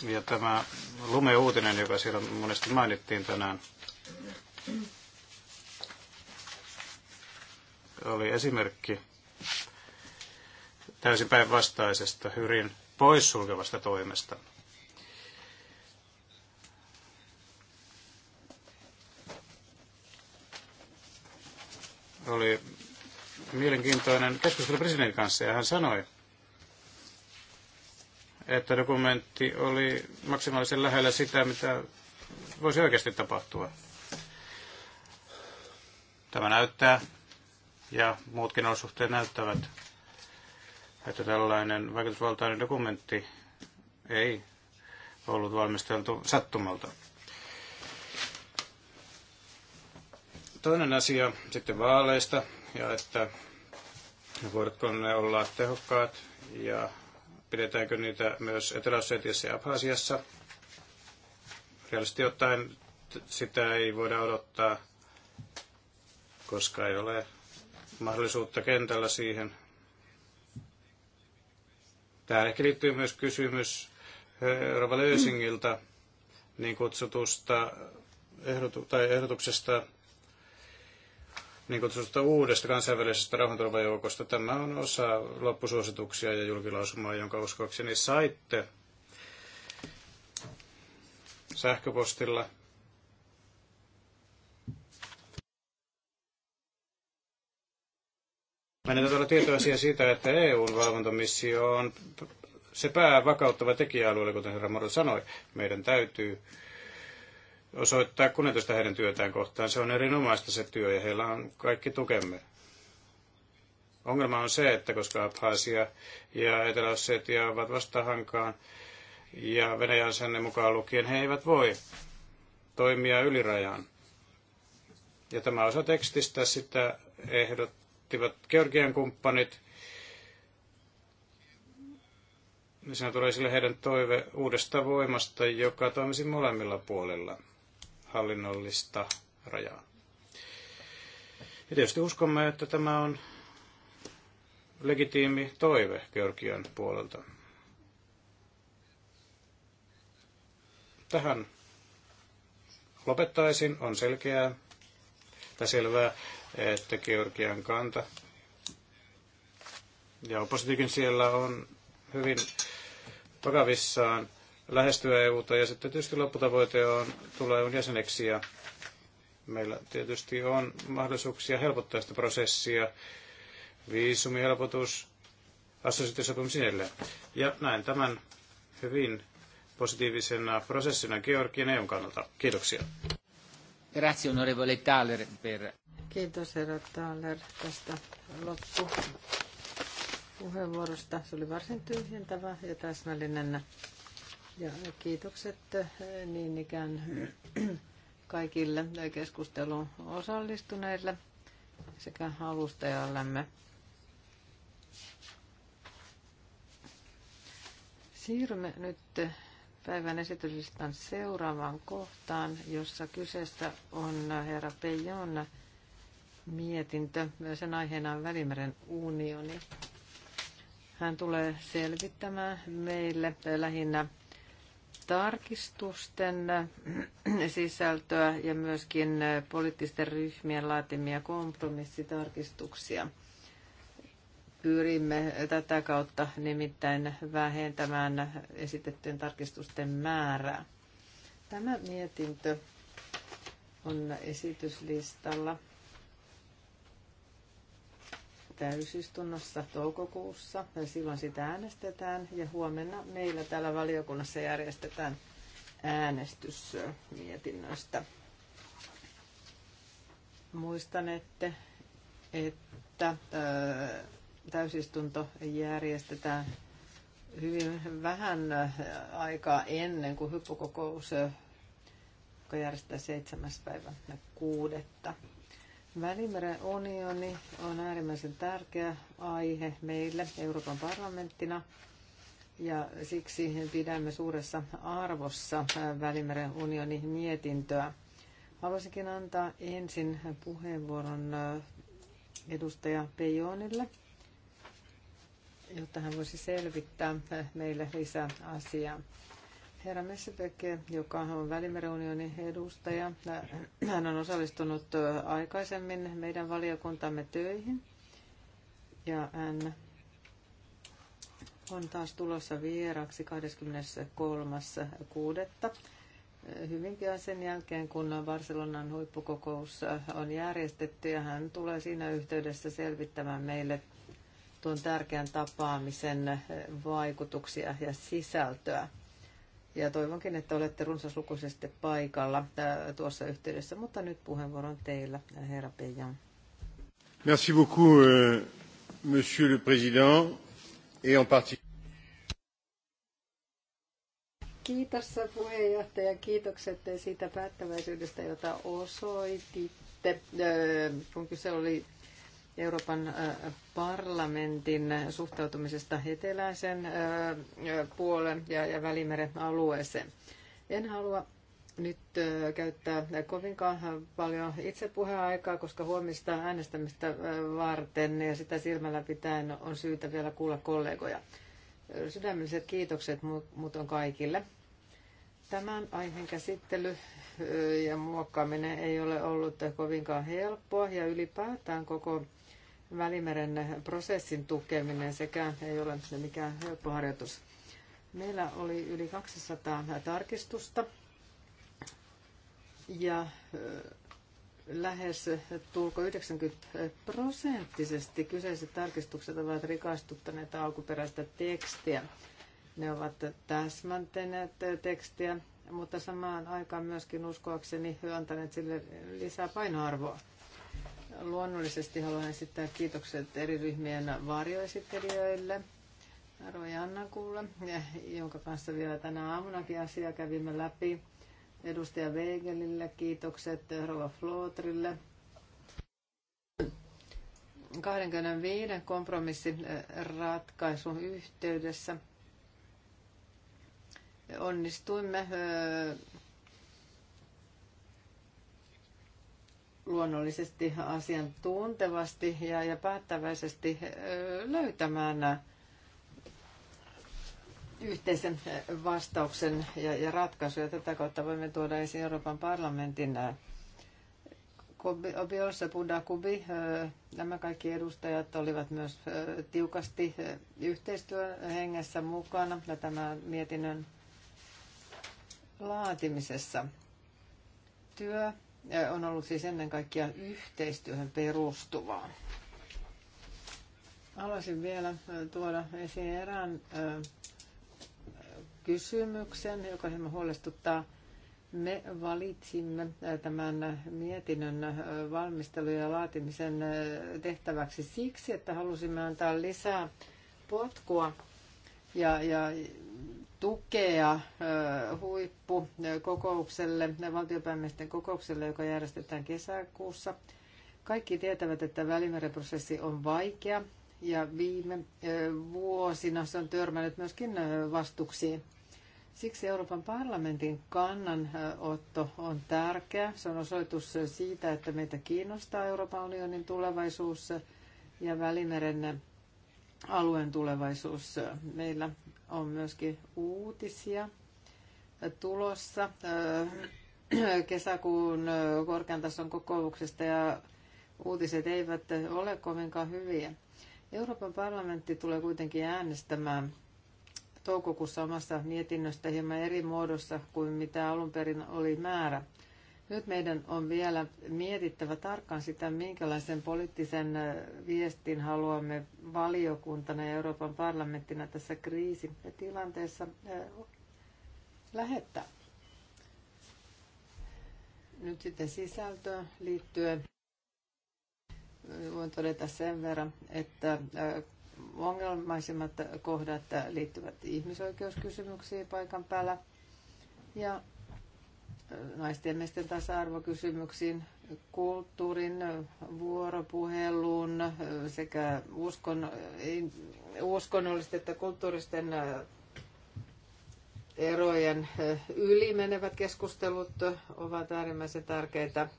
Ja tämä lumeuutinen, joka siellä monesti mainittiin tänään, oli esimerkki täysin päinvastaisesta, hyvin poissulkevasta toimesta. Oli mielenkiintoinen keskustelu presidentin kanssa ja hän sanoi, että dokumentti oli maksimaalisen lähellä sitä, mitä voisi oikeasti tapahtua. Tämä näyttää, ja muutkin olosuhteet näyttävät, että tällainen vaikutusvaltainen dokumentti ei ollut valmisteltu sattumalta. Toinen asia sitten vaaleista, ja että voivatko ne olla tehokkaat ja Pidetäänkö niitä myös etelä ja Abhaasiassa? Realisesti ottaen sitä ei voida odottaa, koska ei ole mahdollisuutta kentällä siihen. Tähän ehkä liittyy myös kysymys eh, Rova Löysingiltä niin kutsutusta ehdotu- tai ehdotuksesta niin kutsutusta uudesta kansainvälisestä rauhanturvajoukosta. Tämä on osa loppusuosituksia ja julkilausumaa, jonka uskoakseni saitte sähköpostilla. Mennään tuolla tietoa siitä, että EUn valvontamissio on se päävakauttava tekijäalue, kuten herra Moro sanoi. Meidän täytyy osoittaa kunnioitusta heidän työtään kohtaan. Se on erinomaista se työ ja heillä on kaikki tukemme. Ongelma on se, että koska Abhaasia ja etelä ovat vastahankaan ja Venäjän sänne mukaan lukien, he eivät voi toimia ylirajan. Ja tämä osa tekstistä sitä ehdottivat Georgian kumppanit. Siinä tulee sille heidän toive uudesta voimasta, joka toimisi molemmilla puolilla hallinnollista rajaa. Ja tietysti uskomme, että tämä on legitiimi toive Georgian puolelta. Tähän lopettaisin. On selkeää tai selvää, että Georgian kanta ja oppositiokin siellä on hyvin vakavissaan lähestyä EUta ja sitten tietysti lopputavoite on tulla EUn jäseneksi ja meillä tietysti on mahdollisuuksia helpottaa sitä prosessia, viisumihelpotus, assosiaatiosopimus niin edelleen. Ja näin tämän hyvin positiivisena prosessina Georgian EUn kannalta. Kiitoksia. Grazie onorevole Thaler per... Kiitos herra Thaler tästä loppupuheenvuorosta. Se oli varsin tyhjentävä ja täsmällinen ja kiitokset eh, niin ikään kaikille keskusteluun osallistuneille sekä alustajallemme. Siirrymme nyt eh, päivän esityslistan seuraavaan kohtaan, jossa kyseessä on eh, herra Peijon mietintö. Sen aiheena on Välimeren unioni. Hän tulee selvittämään meille lähinnä tarkistusten sisältöä ja myöskin poliittisten ryhmien laatimia kompromissitarkistuksia. Pyrimme tätä kautta nimittäin vähentämään esitettyjen tarkistusten määrää. Tämä mietintö on esityslistalla täysistunnossa toukokuussa. Ja silloin sitä äänestetään ja huomenna meillä täällä valiokunnassa järjestetään äänestys mietinnöstä. Muistan, että täysistunto järjestetään hyvin vähän aikaa ennen kuin hyppukokous, joka järjestetään 7. päivänä kuudetta. Välimeren unioni on äärimmäisen tärkeä aihe meille Euroopan parlamenttina ja siksi pidämme suuressa arvossa Välimeren unionin mietintöä. Haluaisinkin antaa ensin puheenvuoron äh, edustaja Pejonille, jotta hän voisi selvittää äh, meille lisää asiaa herra Messebeke, joka on unionin edustaja. Hän on osallistunut aikaisemmin meidän valiokuntamme töihin. Ja hän on taas tulossa vieraksi 23.6. Hyvin pian sen jälkeen, kun Barcelonan huippukokous on järjestetty ja hän tulee siinä yhteydessä selvittämään meille tuon tärkeän tapaamisen vaikutuksia ja sisältöä. Ja toivonkin, että olette runsaslukuisesti paikalla äh, tuossa yhteydessä, mutta nyt puheenvuoro on teillä, herra Pejan. Merci beaucoup, euh, monsieur le président, et en particulier. Kiitos puheenjohtaja, kiitokset siitä päättäväisyydestä, jota osoititte, äh, kun kyse oli Euroopan parlamentin suhtautumisesta eteläisen puolen ja Välimeren alueeseen. En halua nyt käyttää kovinkaan paljon itse puheaikaa, koska huomista äänestämistä varten ja sitä silmällä pitäen on syytä vielä kuulla kollegoja. Sydämelliset kiitokset on kaikille. Tämän aiheen käsittely ja muokkaaminen ei ole ollut kovinkaan helppoa ja ylipäätään koko Välimeren prosessin tukeminen sekä ei ole mikään helppo harjoitus. Meillä oli yli 200 tarkistusta ja lähes tulko 90 prosenttisesti kyseiset tarkistukset ovat rikastuttaneet alkuperäistä tekstiä. Ne ovat täsmäntäneet tekstiä, mutta samaan aikaan myöskin uskoakseni antaneet sille lisää painoarvoa. Luonnollisesti haluan esittää kiitokset eri ryhmien varjoesittelijöille. Roi Annakulle, jonka kanssa vielä tänä aamunakin asiaa kävimme läpi. Edustaja Wegelille kiitokset, Rova Flotrille. 25 kompromissiratkaisun yhteydessä onnistuimme luonnollisesti asiantuntevasti ja, ja päättäväisesti löytämään yhteisen vastauksen ja, ja ratkaisuja. Tätä kautta voimme tuoda esiin Euroopan parlamentin Obiossa Pudakubi. Nämä kaikki edustajat olivat myös tiukasti yhteistyöhengessä mukana ja tämän mietinnön laatimisessa. Työ on ollut siis ennen kaikkea yhteistyöhön perustuvaa. Haluaisin vielä tuoda esiin erään kysymyksen, joka hieman huolestuttaa. Me valitsimme tämän mietinnön valmistelun ja laatimisen tehtäväksi siksi, että halusimme antaa lisää potkua ja, ja tukea huippukokoukselle, valtiopäämiesten kokoukselle, joka järjestetään kesäkuussa. Kaikki tietävät, että välimereprosessi on vaikea ja viime vuosina se on törmännyt myöskin vastuksiin. Siksi Euroopan parlamentin kannanotto on tärkeä. Se on osoitus siitä, että meitä kiinnostaa Euroopan unionin tulevaisuus ja Välimeren alueen tulevaisuus. Meillä on myöskin uutisia tulossa äh, kesäkuun äh, korkean tason kokouksesta ja uutiset eivät ole kovinkaan hyviä. Euroopan parlamentti tulee kuitenkin äänestämään toukokuussa omassa mietinnöstä hieman eri muodossa kuin mitä alun perin oli määrä. Nyt meidän on vielä mietittävä tarkkaan sitä, minkälaisen poliittisen viestin haluamme valiokuntana ja Euroopan parlamenttina tässä kriisitilanteessa lähettää. Nyt sitten sisältöön liittyen voin todeta sen verran, että ongelmaisimmat kohdat liittyvät ihmisoikeuskysymyksiin paikan päällä ja naisten ja miesten tasa-arvokysymyksiin, kulttuurin, vuoropuheluun sekä uskon, uskonnollisten että kulttuuristen äh, erojen äh, yli menevät keskustelut ovat äärimmäisen tärkeitä.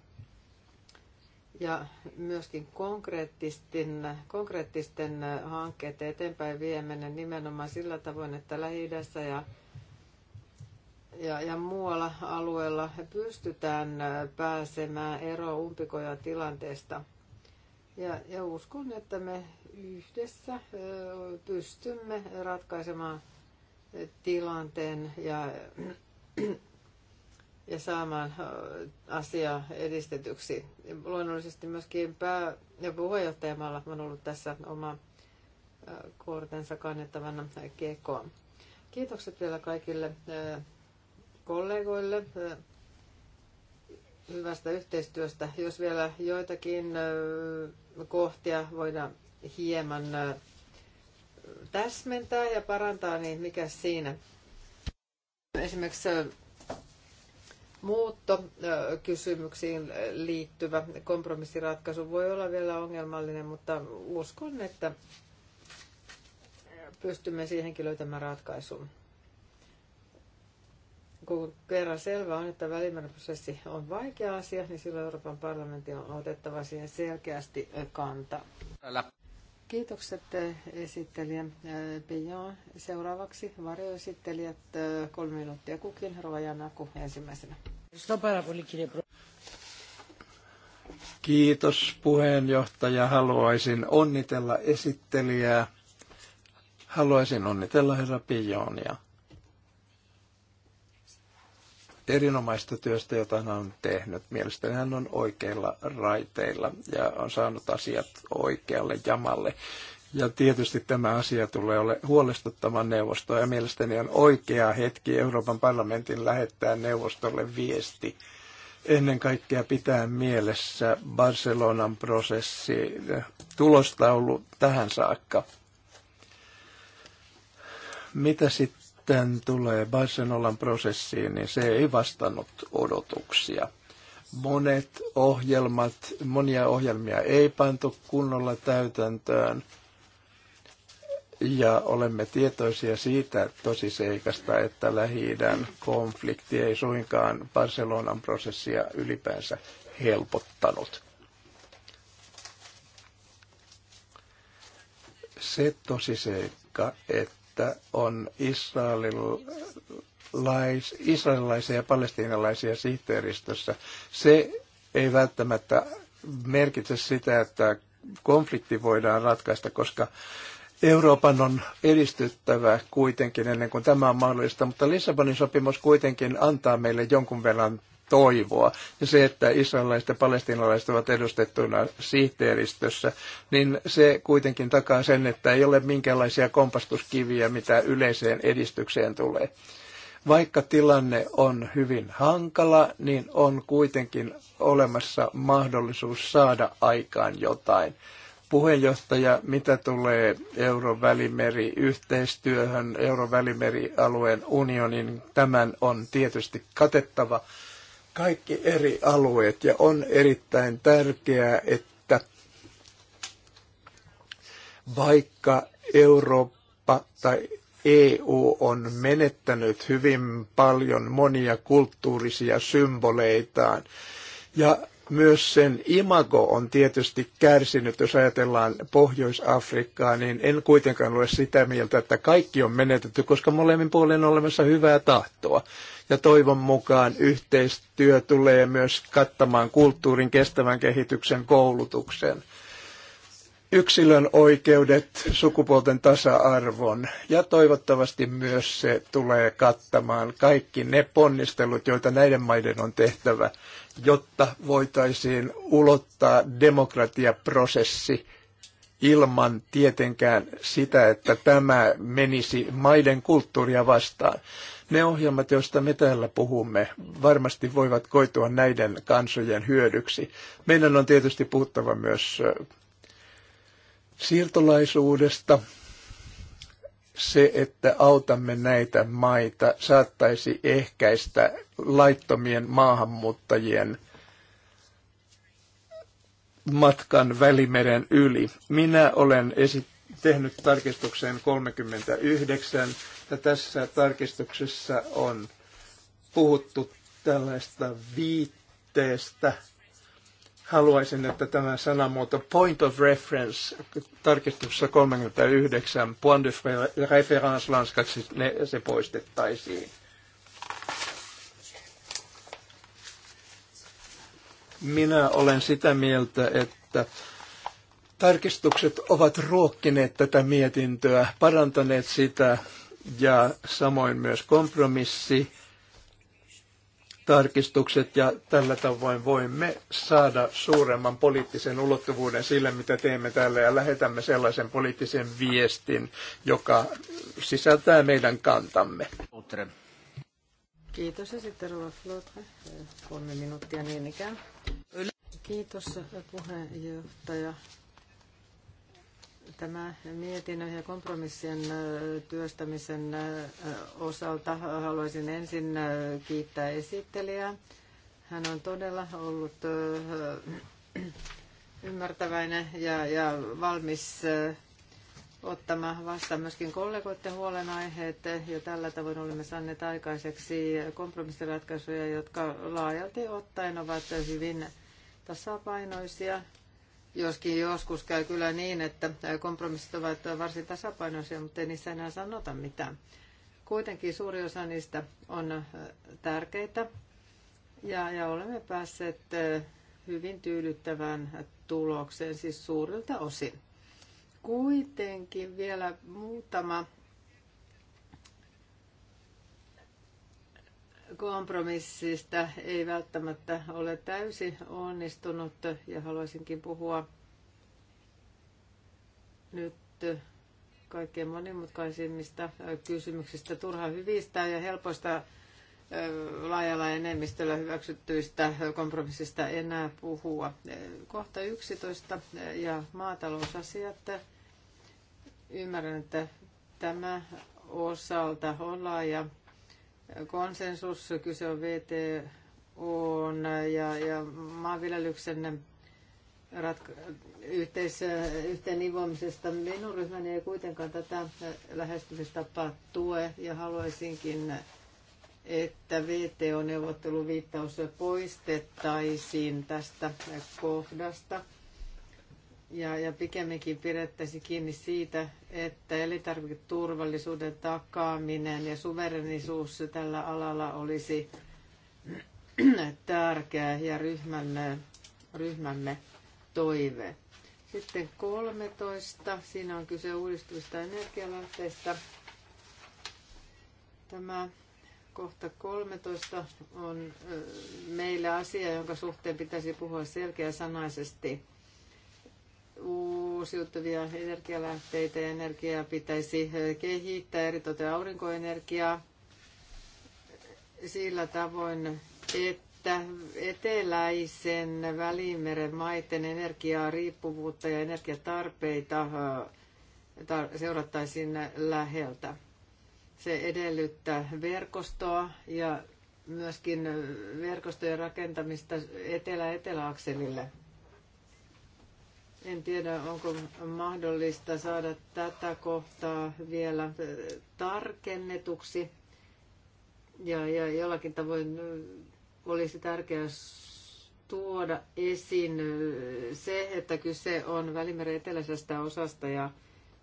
Ja myöskin konkreettisten, konkreettisten äh, hankkeiden eteenpäin vieminen nimenomaan sillä tavoin, että lähi ja ja, ja muualla alueella pystytään äh, pääsemään eroon umpikoja tilanteesta. Ja, ja uskon, että me yhdessä äh, pystymme ratkaisemaan äh, tilanteen ja, ja saamaan asia edistetyksi. Luonnollisesti myöskin pää- ja puheenjohtajamalla on ollut tässä oma kortensa kannettavana kekoon. Kiitokset vielä kaikille kollegoille hyvästä yhteistyöstä. Jos vielä joitakin kohtia voidaan hieman täsmentää ja parantaa, niin mikä siinä? Esimerkiksi muuttokysymyksiin liittyvä kompromissiratkaisu voi olla vielä ongelmallinen, mutta uskon, että pystymme siihenkin löytämään ratkaisun kun kerran selvä on, että prosessi on vaikea asia, niin silloin Euroopan parlamentti on otettava siihen selkeästi kanta. Älä. Kiitokset eh, esittelijä eh, Pijon. Seuraavaksi varjoesittelijät eh, kolme minuuttia kukin. Rova Janaku ensimmäisenä. Kiitos puheenjohtaja. Haluaisin onnitella esittelijää. Haluaisin onnitella herra Pijonia erinomaista työstä, jota hän on tehnyt. Mielestäni hän on oikeilla raiteilla ja on saanut asiat oikealle jamalle. Ja tietysti tämä asia tulee ole huolestuttavan neuvostoa ja mielestäni on oikea hetki Euroopan parlamentin lähettää neuvostolle viesti. Ennen kaikkea pitää mielessä Barcelonan prosessi tulostaulu tähän saakka. Mitä sitten? sitten tulee Barcelonan prosessiin, niin se ei vastannut odotuksia. Monet ohjelmat, monia ohjelmia ei pantu kunnolla täytäntöön. Ja olemme tietoisia siitä tosiseikasta, että lähi konflikti ei suinkaan Barcelonan prosessia ylipäänsä helpottanut. Se tosiseikka, että että on israelilais, israelilaisia ja palestiinalaisia sihteeristössä. Se ei välttämättä merkitse sitä, että konflikti voidaan ratkaista, koska Euroopan on edistyttävä kuitenkin ennen kuin tämä on mahdollista, mutta Lissabonin sopimus kuitenkin antaa meille jonkun verran toivoa. Ja se, että israelilaiset ja palestinalaiset ovat edustettuina sihteeristössä, niin se kuitenkin takaa sen, että ei ole minkäänlaisia kompastuskiviä, mitä yleiseen edistykseen tulee. Vaikka tilanne on hyvin hankala, niin on kuitenkin olemassa mahdollisuus saada aikaan jotain puheenjohtaja, mitä tulee Eurovälimeri yhteistyöhön, Eurovälimerialueen unionin, tämän on tietysti katettava kaikki eri alueet ja on erittäin tärkeää, että vaikka Eurooppa tai EU on menettänyt hyvin paljon monia kulttuurisia symboleitaan ja myös sen imago on tietysti kärsinyt, jos ajatellaan Pohjois-Afrikkaa, niin en kuitenkaan ole sitä mieltä, että kaikki on menetetty, koska molemmin puolen on olemassa hyvää tahtoa. Ja toivon mukaan yhteistyö tulee myös kattamaan kulttuurin, kestävän kehityksen, koulutuksen, yksilön oikeudet, sukupuolten tasa-arvon ja toivottavasti myös se tulee kattamaan kaikki ne ponnistelut, joita näiden maiden on tehtävä jotta voitaisiin ulottaa demokratiaprosessi ilman tietenkään sitä, että tämä menisi maiden kulttuuria vastaan. Ne ohjelmat, joista me täällä puhumme, varmasti voivat koitua näiden kansojen hyödyksi. Meidän on tietysti puhuttava myös siirtolaisuudesta, se, että autamme näitä maita, saattaisi ehkäistä laittomien maahanmuuttajien matkan Välimeren yli. Minä olen esittänyt tehnyt tarkistukseen 39, ja tässä tarkistuksessa on puhuttu tällaista viitteestä, haluaisin, että tämä sanamuoto point of reference tarkistuksessa 39 point de référence lanskaksi ne, se poistettaisiin. Minä olen sitä mieltä, että tarkistukset ovat ruokkineet tätä mietintöä, parantaneet sitä ja samoin myös kompromissi tarkistukset ja tällä tavoin voimme saada suuremman poliittisen ulottuvuuden sille, mitä teemme täällä ja lähetämme sellaisen poliittisen viestin, joka sisältää meidän kantamme. Kiitos ja sitten Rova Flotre, kolme minuuttia niin ikään. Kiitos puheenjohtaja. Tämä mietinnön ja kompromissien työstämisen osalta haluaisin ensin kiittää esittelijää. Hän on todella ollut ymmärtäväinen ja, ja valmis ottamaan vastaan myöskin kollegoiden huolenaiheet ja tällä tavoin olemme saaneet aikaiseksi kompromissiratkaisuja, jotka laajalti ottaen ovat hyvin tasapainoisia Joskin joskus käy kyllä niin, että kompromissit ovat varsin tasapainoisia, mutta ei niissä enää sanota mitään. Kuitenkin suuri osa niistä on äh, tärkeitä ja, ja olemme päässeet äh, hyvin tyydyttävään tulokseen, siis suurilta osin. Kuitenkin vielä muutama kompromissista ei välttämättä ole täysin onnistunut ja haluaisinkin puhua nyt kaikkein monimutkaisimmista kysymyksistä, turha hyvistä ja helpoista laajalla enemmistöllä hyväksyttyistä kompromissista enää puhua. Kohta 11 ja maatalousasiat. Ymmärrän, että tämä osalta on laaja konsensus, kyse on VTO: ja, ja maanviljelyksen ratka- yhteis- yhteen nivomisesta. Minun ryhmäni ei kuitenkaan tätä lähestymistapaa tue ja haluaisinkin, että VTO-neuvotteluviittaus poistettaisiin tästä kohdasta – ja, ja pikemminkin pidettäisiin kiinni siitä, että elintarviketurvallisuuden takaaminen ja suverenisuus tällä alalla olisi tärkeä ja ryhmämme, ryhmämme toive. Sitten 13. Siinä on kyse uudistuvista energialähteistä. Tämä kohta 13 on meillä asia, jonka suhteen pitäisi puhua selkeäsanaisesti. sanaisesti uusiutuvia energialähteitä ja energiaa pitäisi kehittää, eritoten aurinkoenergiaa, sillä tavoin, että eteläisen välimeren maiden energiaa, riippuvuutta ja energiatarpeita seurattaisiin läheltä. Se edellyttää verkostoa ja myöskin verkostojen rakentamista etelä-eteläakselille. etelä eteläakselille en tiedä, onko mahdollista saada tätä kohtaa vielä tarkennetuksi. Ja, ja jollakin tavoin olisi tärkeää tuoda esiin se, että kyse on Välimeren eteläisestä osasta ja,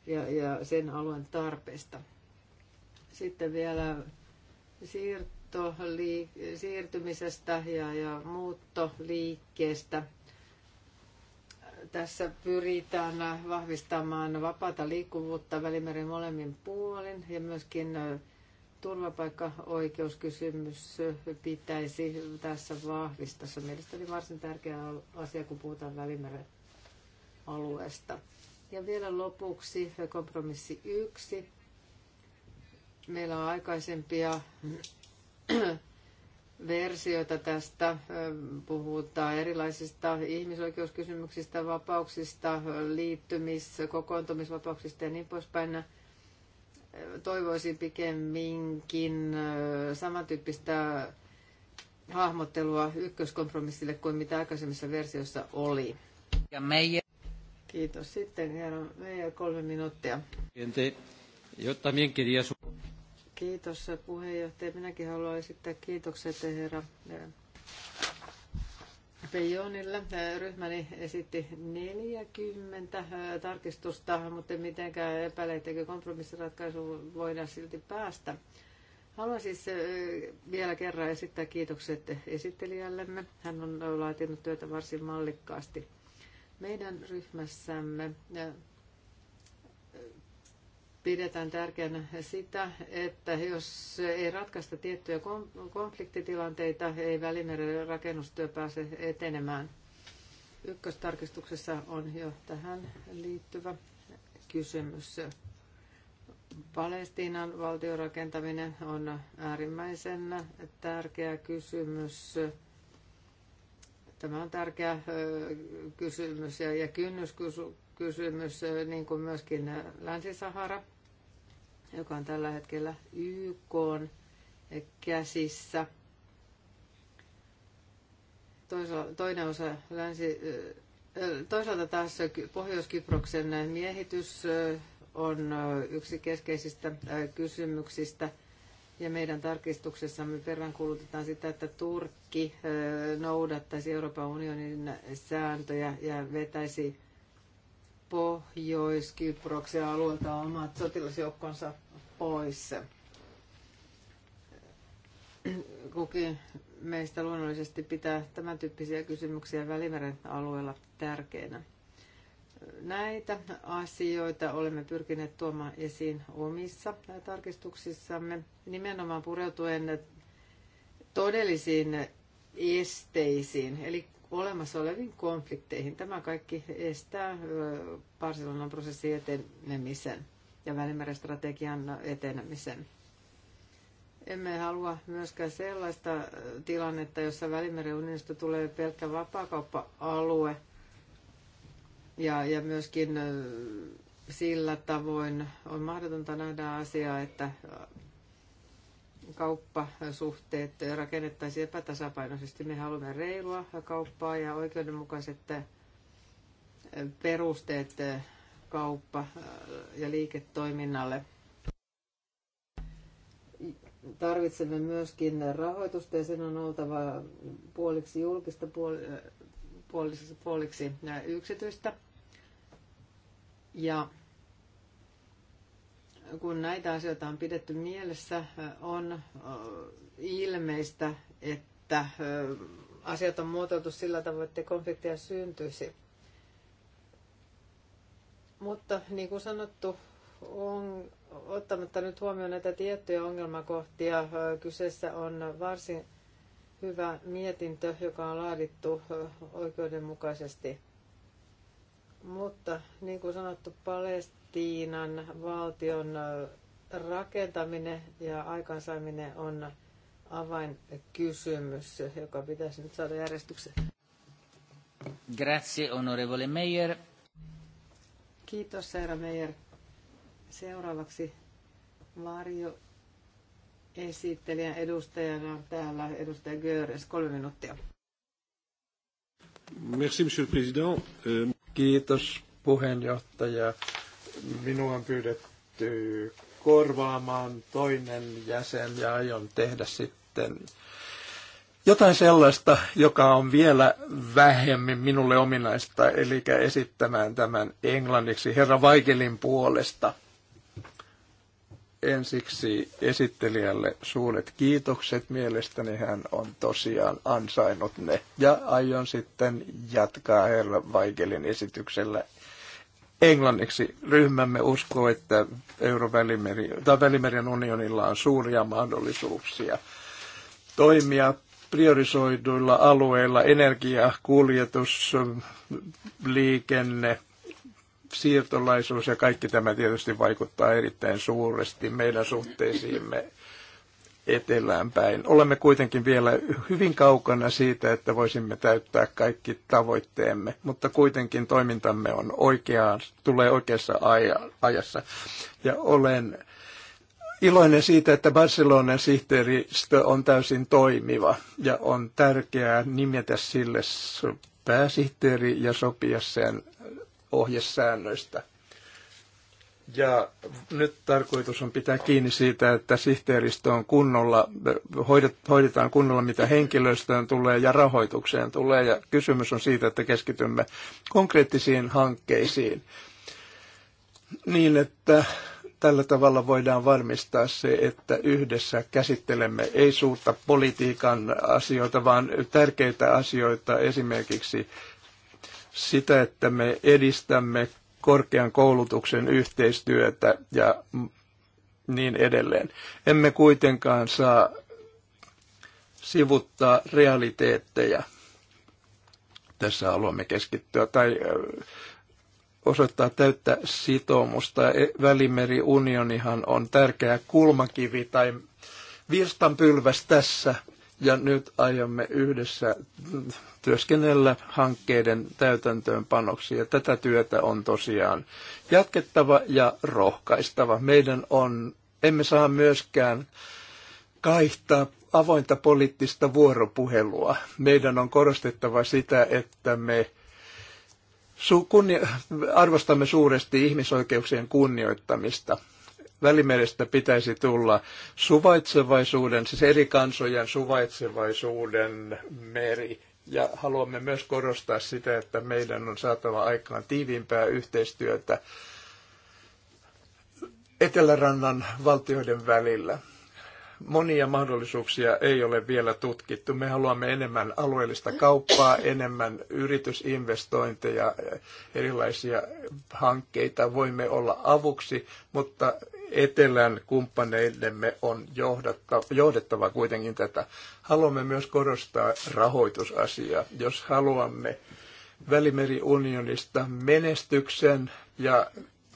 ja, ja sen alueen tarpeesta. Sitten vielä siirtymisestä ja, ja muuttoliikkeestä – tässä pyritään vahvistamaan vapaata liikkuvuutta Välimeren molemmin puolin ja myöskin turvapaikkaoikeuskysymys pitäisi tässä vahvistaa. Se on mielestäni varsin tärkeä asia, kun puhutaan Välimeren alueesta. Ja vielä lopuksi kompromissi yksi. Meillä on aikaisempia versioita tästä. Puhutaan erilaisista ihmisoikeuskysymyksistä, vapauksista, liittymis-, kokoontumisvapauksista ja niin poispäin. Toivoisin pikemminkin samantyyppistä hahmottelua ykköskompromissille kuin mitä aikaisemmissa versioissa oli. Ja meie. Kiitos. Sitten herra Meijer, kolme minuuttia. Jotta también Kiitos puheenjohtaja. Minäkin haluan esittää kiitokset herra eh, Pejonille. Eh, ryhmäni esitti 40 eh, tarkistusta, mutta mitenkään epäile, että kompromissiratkaisu voidaan silti päästä. Haluan siis vielä kerran esittää kiitokset esittelijällemme. Hän on laatinut työtä varsin mallikkaasti. Meidän ryhmässämme pidetään tärkeänä sitä, että jos ei ratkaista tiettyjä konfliktitilanteita, ei Välimeren rakennustyö pääse etenemään. Ykköstarkistuksessa on jo tähän liittyvä kysymys. Palestiinan valtiorakentaminen rakentaminen on äärimmäisen tärkeä kysymys. Tämä on tärkeä kysymys ja kynnyskysymys, niin kuin myöskin Länsi-Sahara joka on tällä hetkellä YK käsissä. Toinen osa länsi, toisaalta taas Pohjois-Kyproksen miehitys on yksi keskeisistä kysymyksistä. Ja meidän tarkistuksessamme peräänkuulutetaan sitä, että Turkki noudattaisi Euroopan unionin sääntöjä ja vetäisi Pohjois-Kyproksen alueelta omat sotilasjoukkonsa pois. Kukin meistä luonnollisesti pitää tämän tyyppisiä kysymyksiä Välimeren alueella tärkeinä. Näitä asioita olemme pyrkineet tuomaan esiin omissa tarkistuksissamme, nimenomaan pureutuen todellisiin esteisiin, eli olemassa oleviin konflikteihin. Tämä kaikki estää Barcelonan prosessin etenemisen ja Välimeren strategian etenemisen. Emme halua myöskään sellaista äh, tilannetta, jossa Välimeren unionista tulee pelkkä vapaakauppa-alue ja, ja myöskin äh, sillä tavoin on mahdotonta nähdä asiaa, että äh, kauppasuhteet rakennettaisiin epätasapainoisesti. Me haluamme reilua kauppaa ja oikeudenmukaiset perusteet kauppa- äh, ja liiketoiminnalle. Tarvitsemme myöskin rahoitusta ja sen on oltava puoliksi julkista, äh, puoliksi, puoliksi äh, yksityistä. Ja kun näitä asioita on pidetty mielessä, on ilmeistä, että asiat on muotoiltu sillä tavoin, että konflikteja syntyisi. Mutta niin kuin sanottu, on, ottamatta nyt huomioon näitä tiettyjä ongelmakohtia, kyseessä on varsin hyvä mietintö, joka on laadittu oikeudenmukaisesti. Mutta niin kuin sanottu, Palestiinan valtion rakentaminen ja aikansaaminen on avainkysymys, joka pitäisi nyt saada järjestykseen. Grazie, onorevole Meijer. Kiitos, Seira Meijer. Seuraavaksi Varjo esittelijän edustajana on täällä edustaja Görens, kolme minuuttia. Merci, monsieur le président. Euh, Kiitos, puheenjohtaja. Minua on pyydetty korvaamaan toinen jäsen ja aion tehdä sitten jotain sellaista, joka on vielä vähemmin minulle ominaista, eli esittämään tämän englanniksi herra Vaikelin puolesta. Ensiksi esittelijälle suuret kiitokset. Mielestäni hän on tosiaan ansainnut ne. Ja aion sitten jatkaa herra Vaikelin esityksellä englanniksi. Ryhmämme uskoo, että Euro-Välimeri, tai Välimeren unionilla on suuria mahdollisuuksia toimia priorisoiduilla alueilla energia, kuljetus, liikenne, siirtolaisuus ja kaikki tämä tietysti vaikuttaa erittäin suuresti meidän suhteisiimme etelään päin. Olemme kuitenkin vielä hyvin kaukana siitä, että voisimme täyttää kaikki tavoitteemme, mutta kuitenkin toimintamme on oikeaan, tulee oikeassa ajassa. Ja olen iloinen siitä, että Barcelonan sihteeristö on täysin toimiva ja on tärkeää nimetä sille pääsihteeri ja sopia sen ohjesäännöistä. Ja nyt tarkoitus on pitää kiinni siitä, että sihteeristö on kunnolla, hoidetaan kunnolla mitä henkilöstöön tulee ja rahoitukseen tulee. Ja kysymys on siitä, että keskitymme konkreettisiin hankkeisiin niin, että Tällä tavalla voidaan varmistaa se, että yhdessä käsittelemme ei suurta politiikan asioita, vaan tärkeitä asioita, esimerkiksi sitä, että me edistämme korkean koulutuksen yhteistyötä ja niin edelleen. Emme kuitenkaan saa sivuttaa realiteetteja. Tässä haluamme keskittyä tai osoittaa täyttä sitoumusta. E, Välimeriunionihan on tärkeä kulmakivi tai virstanpylväs tässä, ja nyt aiomme yhdessä työskennellä hankkeiden täytäntöönpanoksi. Ja tätä työtä on tosiaan jatkettava ja rohkaistava. Meidän on, emme saa myöskään kaihtaa avointa poliittista vuoropuhelua. Meidän on korostettava sitä, että me Su- kunni- arvostamme suuresti ihmisoikeuksien kunnioittamista. Välimerestä pitäisi tulla suvaitsevaisuuden, siis eri kansojen suvaitsevaisuuden meri. Ja haluamme myös korostaa sitä, että meidän on saatava aikaan tiiviimpää yhteistyötä Etelärannan valtioiden välillä monia mahdollisuuksia ei ole vielä tutkittu. Me haluamme enemmän alueellista kauppaa, enemmän yritysinvestointeja, erilaisia hankkeita. Voimme olla avuksi, mutta etelän kumppaneillemme on johdattava, johdettava kuitenkin tätä. Haluamme myös korostaa rahoitusasiaa. Jos haluamme Välimeriunionista menestyksen ja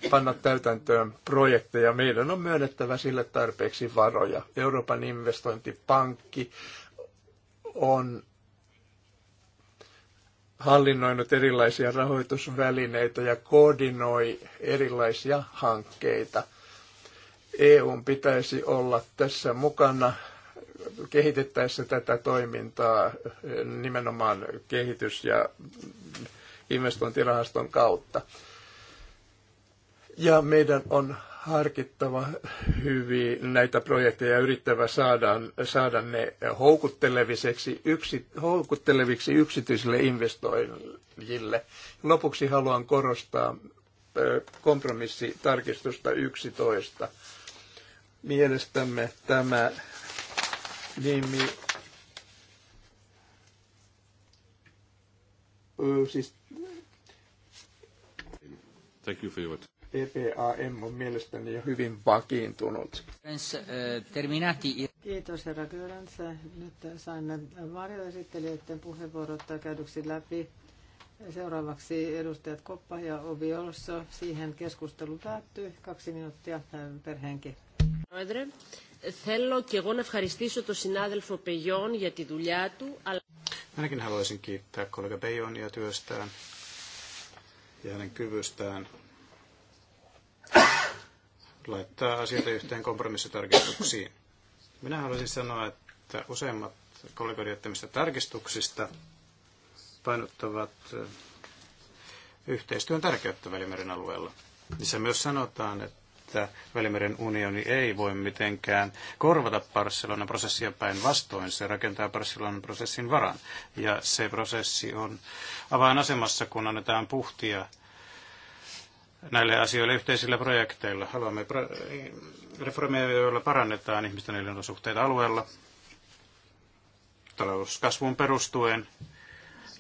panna täytäntöön projekteja. Meidän on myönnettävä sille tarpeeksi varoja. Euroopan investointipankki on hallinnoinut erilaisia rahoitusvälineitä ja koordinoi erilaisia hankkeita. EUn pitäisi olla tässä mukana kehitettäessä tätä toimintaa nimenomaan kehitys- ja investointirahaston kautta. Ja meidän on harkittava hyvin näitä projekteja ja yrittävä saada, saada ne houkutteleviseksi, yksi, houkutteleviksi yksityisille investoijille. Lopuksi haluan korostaa kompromissitarkistusta 11. Mielestämme tämä nimi, siis Thank you for your EPAM on mielestäni jo hyvin vakiintunut. Kiitos herra Kyrönsä. Nyt saimme varjoesittelijöiden puheenvuorot käydyksi läpi. Seuraavaksi edustajat Koppa ja Olso. Siihen keskustelu päättyy. Kaksi minuuttia per henki. Minäkin haluaisin kiittää kollega Pejonia työstään ja hänen kyvystään laittaa asioita yhteen kompromissitarkistuksiin. Minä haluaisin sanoa, että useimmat kollegoiden jättämistä tarkistuksista painottavat yhteistyön tärkeyttä Välimeren alueella. Niissä myös sanotaan, että Välimeren unioni ei voi mitenkään korvata Barcelonan prosessia päinvastoin. Se rakentaa Barcelonan prosessin varan. Ja se prosessi on avainasemassa, kun annetaan puhtia näille asioille yhteisillä projekteilla. Haluamme reformeja, joilla parannetaan ihmisten elinolosuhteita alueella talouskasvuun perustuen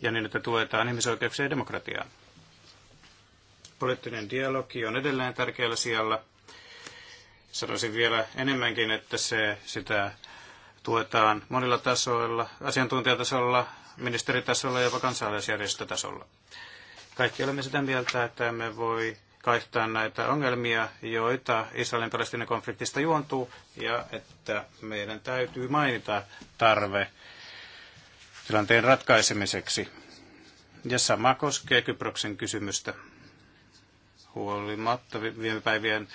ja niin, että tuetaan ihmisoikeuksia ja demokratiaa. Poliittinen dialogi on edelleen tärkeällä sijalla. Sanoisin vielä enemmänkin, että se, sitä tuetaan monilla tasoilla, asiantuntijatasolla, ministeritasolla ja jopa kansalaisjärjestötasolla. Kaikki olemme sitä mieltä, että emme voi ratkaista näitä ongelmia, joita Israelin palestinan konfliktista juontuu, ja että meidän täytyy mainita tarve tilanteen ratkaisemiseksi. Ja sama koskee Kyproksen kysymystä. Huolimatta viime päivien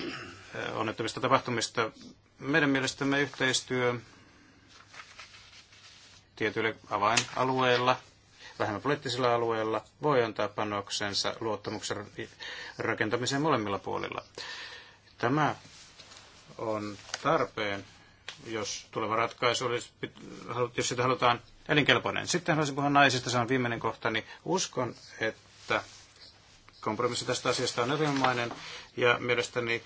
äh, onnettomista tapahtumista, meidän mielestämme yhteistyö tietyillä avainalueilla – vähemmän poliittisilla alueilla voi antaa panoksensa luottamuksen rakentamiseen molemmilla puolilla. Tämä on tarpeen, jos tuleva ratkaisu olisi, jos sitä halutaan elinkelpoinen. Sitten haluaisin puhua naisista, se on viimeinen kohta, niin uskon, että kompromissi tästä asiasta on erinomainen ja mielestäni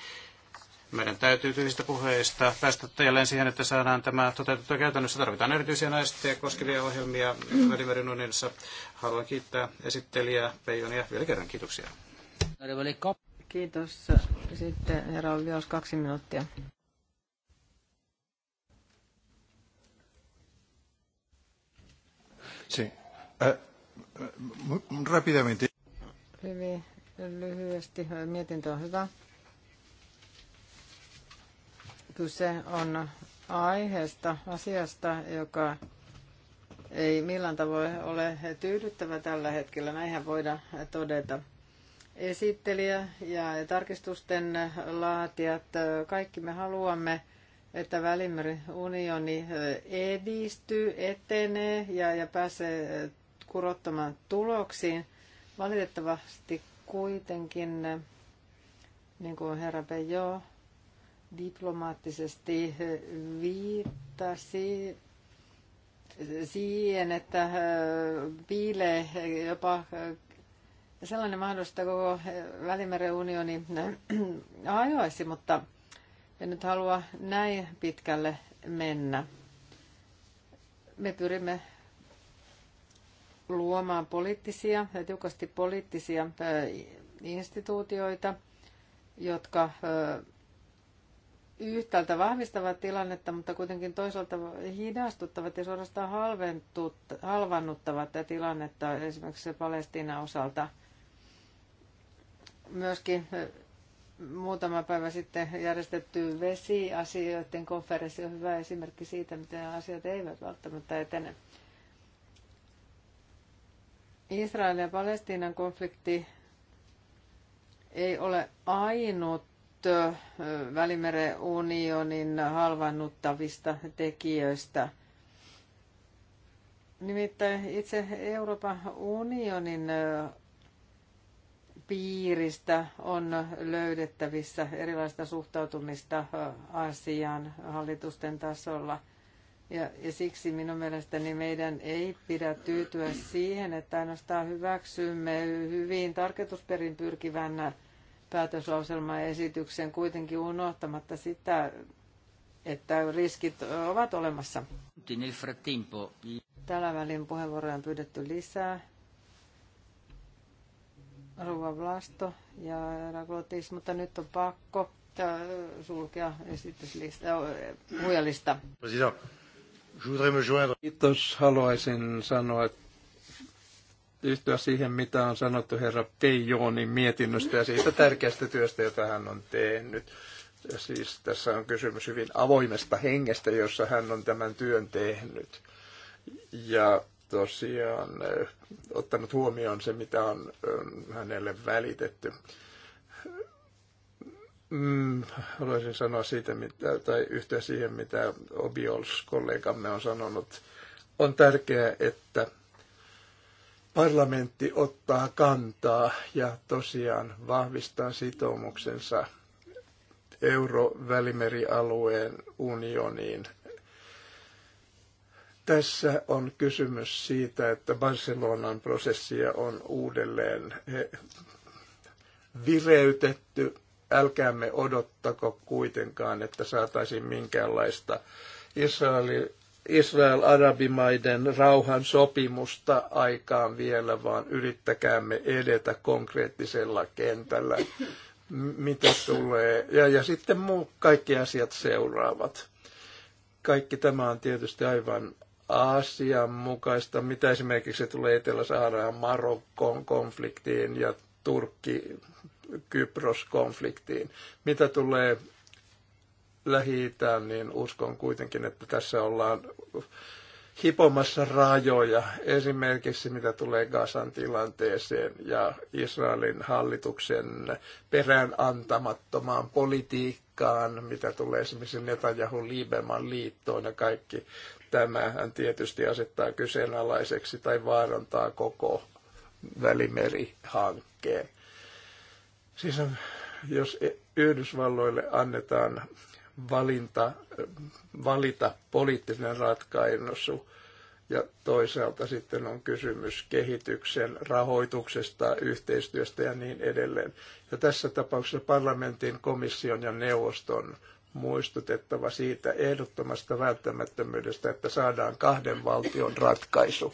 meidän täytyy tyhjistä puheista päästä jälleen siihen, että saadaan tämä toteutettua käytännössä. Tarvitaan erityisiä naisia koskevia ohjelmia Välimeren unionissa. Haluan kiittää esittelijää Peijonia. Vielä kerran kiitoksia. Kiitos. Sitten herra Vios, kaksi minuuttia. Si, Äh, eh, rapidamente. Hyvin lyhyesti. Mietintö on hyvä. Kyse on aiheesta, asiasta, joka ei millään tavoin ole tyydyttävä tällä hetkellä. Näinhän voida todeta. Esittelijä ja tarkistusten laatijat, kaikki me haluamme, että Välimeren unioni edistyy, etenee ja, ja pääsee kurottamaan tuloksiin. Valitettavasti kuitenkin, niin kuin herra Pejo diplomaattisesti eh, viittasi siihen, että eh, piilee eh, jopa sellainen mahdollista koko Välimeren unioni ajoisi, mutta en nyt halua näin pitkälle mennä. Me pyrimme luomaan poliittisia ja tiukasti poliittisia instituutioita, jotka yhtäältä vahvistavat tilannetta, mutta kuitenkin toisaalta hidastuttavat ja suorastaan halvannuttavat tilannetta esimerkiksi Palestiinan osalta. Myöskin muutama päivä sitten järjestetty vesiasioiden konferenssi on hyvä esimerkki siitä, miten asiat eivät välttämättä etene. Israelin ja Palestiinan konflikti ei ole ainut Välimeren unionin halvannuttavista tekijöistä. Nimittäin itse Euroopan unionin piiristä on löydettävissä erilaista suhtautumista asiaan hallitusten tasolla. Ja, ja siksi minun mielestäni meidän ei pidä tyytyä siihen, että ainoastaan hyväksymme hyvin tarkoitusperin pyrkivän päätöslauselmaesitykseen kuitenkin unohtamatta sitä, että riskit ovat olemassa. Tällä välin puheenvuoroja on pyydetty lisää. Ruva Vlasto ja Raglotis, mutta nyt on pakko äh, sulkea esityslista, äh, puhujalista. Kiitos. Haluaisin sanoa, että yhtyä siihen, mitä on sanottu herra Peijoonin mietinnöstä ja siitä tärkeästä työstä, jota hän on tehnyt. Ja siis tässä on kysymys hyvin avoimesta hengestä, jossa hän on tämän työn tehnyt. Ja tosiaan eh, ottanut huomioon se, mitä on eh, hänelle välitetty. Mm, haluaisin sanoa siitä, mitä, tai yhtä siihen, mitä Obiols-kollegamme on sanonut. On tärkeää, että parlamentti ottaa kantaa ja tosiaan vahvistaa sitoumuksensa eurovälimerialueen unioniin. Tässä on kysymys siitä, että Barcelonan prosessia on uudelleen vireytetty. Älkäämme odottako kuitenkaan, että saataisiin minkäänlaista Israelin Israel-arabimaiden rauhan sopimusta aikaan vielä, vaan yrittäkäämme edetä konkreettisella kentällä, mitä tulee. Ja, ja sitten muu, kaikki asiat seuraavat. Kaikki tämä on tietysti aivan asianmukaista, mitä esimerkiksi tulee Etelä-Saharaan Marokkoon konfliktiin ja Turkki-Kypros-konfliktiin. Mitä tulee lähi niin uskon kuitenkin, että tässä ollaan hipomassa rajoja, esimerkiksi mitä tulee Gazan tilanteeseen ja Israelin hallituksen perään antamattomaan politiikkaan, mitä tulee esimerkiksi Netanyahu Lieberman liittoon ja kaikki tämähän tietysti asettaa kyseenalaiseksi tai vaarantaa koko välimerihankkeen. Siis jos Yhdysvalloille annetaan valinta, valita poliittinen ratkaisu. Ja toisaalta sitten on kysymys kehityksen rahoituksesta, yhteistyöstä ja niin edelleen. Ja tässä tapauksessa parlamentin, komission ja neuvoston muistutettava siitä ehdottomasta välttämättömyydestä, että saadaan kahden valtion ratkaisu.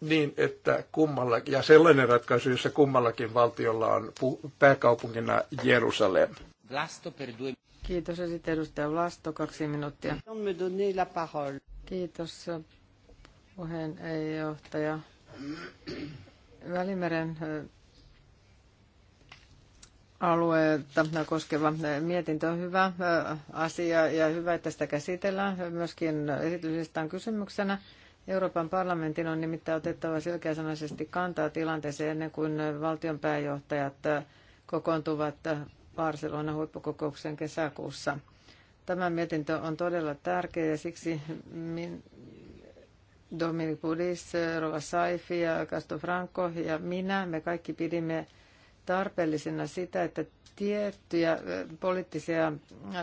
Niin, että kummallakin, ja sellainen ratkaisu, jossa kummallakin valtiolla on pääkaupunkina Jerusalem. Kiitos. Ja sitten edustaja Vlasto, kaksi minuuttia. Kiitos puheenjohtaja. Välimeren alueelta koskeva mietintö on hyvä asia ja hyvä, että sitä käsitellään myöskin esityslistan kysymyksenä. Euroopan parlamentin on nimittäin otettava selkeäsanaisesti kantaa tilanteeseen ennen kuin valtion pääjohtajat kokoontuvat Barcelonan huippukokouksen kesäkuussa. Tämä mietintö on todella tärkeä ja siksi min, Dominic Budis, Rova Saifi ja Castro Franco ja minä, me kaikki pidimme tarpeellisena sitä, että tiettyjä poliittisia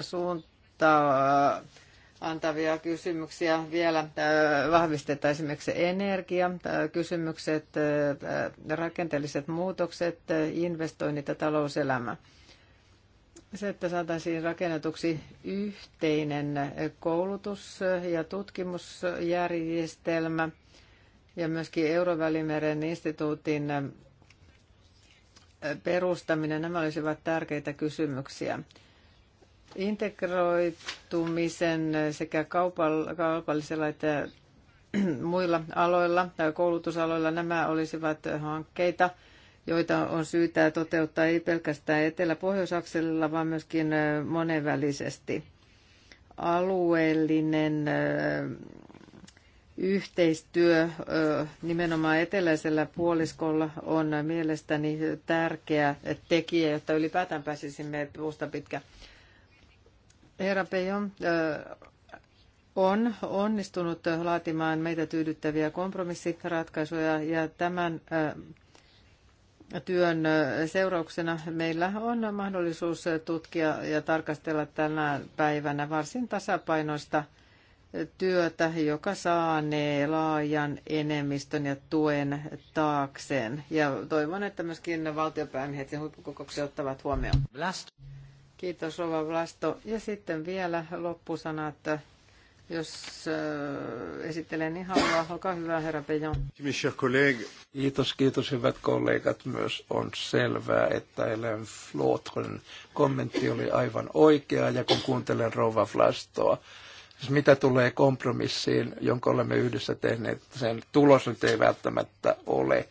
suuntaa antavia kysymyksiä vielä vahvistetaan esimerkiksi energia, kysymykset, rakenteelliset muutokset, investoinnit ja talouselämä se, että saataisiin rakennetuksi yhteinen koulutus- ja tutkimusjärjestelmä ja myöskin Eurovälimeren instituutin perustaminen, nämä olisivat tärkeitä kysymyksiä. Integroitumisen sekä kaupallisella että muilla aloilla tai koulutusaloilla nämä olisivat hankkeita – joita on syytä toteuttaa ei pelkästään etelä-pohjoisakselilla, vaan myöskin monenvälisesti. Alueellinen yhteistyö nimenomaan eteläisellä puoliskolla on mielestäni tärkeä tekijä, jotta ylipäätään pääsisimme puusta pitkä. Herra Pejon on onnistunut laatimaan meitä tyydyttäviä kompromissiratkaisuja ja tämän työn seurauksena meillä on mahdollisuus tutkia ja tarkastella tänä päivänä varsin tasapainoista työtä, joka saanee laajan enemmistön ja tuen taakseen. Ja toivon, että myöskin valtiopäämiehet ja huippukokoukset ottavat huomioon. Blast. Kiitos Rova Vlasto. Ja sitten vielä loppusanat jos äh, esittelen, niin haluaa. Olkaa hyvä, herra Pejon. Kiitos, kiitos hyvät kollegat. Myös on selvää, että Ellen Flotron kommentti oli aivan oikea. Ja kun kuuntelen Rova Flastoa, siis mitä tulee kompromissiin, jonka olemme yhdessä tehneet, sen tulos nyt ei välttämättä ole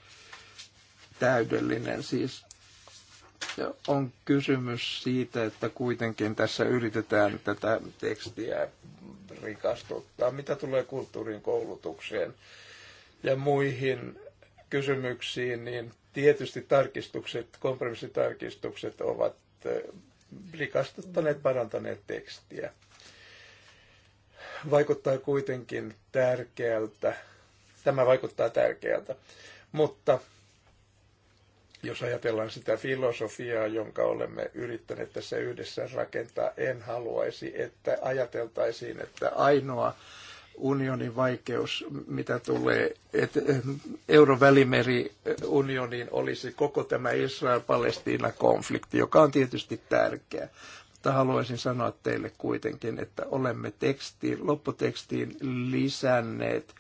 täydellinen. Siis on kysymys siitä, että kuitenkin tässä yritetään tätä tekstiä rikastuttaa, mitä tulee kulttuurin koulutukseen ja muihin kysymyksiin, niin tietysti tarkistukset, kompromissitarkistukset ovat eh, rikastuttaneet, parantaneet tekstiä. Vaikuttaa kuitenkin tärkeältä. Tämä vaikuttaa tärkeältä. Mutta jos ajatellaan sitä filosofiaa, jonka olemme yrittäneet tässä yhdessä rakentaa, en haluaisi, että ajateltaisiin, että ainoa unionin vaikeus, mitä tulee että eh, Eurovälimeriunioniin, eh, olisi koko tämä Israel-Palestiina-konflikti, joka on tietysti tärkeä. Mutta haluaisin sanoa teille kuitenkin, että olemme tekstiin, lopputekstiin lisänneet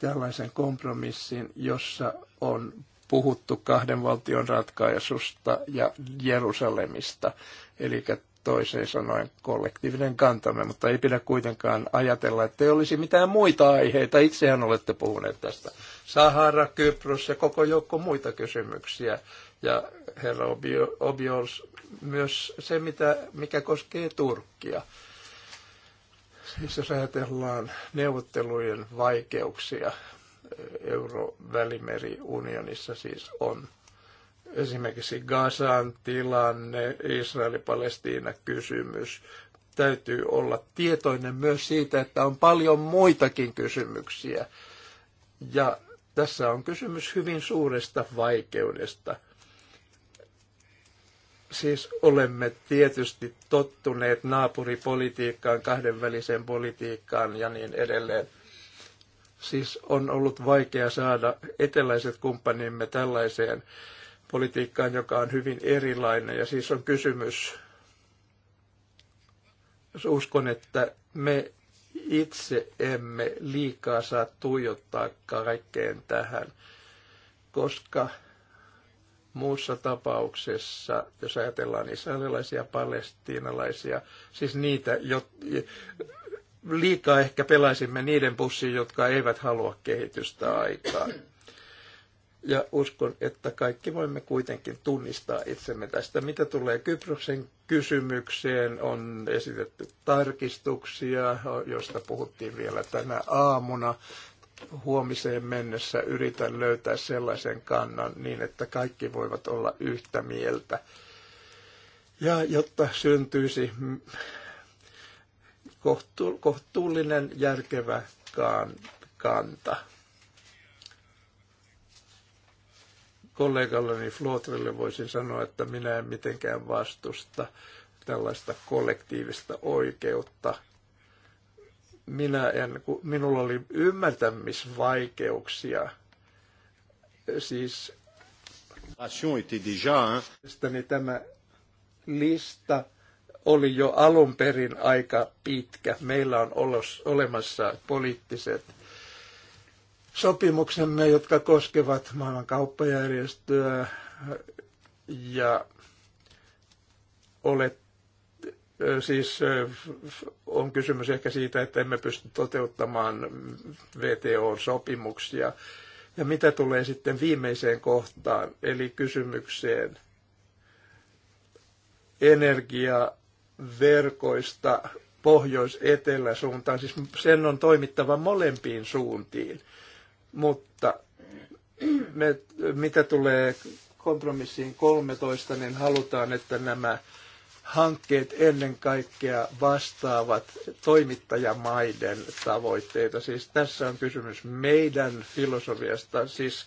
tällaisen kompromissin, jossa on puhuttu kahden valtion ratkaisusta ja Jerusalemista, eli toiseen sanoen kollektiivinen kantamme, mutta ei pidä kuitenkaan ajatella, että ei olisi mitään muita aiheita. Itsehän olette puhuneet tästä. Sahara, Kypros ja koko joukko muita kysymyksiä. Ja herra Obiols myös se, mitä, mikä koskee Turkkia. Siis jos ajatellaan neuvottelujen vaikeuksia, Euro-välimeriunionissa siis on. Esimerkiksi Gazan tilanne, israeli palestiina kysymys Täytyy olla tietoinen myös siitä, että on paljon muitakin kysymyksiä. Ja tässä on kysymys hyvin suuresta vaikeudesta – siis olemme tietysti tottuneet naapuripolitiikkaan, kahdenväliseen politiikkaan ja niin edelleen. Siis on ollut vaikea saada eteläiset kumppanimme tällaiseen politiikkaan, joka on hyvin erilainen. Ja siis on kysymys, jos uskon, että me itse emme liikaa saa tuijottaa kaikkeen tähän, koska muussa tapauksessa, jos ajatellaan israelilaisia, palestiinalaisia, siis niitä, liikaa ehkä pelaisimme niiden pussiin, jotka eivät halua kehitystä aikaa. Ja uskon, että kaikki voimme kuitenkin tunnistaa itsemme tästä. Mitä tulee Kyproksen kysymykseen, on esitetty tarkistuksia, joista puhuttiin vielä tänä aamuna. Huomiseen mennessä yritän löytää sellaisen kannan niin, että kaikki voivat olla yhtä mieltä. Ja jotta syntyisi kohtu, kohtuullinen, järkevä kan, kanta. Kollegallani Flotrille voisin sanoa, että minä en mitenkään vastusta tällaista kollektiivista oikeutta. Minä en, kun minulla oli ymmärtämisvaikeuksia, siis tämä lista oli jo alun perin aika pitkä. Meillä on olemassa poliittiset sopimuksemme, jotka koskevat maailman kauppajärjestöä ja olet, siis on kysymys ehkä siitä, että emme pysty toteuttamaan VTO-sopimuksia. Ja mitä tulee sitten viimeiseen kohtaan, eli kysymykseen energia verkoista pohjois-eteläsuuntaan. Siis sen on toimittava molempiin suuntiin. Mutta me, mitä tulee kompromissiin 13, niin halutaan, että nämä hankkeet ennen kaikkea vastaavat toimittajamaiden tavoitteita. Siis tässä on kysymys meidän filosofiasta. Siis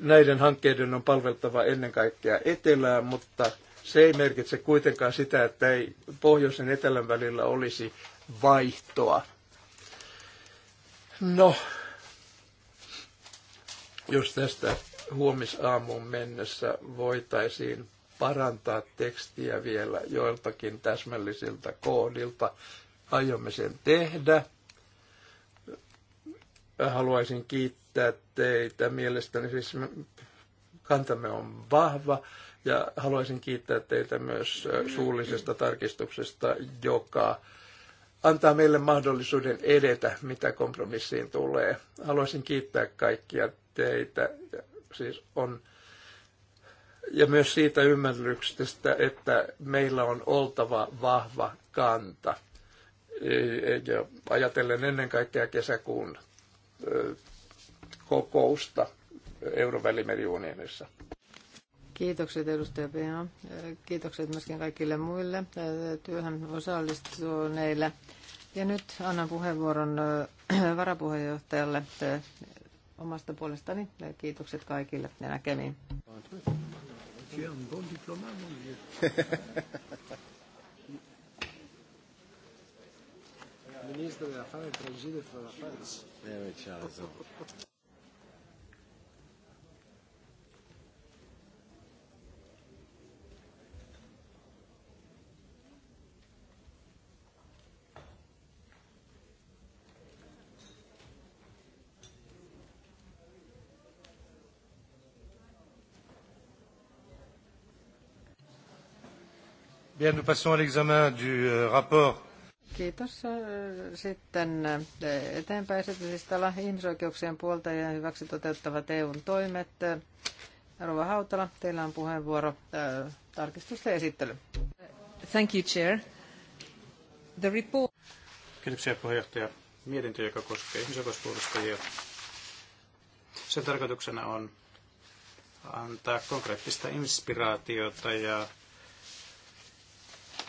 näiden hankkeiden on palveltava ennen kaikkea etelää, mutta se ei merkitse kuitenkaan sitä, että ei pohjoisen etelän välillä olisi vaihtoa. No, jos tästä huomisaamuun mennessä voitaisiin parantaa tekstiä vielä joiltakin täsmällisiltä koodilta, aiomme sen tehdä. Haluaisin kiittää teitä. Mielestäni siis kantamme on vahva. Ja haluaisin kiittää teitä myös suullisesta tarkistuksesta, joka antaa meille mahdollisuuden edetä, mitä kompromissiin tulee. Haluaisin kiittää kaikkia teitä. Siis on, ja myös siitä ymmärryksestä, että meillä on oltava vahva kanta. E, e, ja ajatellen ennen kaikkea kesäkuun kokousta Eurovälimeriunionissa. Kiitokset edustaja Pea. Kiitokset myöskin kaikille muille työhön osallistuneille. Ja nyt annan puheenvuoron äh, varapuheenjohtajalle äh, omasta puolestani. Kiitokset kaikille ja näkemiin. Ministro degli affari, presidente Bien, nous passons à l'examen du euh, rapport. Kiitos. Äh, sitten äh, eteenpäin esityslistalla ihmisoikeuksien ja hyväksi toteuttavat EUn toimet. Äh, Rova Hautala, teillä on puheenvuoro ja esittely. Thank you, Chair. The report... Kiitoksia puheenjohtaja. Mietintö, joka koskee ihmisoikeuspuolustajia. Sen tarkoituksena on antaa konkreettista inspiraatiota ja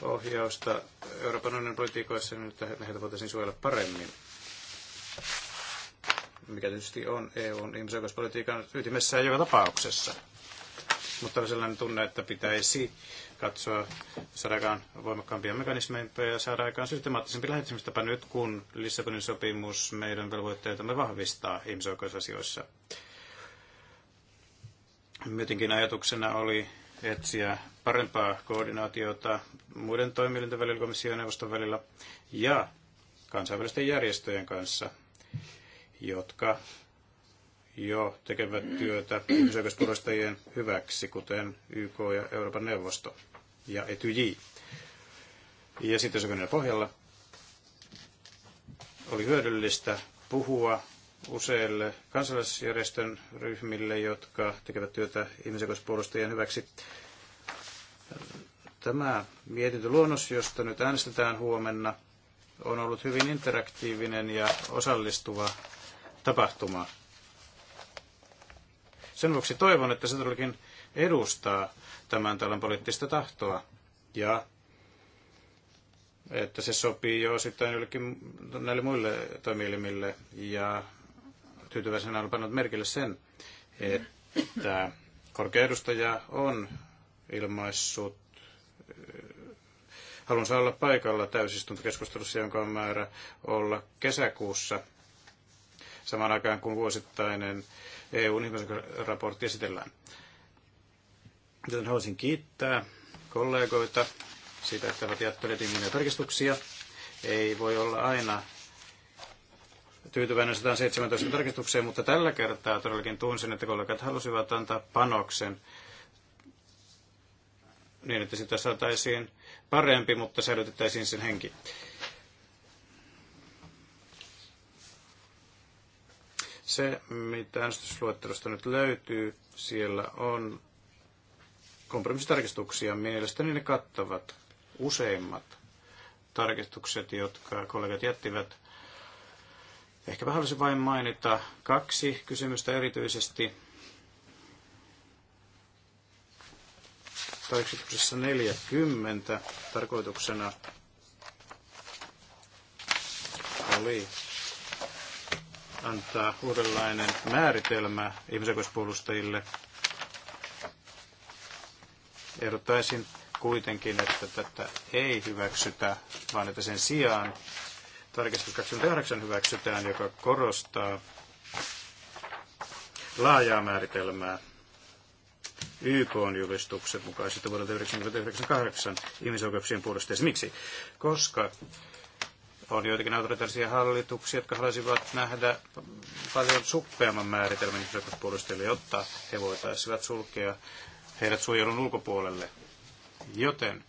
ohjausta Euroopan unionin politiikoissa, niin että heitä voitaisiin suojella paremmin. Mikä tietysti on EUn ihmisoikeuspolitiikan ytimessä joka tapauksessa. Mutta on sellainen tunne, että pitäisi katsoa, saada aikaan voimakkaampia mekanismeja ja saada aikaan systemaattisempi lähestymistapa nyt, kun Lissabonin sopimus meidän velvoitteitamme vahvistaa ihmisoikeusasioissa. Jotenkin ajatuksena oli etsiä parempaa koordinaatiota muiden toimielinten välillä, komission neuvoston välillä ja kansainvälisten järjestöjen kanssa, jotka jo tekevät työtä ihmisoikeusturvastajien hyväksi, kuten YK ja Euroopan neuvosto ja Etyj. Ja sitten se pohjalla oli hyödyllistä puhua useille kansalaisjärjestön ryhmille, jotka tekevät työtä ihmisoikeuspuolustajien hyväksi. Tämä mietintöluonnos, josta nyt äänestetään huomenna, on ollut hyvin interaktiivinen ja osallistuva tapahtuma. Sen vuoksi toivon, että se todellakin edustaa tämän talon poliittista tahtoa ja että se sopii jo osittain näille muille toimielimille ja tyytyväisenä olen pannut merkille sen, että korkea edustaja on ilmaissut äh, halunsa olla paikalla täysistuntokeskustelussa, jonka on määrä olla kesäkuussa samaan aikaan kuin vuosittainen EUn ihmisoikeusraportti esitellään. Joten haluaisin kiittää kollegoita siitä, että ovat jättäneet niin monia tarkistuksia. Ei voi olla aina tyytyväinen 117 tarkistukseen, mutta tällä kertaa todellakin tunsin, että kollegat halusivat antaa panoksen niin, että sitä saataisiin parempi, mutta säilytettäisiin sen henki. Se, mitä äänestysluettelosta nyt löytyy, siellä on kompromissitarkistuksia. Mielestäni ne kattavat useimmat tarkistukset, jotka kollegat jättivät. Ehkäpä haluaisin vain mainita kaksi kysymystä erityisesti. Tarkoituksessa 40 tarkoituksena oli antaa uudenlainen määritelmä ihmisoikeuspuolustajille. Ehdottaisin kuitenkin, että tätä ei hyväksytä, vaan että sen sijaan Tarkistus 28 hyväksytään, joka korostaa laajaa määritelmää YK-julistuksen mukaisesti vuodelta 1998 ihmisoikeuksien puolesta. Miksi? Koska on joitakin autoritaarisia hallituksia, jotka haluaisivat nähdä paljon suppeamman määritelmän ihmisoikeuspuolustajille, jotta he voitaisivat sulkea heidät suojelun ulkopuolelle. Joten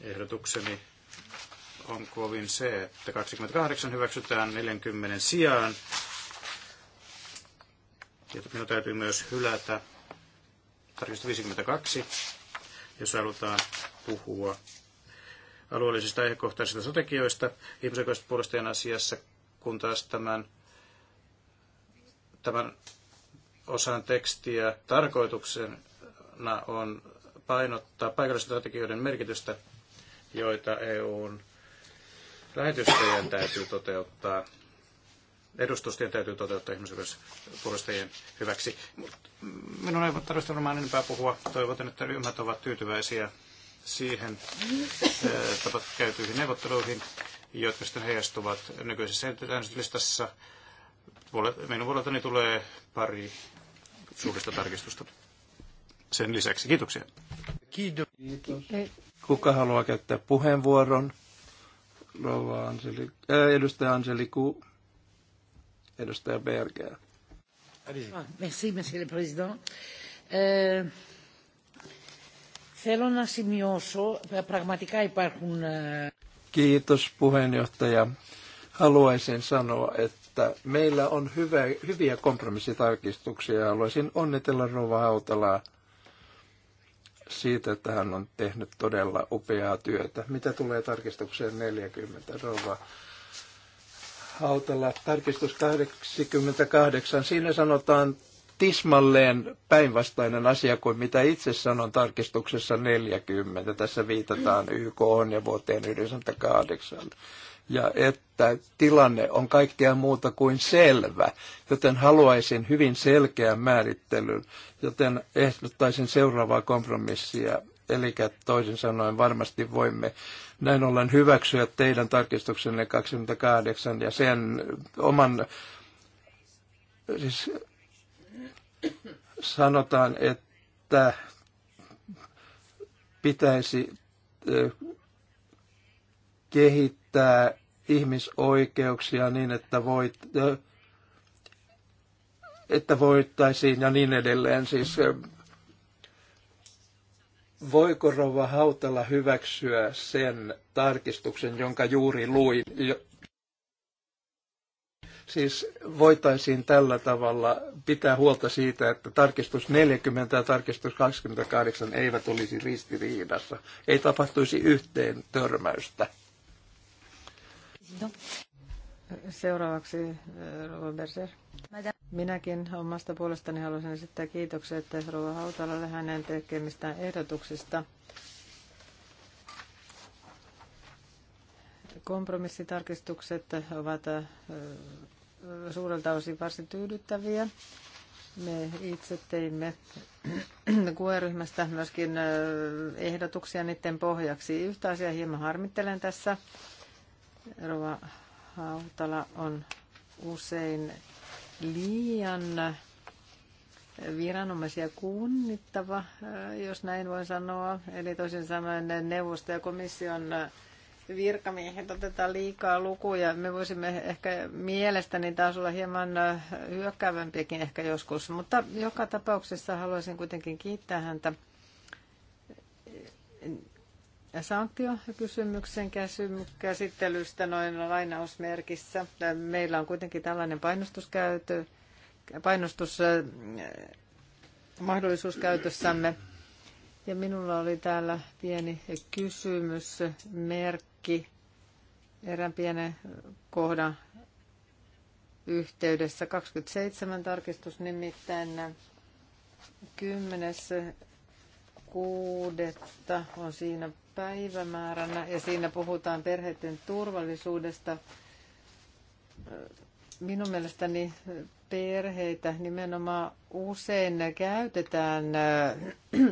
ehdotukseni on kovin se, että 28 hyväksytään 40 sijaan. Ja minun täytyy myös hylätä tarkistus 52, jos halutaan puhua alueellisista aihekohtaisista strategioista puolustajan asiassa, kun taas tämän, tämän osan tekstiä tarkoituksena on painottaa paikallisten strategioiden merkitystä, joita EUn Lähetystöjen täytyy toteuttaa, edustustien täytyy toteuttaa ihmisoikeuspuolustajien hyväksi. Mut minun ei tarvitse varmaan enempää puhua. Toivotan, että ryhmät ovat tyytyväisiä siihen tapa käytyihin neuvotteluihin, jotka sitten heijastuvat nykyisessä äänestyslistassa. Minun puoleltani tulee pari suurista tarkistusta sen lisäksi. Kiitoksia. Kiitos. Kuka haluaa käyttää puheenvuoron? rouva Anseli, äh, edustaja Anseli Angeliku, edustaja Berger. Ah, merci, monsieur le président. Euh, θέλω να σημειώσω, πραγματικά υπάρχουν... Kiitos puheenjohtaja. Haluaisin sanoa, että meillä on hyvä, hyviä kompromissitarkistuksia. Haluaisin onnitella Rova Hautalaa siitä, että hän on tehnyt todella upeaa työtä. Mitä tulee tarkistukseen 40, rouva Hautala, tarkistus 88. Siinä sanotaan tismalleen päinvastainen asia kuin mitä itse sanon tarkistuksessa 40. Tässä viitataan YK ja vuoteen 98 ja että tilanne on kaikkea muuta kuin selvä, joten haluaisin hyvin selkeän määrittelyn, joten ehdottaisin seuraavaa kompromissia, eli toisin sanoen varmasti voimme näin ollen hyväksyä teidän tarkistuksenne 28 ja sen oman, siis sanotaan, että pitäisi kehittää edistää ihmisoikeuksia niin, että, voit, että voittaisiin ja niin edelleen. Siis voiko Rova Hautala hyväksyä sen tarkistuksen, jonka juuri luin? Siis voitaisiin tällä tavalla pitää huolta siitä, että tarkistus 40 ja tarkistus 28 eivät olisi ristiriidassa. Ei tapahtuisi yhteen törmäystä. No. Seuraavaksi eh, Rova Berser. Minäkin omasta puolestani haluaisin esittää kiitokset Rova Hautalalle hänen tekemistään ehdotuksista. Kompromissitarkistukset ovat eh, suurelta osin varsin tyydyttäviä. Me itse teimme QE-ryhmästä myöskin eh, ehdotuksia niiden pohjaksi. Yhtä asiaa hieman harmittelen tässä Rova Hautala on usein liian viranomaisia kunnittava, äh, jos näin voi sanoa. Eli toisin sanoen neuvosto ja komission äh, virkamiehet otetaan liikaa lukuja. Me voisimme ehkä mielestäni taas olla hieman äh, hyökkäävämpiäkin ehkä joskus, mutta joka tapauksessa haluaisin kuitenkin kiittää häntä kysymyksen käsittelystä noin lainausmerkissä. Meillä on kuitenkin tällainen painostuskäytö, painostusmahdollisuus käytössämme. Ja minulla oli täällä pieni kysymysmerkki erään pienen kohdan yhteydessä. 27 tarkistus nimittäin 10.6. on siinä päivämääränä ja siinä puhutaan perheiden turvallisuudesta. Minun mielestäni perheitä nimenomaan usein käytetään äh,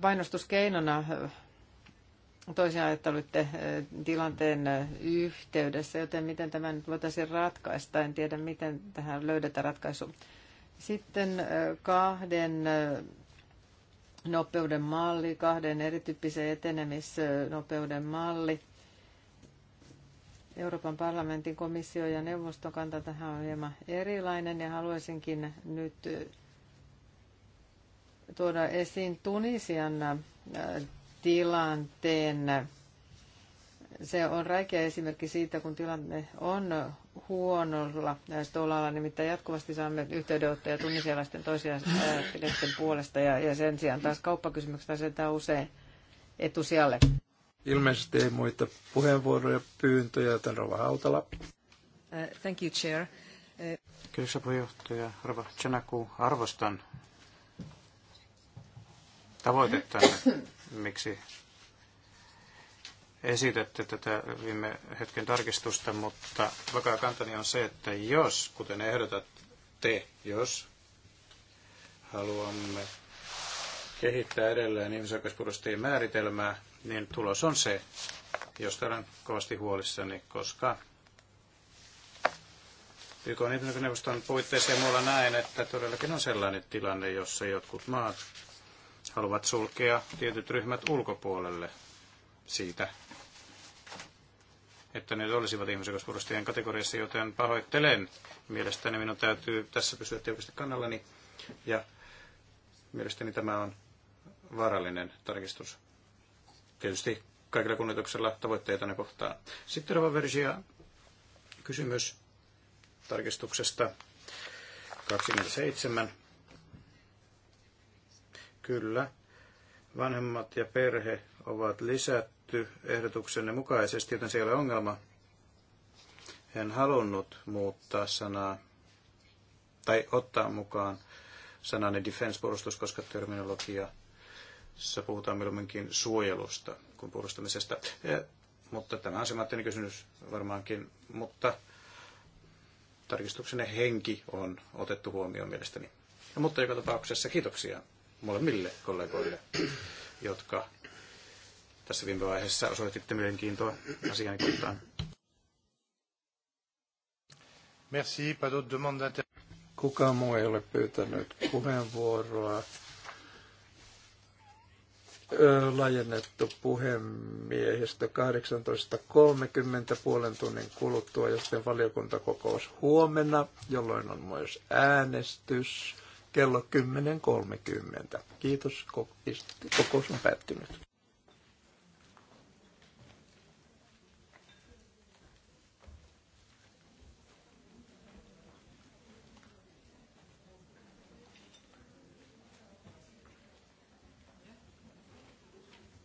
painostuskeinona toisen ajattelutte äh, tilanteen äh, yhteydessä, joten miten tämä nyt voitaisiin ratkaista, en tiedä miten tähän löydetään ratkaisu. Sitten kahden nopeuden malli, kahden erityyppisen etenemisnopeuden malli. Euroopan parlamentin komissio ja neuvoston kanta tähän on hieman erilainen ja haluaisinkin nyt eh, tuoda esiin Tunisian eh, tilanteen. Se on räikeä esimerkki siitä, kun tilanne on huonolla tolalla, nimittäin jatkuvasti saamme yhteydenottoja tunnisialaisten toisiaan puolesta ja, ja sen sijaan taas kauppakysymykset asetetaan usein etusijalle. Ilmeisesti ei muita puheenvuoroja, pyyntöjä, joten Rova Hautala. Uh, thank you, Chair. Uh... Kyllä, puheenjohtaja Rova Chanaku. Arvostan tavoitetta, miksi esitätte tätä viime hetken tarkistusta, mutta vakaa kantani on se, että jos, kuten ehdotat te, jos haluamme kehittää edelleen ihmisoikeuspuolustajien määritelmää, niin tulos on se, josta olen kovasti huolissani, koska YK neuvoston puitteissa ja muualla näen, että todellakin on sellainen tilanne, jossa jotkut maat haluavat sulkea tietyt ryhmät ulkopuolelle siitä että ne olisivat ihmisoikeuspuolustajien kategoriassa, joten pahoittelen. Mielestäni minun täytyy tässä pysyä tiukasti kannallani ja mielestäni tämä on vaarallinen tarkistus. Tietysti kaikilla kunnioituksella tavoitteita ne kohtaan. Sitten Rova Versia, kysymys tarkistuksesta 27. Kyllä, vanhemmat ja perhe ovat lisät tehty ehdotuksenne mukaisesti, joten se ei ole ongelma. En halunnut muuttaa sanaa tai ottaa mukaan sanani defense-puolustus, koska terminologiassa puhutaan milloinkin suojelusta kuin puolustamisesta. Ja, e, mutta tämä on semanttinen kysymys varmaankin, mutta tarkistuksenne henki on otettu huomioon mielestäni. Ja, mutta joka tapauksessa kiitoksia molemmille kollegoille, jotka tässä viime vaiheessa osoititte mielenkiintoa asian kohtaan. Merci, pas Kukaan muu ei ole pyytänyt puheenvuoroa. Laajennettu puhemiehistö 18.30 puolen tunnin kuluttua, sitten valiokuntakokous huomenna, jolloin on myös äänestys kello 10.30. Kiitos, kokous on päättynyt.